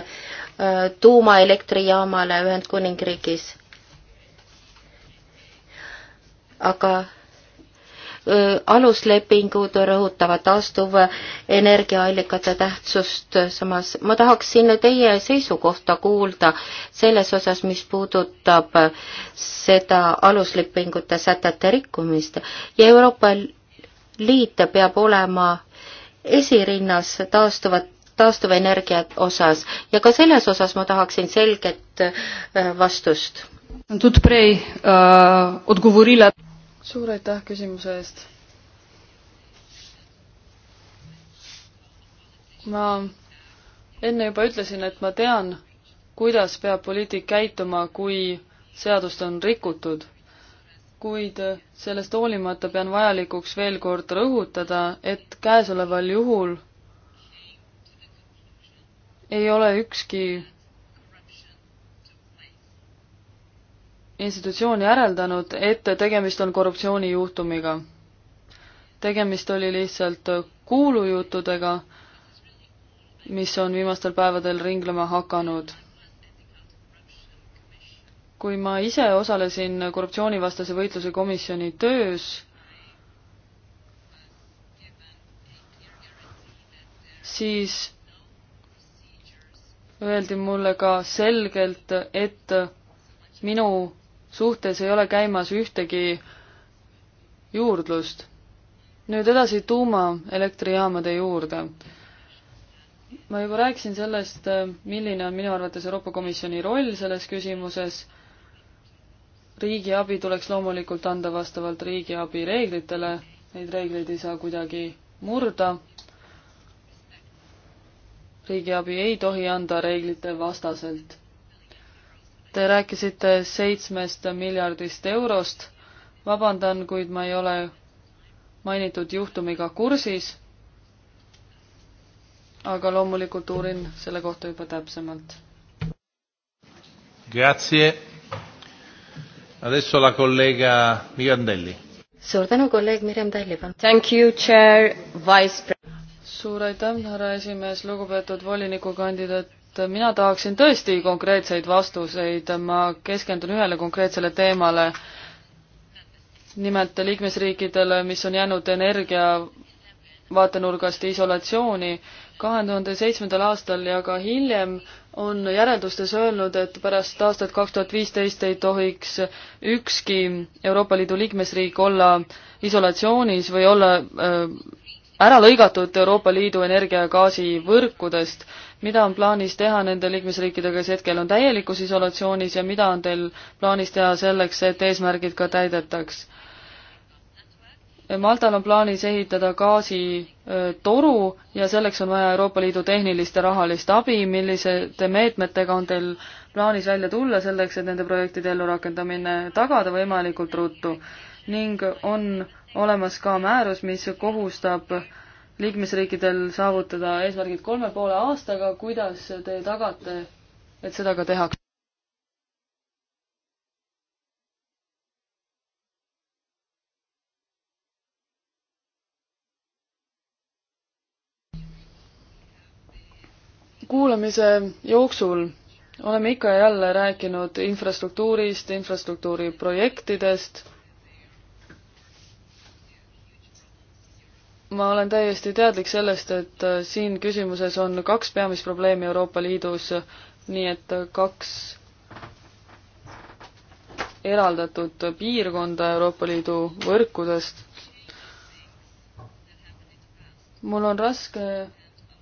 Speaker 2: tuumaelektrijaamale Ühendkuningriigis. aga aluslepingud rõhutavad taastuvenergiaallikate tähtsust, samas ma tahaksin teie seisukohta kuulda selles osas, mis puudutab seda aluslepingute sätete rikkumist ja Euroopa Liit peab olema esirinnas taastuvat taastuvenergia osas ja ka selles osas ma tahaksin selget äh,
Speaker 4: vastust.
Speaker 3: Äh, suur aitäh
Speaker 4: küsimuse eest. ma enne juba ütlesin, et ma tean, kuidas peab poliitik käituma, kui seadust on rikutud. kuid sellest hoolimata pean vajalikuks veel kord rõhutada, et käesoleval juhul ei ole ükski institutsioon järeldanud, et tegemist on korruptsioonijuhtumiga. tegemist oli lihtsalt kuulujuttudega, mis on viimastel päevadel ringlema hakanud. kui ma ise osalesin korruptsioonivastase võitluse komisjoni töös, siis öeldi mulle ka selgelt, et minu suhtes ei ole käimas ühtegi juurdlust. nüüd edasi tuumaelektrijaamade juurde. ma juba rääkisin sellest, milline on minu arvates Euroopa Komisjoni roll selles küsimuses. riigiabi tuleks loomulikult anda vastavalt riigiabi reeglitele, neid reegleid ei saa kuidagi murda riigiabi ei tohi anda reeglite vastaselt. Te rääkisite seitsmest miljardist eurost. vabandan, kuid ma ei ole mainitud juhtumiga kursis. aga loomulikult uurin selle kohta juba täpsemalt.
Speaker 3: Grazie. Adesso la collega Mirandelli. suur
Speaker 2: tänu, kolleeg Mirjam Tallipalu. Thank you, chair, vice president
Speaker 4: suur aitäh, härra esimees, lugupeetud volinikukandidaat. mina tahaksin tõesti konkreetseid vastuseid, ma keskendun ühele konkreetsele teemale, nimelt liikmesriikidele, mis on jäänud energia vaatenurgast isolatsiooni. kahe tuhande seitsmendal aastal ja ka hiljem on järeldustes öelnud, et pärast aastat kaks tuhat viisteist ei tohiks ükski Euroopa Liidu liikmesriik olla isolatsioonis või olla öö, äh, ära lõigatud Euroopa Liidu energia- ja gaasivõrkudest. mida on plaanis teha nende liikmesriikidega, kes hetkel on täielikus isolatsioonis ja mida on teil plaanis teha selleks, et eesmärgid ka täidetaks? Maltal on plaanis ehitada gaasitoru ja selleks on vaja Euroopa Liidu tehnilist ja rahalist abi, millisete meetmetega on teil plaanis välja tulla selleks, et nende projektide ellurakendamine tagada võimalikult ruttu ning on äh, olemas ka määrus, mis kohustab liikmesriikidel saavutada eesmärgid kolme poole aastaga, kuidas te tagate, et seda ka tehakse? kuulamise jooksul oleme ikka ja jälle rääkinud infrastruktuurist, infrastruktuuri projektidest ma olen täiesti teadlik sellest, et äh, siin küsimuses on kaks peamist probleemi Euroopa Liidus, nii et kaks eraldatud piirkonda Euroopa Liidu võrkudest. mul on raske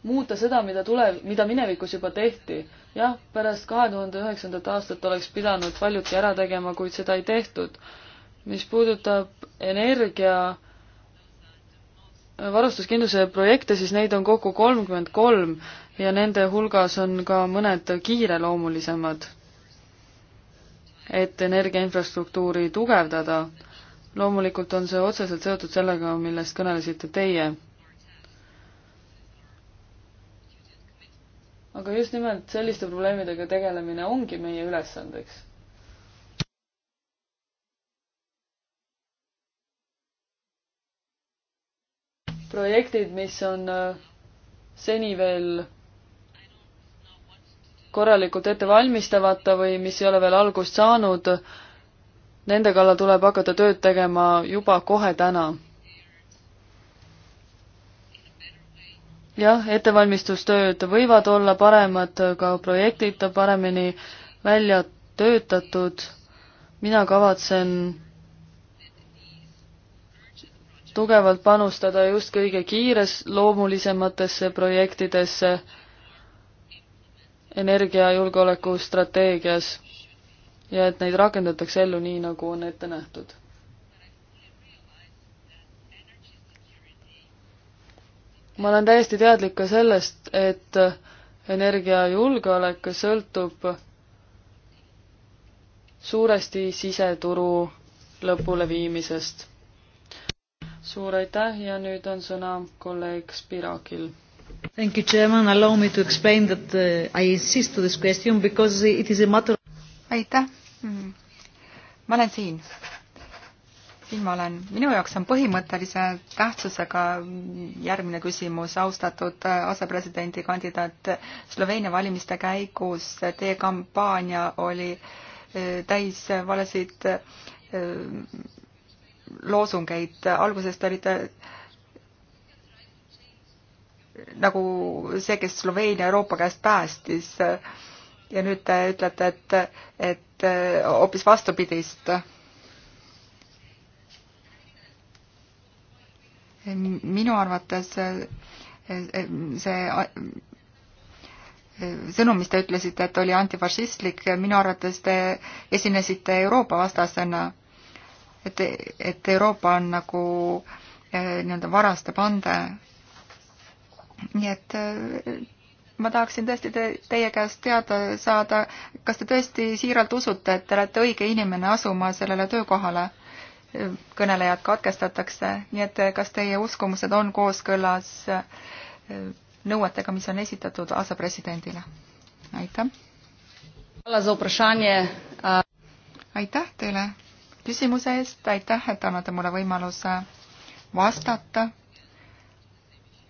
Speaker 4: muuta seda, mida tule-, mida minevikus juba tehti. jah, pärast kahe tuhande üheksandat aastat oleks pidanud paljudki ära tegema, kuid seda ei tehtud. mis puudutab energia varustuskindluse projekte, siis neid on kokku kolmkümmend kolm ja nende hulgas on ka mõned kiireloomulisemad, et energiainfrastruktuuri tugevdada. loomulikult on see otseselt seotud sellega, millest kõnelesite teie. aga just nimelt selliste probleemidega tegelemine ongi meie ülesandeks projektid, mis on äh, seni veel korralikult ette valmistamata või mis ei ole veel algust saanud, nende kallal tuleb hakata tööd tegema juba kohe täna. jah, ettevalmistustööd võivad olla paremad, ka projektid on paremini välja töötatud, mina kavatsen tugevalt panustada just kõige kiires loomulisematesse projektidesse energiajulgeoleku strateegias ja et neid rakendatakse ellu nii, nagu on ette nähtud. ma olen täiesti teadlik ka sellest, et energiajulgeolek sõltub suuresti siseturu lõpuleviimisest suur aitäh ja nüüd on sõna kolleeg Spirakil.
Speaker 3: Thank you, Chairman, allow me to explain that uh, I insist to this question because it is a matter aitäh mm.. ma olen siin. siin ma olen. minu jaoks
Speaker 1: on põhimõttelise tähtsusega järgmine küsimus, austatud äh, asepresidendi kandidaat. Sloveenia valimiste käigus teie kampaania oli äh, täis valesid äh, loosungeid, algusest olid nagu see, kes Sloveenia Euroopa käest päästis ja nüüd te ütlete, et, et äh, hoopis vastupidist. minu arvates äh, äh, see sõnum, mis te ütlesite, et oli antifašistlik, minu arvates te esinesite Euroopa vastasena et, et Euroopa on nagu eh, nii-öelda varaste pande. nii et eh, ma tahaksin tõesti te, teie käest teada saada, kas te tõesti siiralt usute, et te olete õige inimene asuma sellele töökohale? kõnelejad katkestatakse, nii et eh, kas teie uskumused on kooskõlas nõuetega, mis on esitatud asepresidendile? aitäh. aitäh teile küsimuse eest, aitäh, et annate mulle võimaluse vastata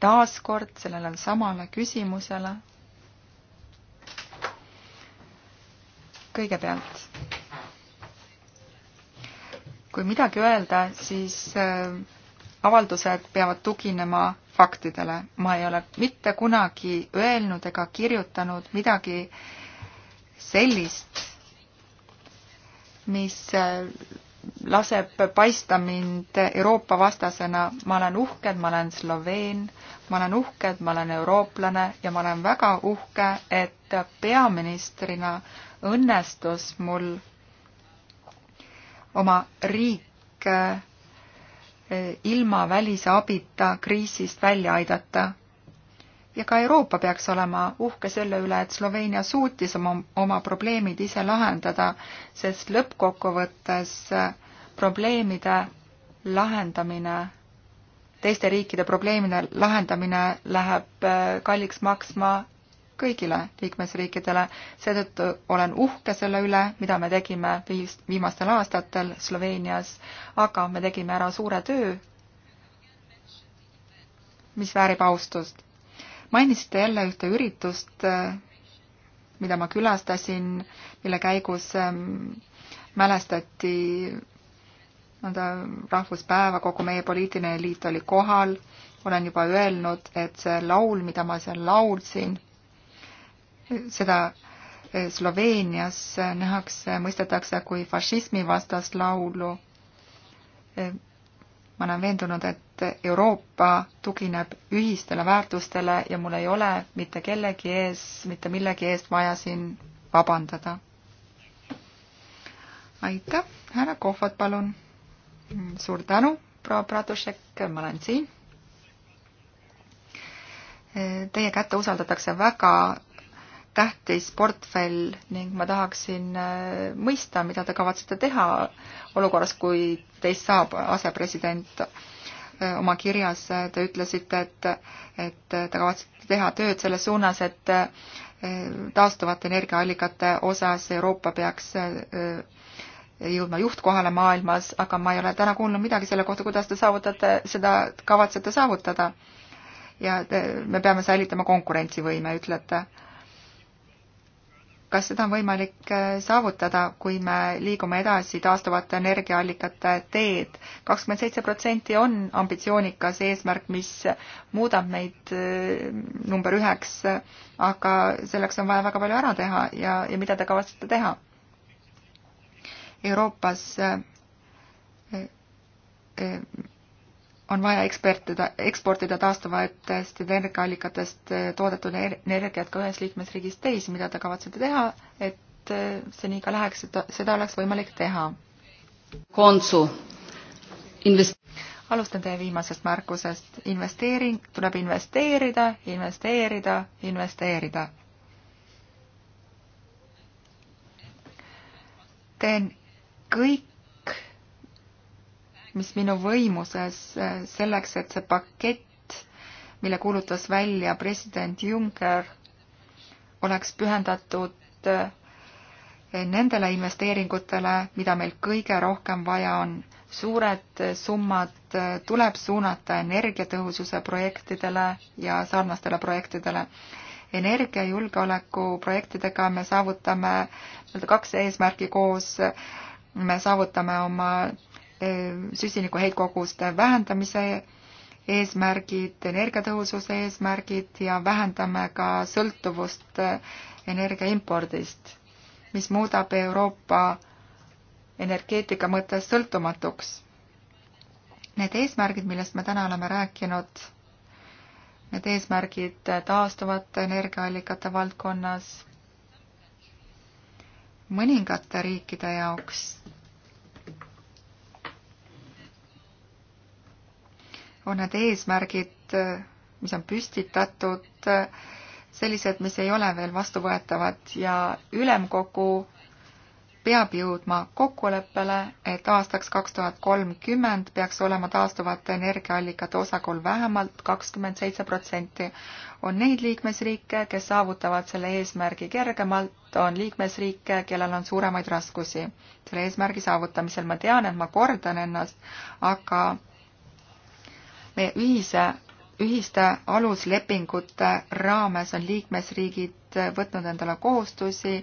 Speaker 1: taaskord sellele samale küsimusele. kõigepealt, kui midagi öelda, siis äh, avaldused peavad tuginema faktidele. ma ei ole mitte kunagi öelnud ega kirjutanud midagi sellist, mis äh, laseb paista mind Euroopa vastasena. ma olen uhke, et ma olen Sloveen, ma olen uhke, et ma olen eurooplane ja ma olen väga uhke, et peaministrina õnnestus mul oma riik eh, ilma välise abita kriisist välja aidata. ja ka Euroopa peaks olema uhke selle üle, et Sloveenia suutis oma, oma probleemid ise lahendada, sest lõppkokkuvõttes äh, probleemide lahendamine, teiste riikide probleemide lahendamine läheb äh, kalliks maksma kõigile liikmesriikidele. seetõttu olen uhke selle üle, mida me tegime viis, viimastel aastatel Sloveenias, aga me tegime ära suure töö, mis väärib austust. mainisite jälle ühte üritust, äh, mida ma külastasin, mille käigus ähm, mälestati nõnda rahvuspäeva, kogu meie poliitiline eliit oli kohal. olen juba öelnud, et see laul, mida ma seal laulsin, seda eh, Sloveenias nähakse, mõistetakse kui fašismi vastast laulu. Eh, ma olen veendunud, et Euroopa tugineb ühistele väärtustele ja mul ei ole mitte kellegi ees, mitte millegi eest vaja siin vabandada. aitäh, härra Kohvat, palun Mm, suur tänu, proua Pratušek, ma olen siin. Teie kätte usaldatakse väga tähtis portfell ning ma tahaksin äh, mõista, mida te kavatsete teha olukorras, kui teist saab asepresident. Äh, oma kirjas te ütlesite, et, et te kavatsete teha tööd selles suunas, et äh, taastuvate energiaallikate osas Euroopa peaks jõudma juhtkohale maailmas, aga ma ei ole täna kuulnud midagi selle kohta, kuidas te saavutate, seda kavatsete saavutada. ja te, me peame säilitama konkurentsivõime, ütlete. kas seda on võimalik äh, saavutada, kui me liigume edasi taastuvate energiaallikate teed? kakskümmend seitse protsenti on ambitsioonikas eesmärk, mis muudab meid äh, number üheks, aga selleks on vaja väga palju ära teha ja, ja mida te kavatsete teha? Euroopas äh, äh, on vaja ekspertida, eksportida taastuvatest energiaallikatest äh, toodetud energiat ka ühest liikmesriigist teise, mida te kavatsete teha, et see nii ka läheks, et seda oleks võimalik teha?
Speaker 3: Konsu invest-.
Speaker 1: alustan teie viimasest märkusest. investeering, tuleb investeerida, investeerida, investeerida. teen kõik, mis minu võimuses eh, selleks, et see pakett, mille kuulutas välja president Juncker, oleks pühendatud eh, nendele investeeringutele, mida meil kõige rohkem vaja on. suured eh, summad tuleb suunata energiatõhususe projektidele ja sarnastele projektidele. energiajulgeoleku projektidega me saavutame nii-öelda kaks eesmärki koos me saavutame oma eh, süsiniku heitkoguste vähendamise eesmärgid, energiatõhususe eesmärgid ja vähendame ka sõltuvust eh, energia impordist, mis muudab Euroopa energeetika mõttes sõltumatuks. Need eesmärgid, millest me täna oleme rääkinud, need eesmärgid taastuvate energiaallikate valdkonnas mõningate riikide jaoks on need eesmärgid, mis on püstitatud, sellised, mis ei ole veel vastuvõetavad ja ülemkogu peab jõudma kokkuleppele, et aastaks kaks tuhat kolmkümmend peaks olema taastuvate energiaallikate osakaal vähemalt kakskümmend seitse protsenti. on neid liikmesriike, kes saavutavad selle eesmärgi kergemalt, on liikmesriike, kellel on suuremaid raskusi selle eesmärgi saavutamisel. ma tean, et ma kordan ennast, aga meie ühise ühiste aluslepingute raames on liikmesriigid võtnud endale kohustusi,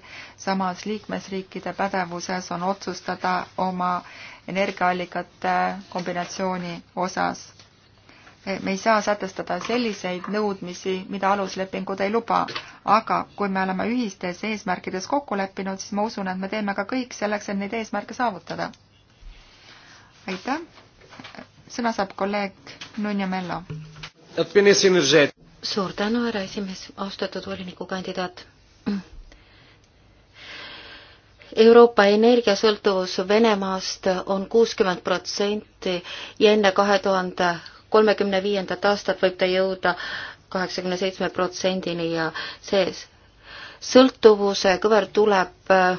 Speaker 1: samas liikmesriikide pädevuses on otsustada oma energiaallikate kombinatsiooni osas. me ei saa sätestada selliseid nõudmisi, mida aluslepingud ei luba, aga kui me oleme ühistes eesmärkides kokku leppinud, siis ma usun, et me teeme ka kõik selleks, et neid eesmärke saavutada. aitäh! sõna saab
Speaker 2: kolleeg Nunja Mello suur tänu, härra esimees, austatud volinikukandidaat. Euroopa energiasõltuvus Venemaast on kuuskümmend protsenti ja enne kahe tuhande kolmekümne viiendat aastat võib ta jõuda kaheksakümne seitsme protsendini ja sees. sõltuvuse kõver tuleb äh,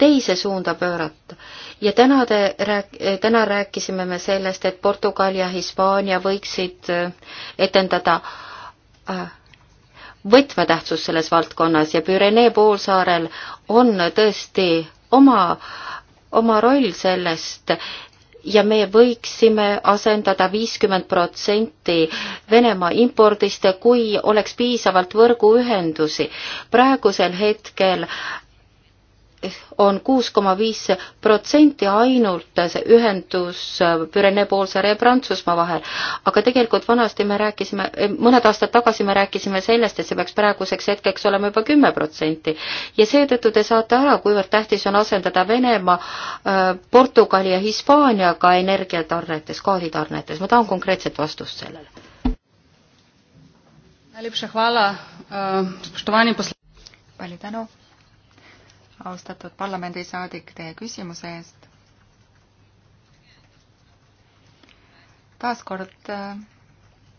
Speaker 2: teise suunda pöörata. ja täna te rääk-, täna rääkisime me sellest, et Portugal ja Hispaania võiksid äh, etendada äh, võtmetähtsus selles valdkonnas ja Pürenee poolsaarel on tõesti oma, oma roll sellest ja me võiksime asendada viiskümmend protsenti Venemaa impordist, kui oleks piisavalt võrguühendusi. praegusel hetkel on kuus koma viis protsenti ainult see ühendus Pürenee poolsaare ja Prantsusmaa vahel. aga tegelikult vanasti me rääkisime, mõned aastad tagasi me rääkisime sellest, et see peaks praeguseks hetkeks olema juba kümme protsenti. ja seetõttu te saate ära, kuivõrd tähtis on asendada Venemaa, äh, Portugali ja Hispaaniaga energiatarnetes, gaasitarnetes. ma tahan konkreetset vastust sellele.
Speaker 3: Äh, palju tänu austatud
Speaker 1: parlamendisaadik, teie küsimuse eest. taaskord äh,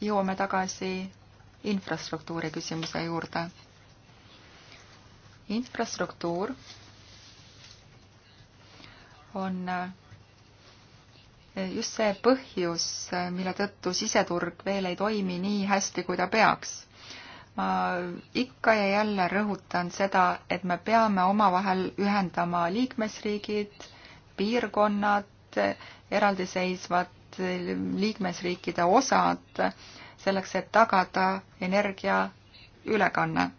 Speaker 1: jõuame tagasi infrastruktuuri küsimuse juurde. infrastruktuur on äh, just see põhjus, äh, mille tõttu siseturg veel ei toimi nii hästi, kui ta peaks ma ikka ja jälle rõhutan seda, et me peame omavahel ühendama liikmesriigid, piirkonnad, eraldiseisvad liikmesriikide osad, selleks et tagada energia ülekanne.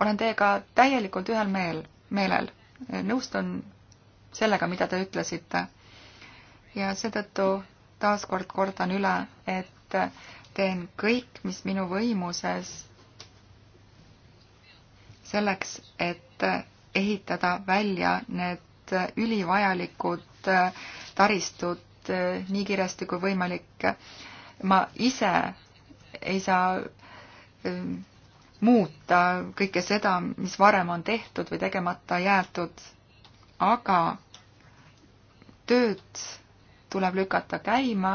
Speaker 1: olen teiega täielikult ühel meel, meelel, nõustun sellega, mida te ütlesite. ja seetõttu taaskord kordan üle, et teen kõik, mis minu võimuses selleks, et ehitada välja need ülivajalikud taristud nii kiiresti kui võimalik. ma ise ei saa ähm, muuta kõike seda, mis varem on tehtud või tegemata jäetud, aga tööd tuleb lükata käima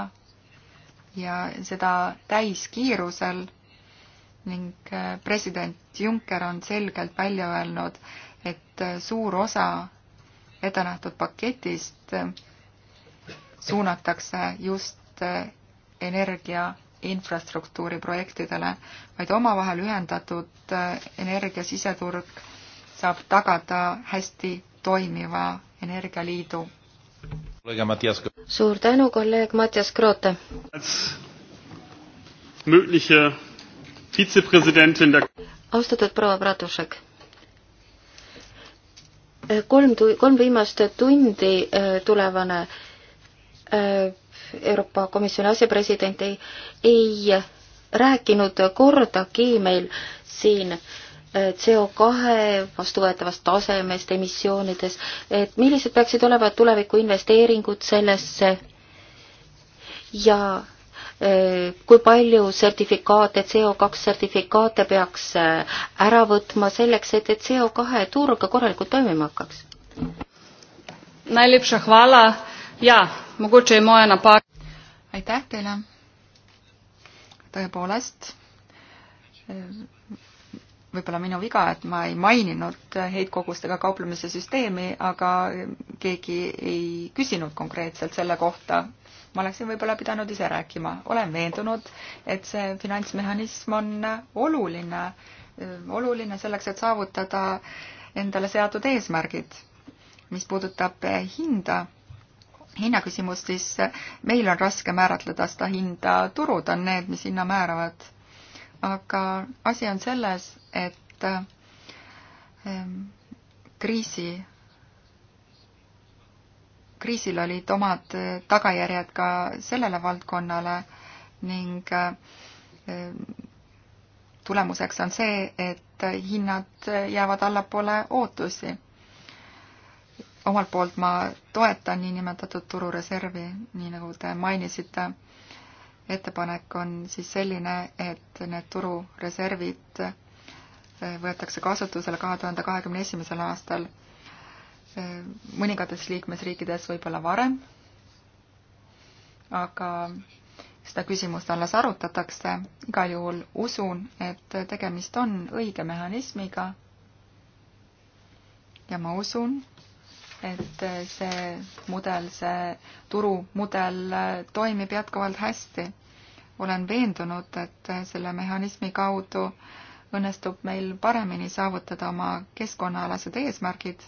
Speaker 1: ja seda täiskiirusel ning äh, president Juncker on selgelt välja öelnud, et äh, suur osa ettenähtud paketist äh, suunatakse just energia infrastruktuuri projektidele, vaid omavahel ühendatud energia siseturg saab tagada hästi
Speaker 2: toimiva energialiidu. suur tänu, kolleeg Mattias Kroote.
Speaker 3: mögliche
Speaker 2: austatud proua Bratušek eh, kolm tu-, kolm viimast tundi eh, tulevane eh, Euroopa Komisjoni asepresident ei, ei rääkinud kordagi meil siin CO2 vastuvõetavast tasemest, emissioonides, et millised peaksid olema tuleviku investeeringud sellesse ja kui palju sertifikaate, CO2 sertifikaate peaks äh, ära võtma selleks, et, et CO2 turg korralikult toimima hakkaks?
Speaker 3: Najlepša hvala. Ja, mogoče je moja napak. Aitäh teile. Tõepoolest,
Speaker 1: võib-olla minu viga, et ma ei maininud heitkogustega kauplemise süsteemi, aga keegi ei küsinud konkreetselt selle kohta ma oleksin võib-olla pidanud ise rääkima. olen veendunud, et see finantsmehhanism on oluline, oluline selleks, et saavutada endale seatud eesmärgid. mis puudutab hinda, hinnaküsimust, siis meil on raske määratleda seda hinda, turud on need, mis hinna määravad. aga asi on selles, et ehm, kriisi kriisil olid omad äh, tagajärjed ka sellele valdkonnale ning äh, tulemuseks on see, et hinnad jäävad allapoole ootusi. omalt poolt ma toetan niinimetatud turureservi, nii nagu te mainisite. ettepanek on siis selline, et need turureservid äh, võetakse kasutusele kahe tuhande kahekümne esimesel aastal Äh, mõningates liikmesriikides võib-olla varem, aga seda küsimust alles arutatakse. igal juhul usun, et tegemist on õige mehhanismiga. ja ma usun, et see mudel, see turumudel toimib jätkuvalt hästi. olen veendunud, et selle mehhanismi kaudu õnnestub meil paremini saavutada oma keskkonnaalased eesmärgid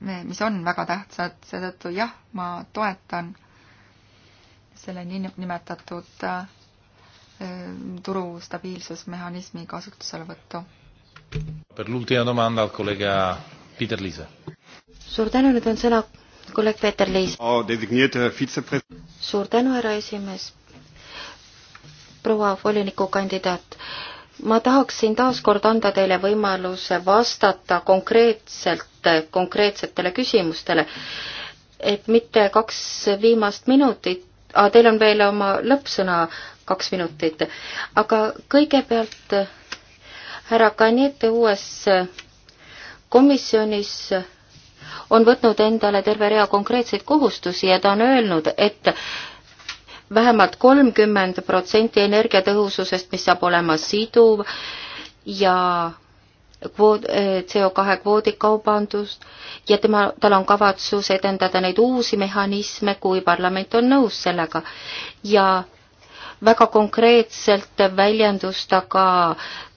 Speaker 1: mis on väga tähtsad, seetõttu jah, ma toetan selle niinimetatud äh, turu stabiilsusmehhanismi kasutuselevõttu.
Speaker 2: suur tänu, nüüd on sõna kolleeg Peeter Liis. suur tänu, härra esimees. proua volinikukandidaat ma tahaksin taaskord anda teile võimaluse vastata konkreetselt vastuste konkreetsetele küsimustele. et mitte kaks viimast minutit, teil on veel oma lõppsõna kaks minutit, aga kõigepealt härra Kanete uues komisjonis on võtnud endale terve rea konkreetseid kohustusi ja ta on öelnud, et vähemalt kolmkümmend protsenti energiatõhususest, mis saab olema siduv ja kvood, eh, CO2 kvoodikaubandust ja tema, tal on kavatsus edendada neid uusi mehhanisme, kui parlament on nõus sellega. ja väga konkreetselt väljendust aga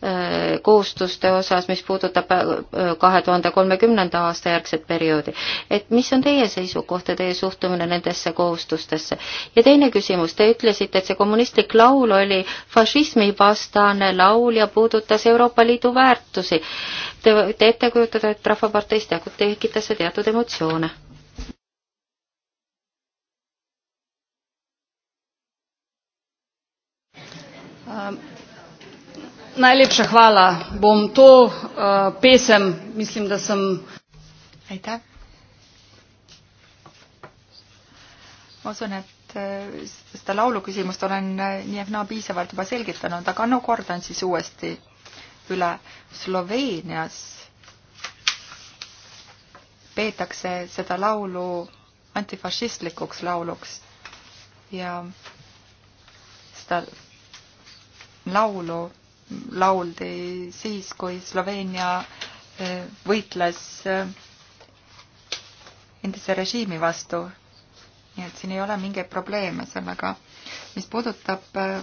Speaker 2: äh, kohustuste osas, mis puudutab äh, kahe tuhande kolmekümnenda aasta järgset perioodi. et mis on teie seisukoht ja teie suhtumine nendesse kohustustesse? ja teine küsimus, te ütlesite, et see kommunistlik laul oli fašismivastane laul ja puudutas Euroopa Liidu väärtusi. Te võite ette kujutada, et Rahvaparteis tekitas see teatud emotsioone
Speaker 3: Um, najlepša hvala. Bom to uh, pesem, mislim, da sem. aitäh. ma usun, et
Speaker 1: eh, seda lauluküsimust olen eh, nii ehk naa piisavalt juba selgitanud, aga no kordan siis uuesti üle. Sloveenias peetakse seda laulu antifašistlikuks lauluks ja seda laulu lauldi siis, kui Sloveenia eh, võitles eh, endise režiimi vastu. nii et siin ei ole mingeid probleeme sellega. mis puudutab eh,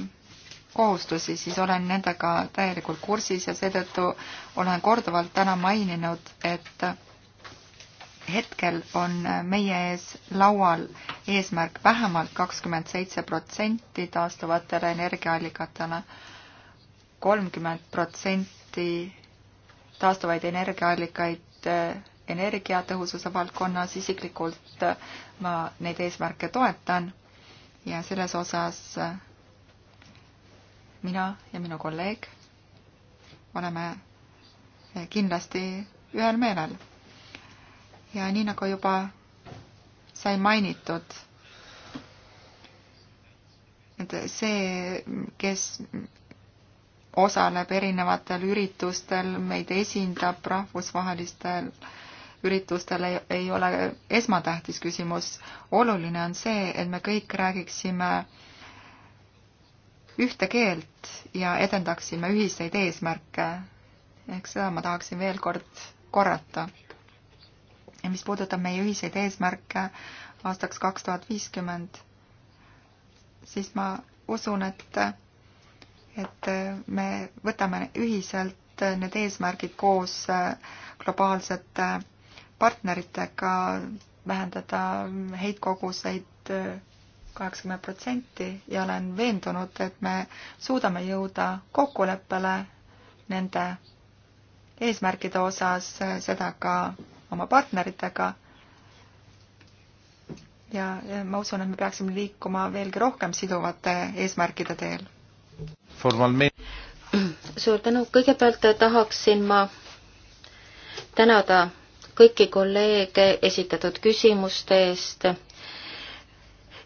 Speaker 1: kohustusi, siis olen nendega täielikult kursis ja seetõttu olen korduvalt täna maininud, et hetkel on meie ees laual eesmärk vähemalt kakskümmend seitse protsenti taastuvatele energiaallikatele, kolmkümmend protsenti taastuvaid energiaallikaid eh, energiatõhususe valdkonnas, isiklikult eh, ma neid eesmärke toetan ja selles osas eh, mina ja minu kolleeg oleme kindlasti ühel meelel ja nii nagu juba sai mainitud, et see, kes osaleb erinevatel üritustel, meid esindab rahvusvahelistel üritustel, ei ole esmatähtis küsimus. oluline on see, et me kõik räägiksime ühte keelt ja edendaksime ühiseid eesmärke. ehk seda ma tahaksin veel kord korrata mis puudutab meie ühiseid eesmärke aastaks kaks tuhat viiskümmend, siis ma usun, et, et me võtame ühiselt need eesmärgid koos äh, globaalsete partneritega, vähendada heitkoguseid äh, kaheksakümmend protsenti ja olen veendunud, et me suudame jõuda kokkuleppele nende eesmärkide osas, äh, seda ka oma partneritega. ja ma usun, et me peaksime liikuma
Speaker 2: veelgi rohkem siduvate eesmärkide teel. suur tänu, kõigepealt tahaksin ma tänada kõiki kolleege esitatud küsimuste eest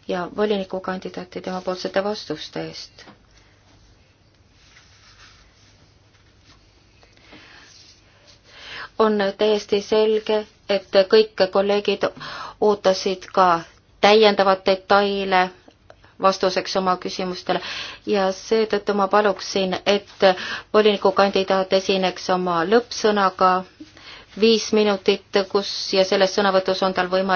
Speaker 2: ja volinikukandidaati temapoolsete vastuste eest on täiesti selge, et kõik kolleegid ootasid ka täiendavat detaile vastuseks oma küsimustele ja seetõttu ma paluksin, et volinikukandidaat esineks oma lõppsõnaga viis minutit, kus ja selles sõnavõtus on tal võimalik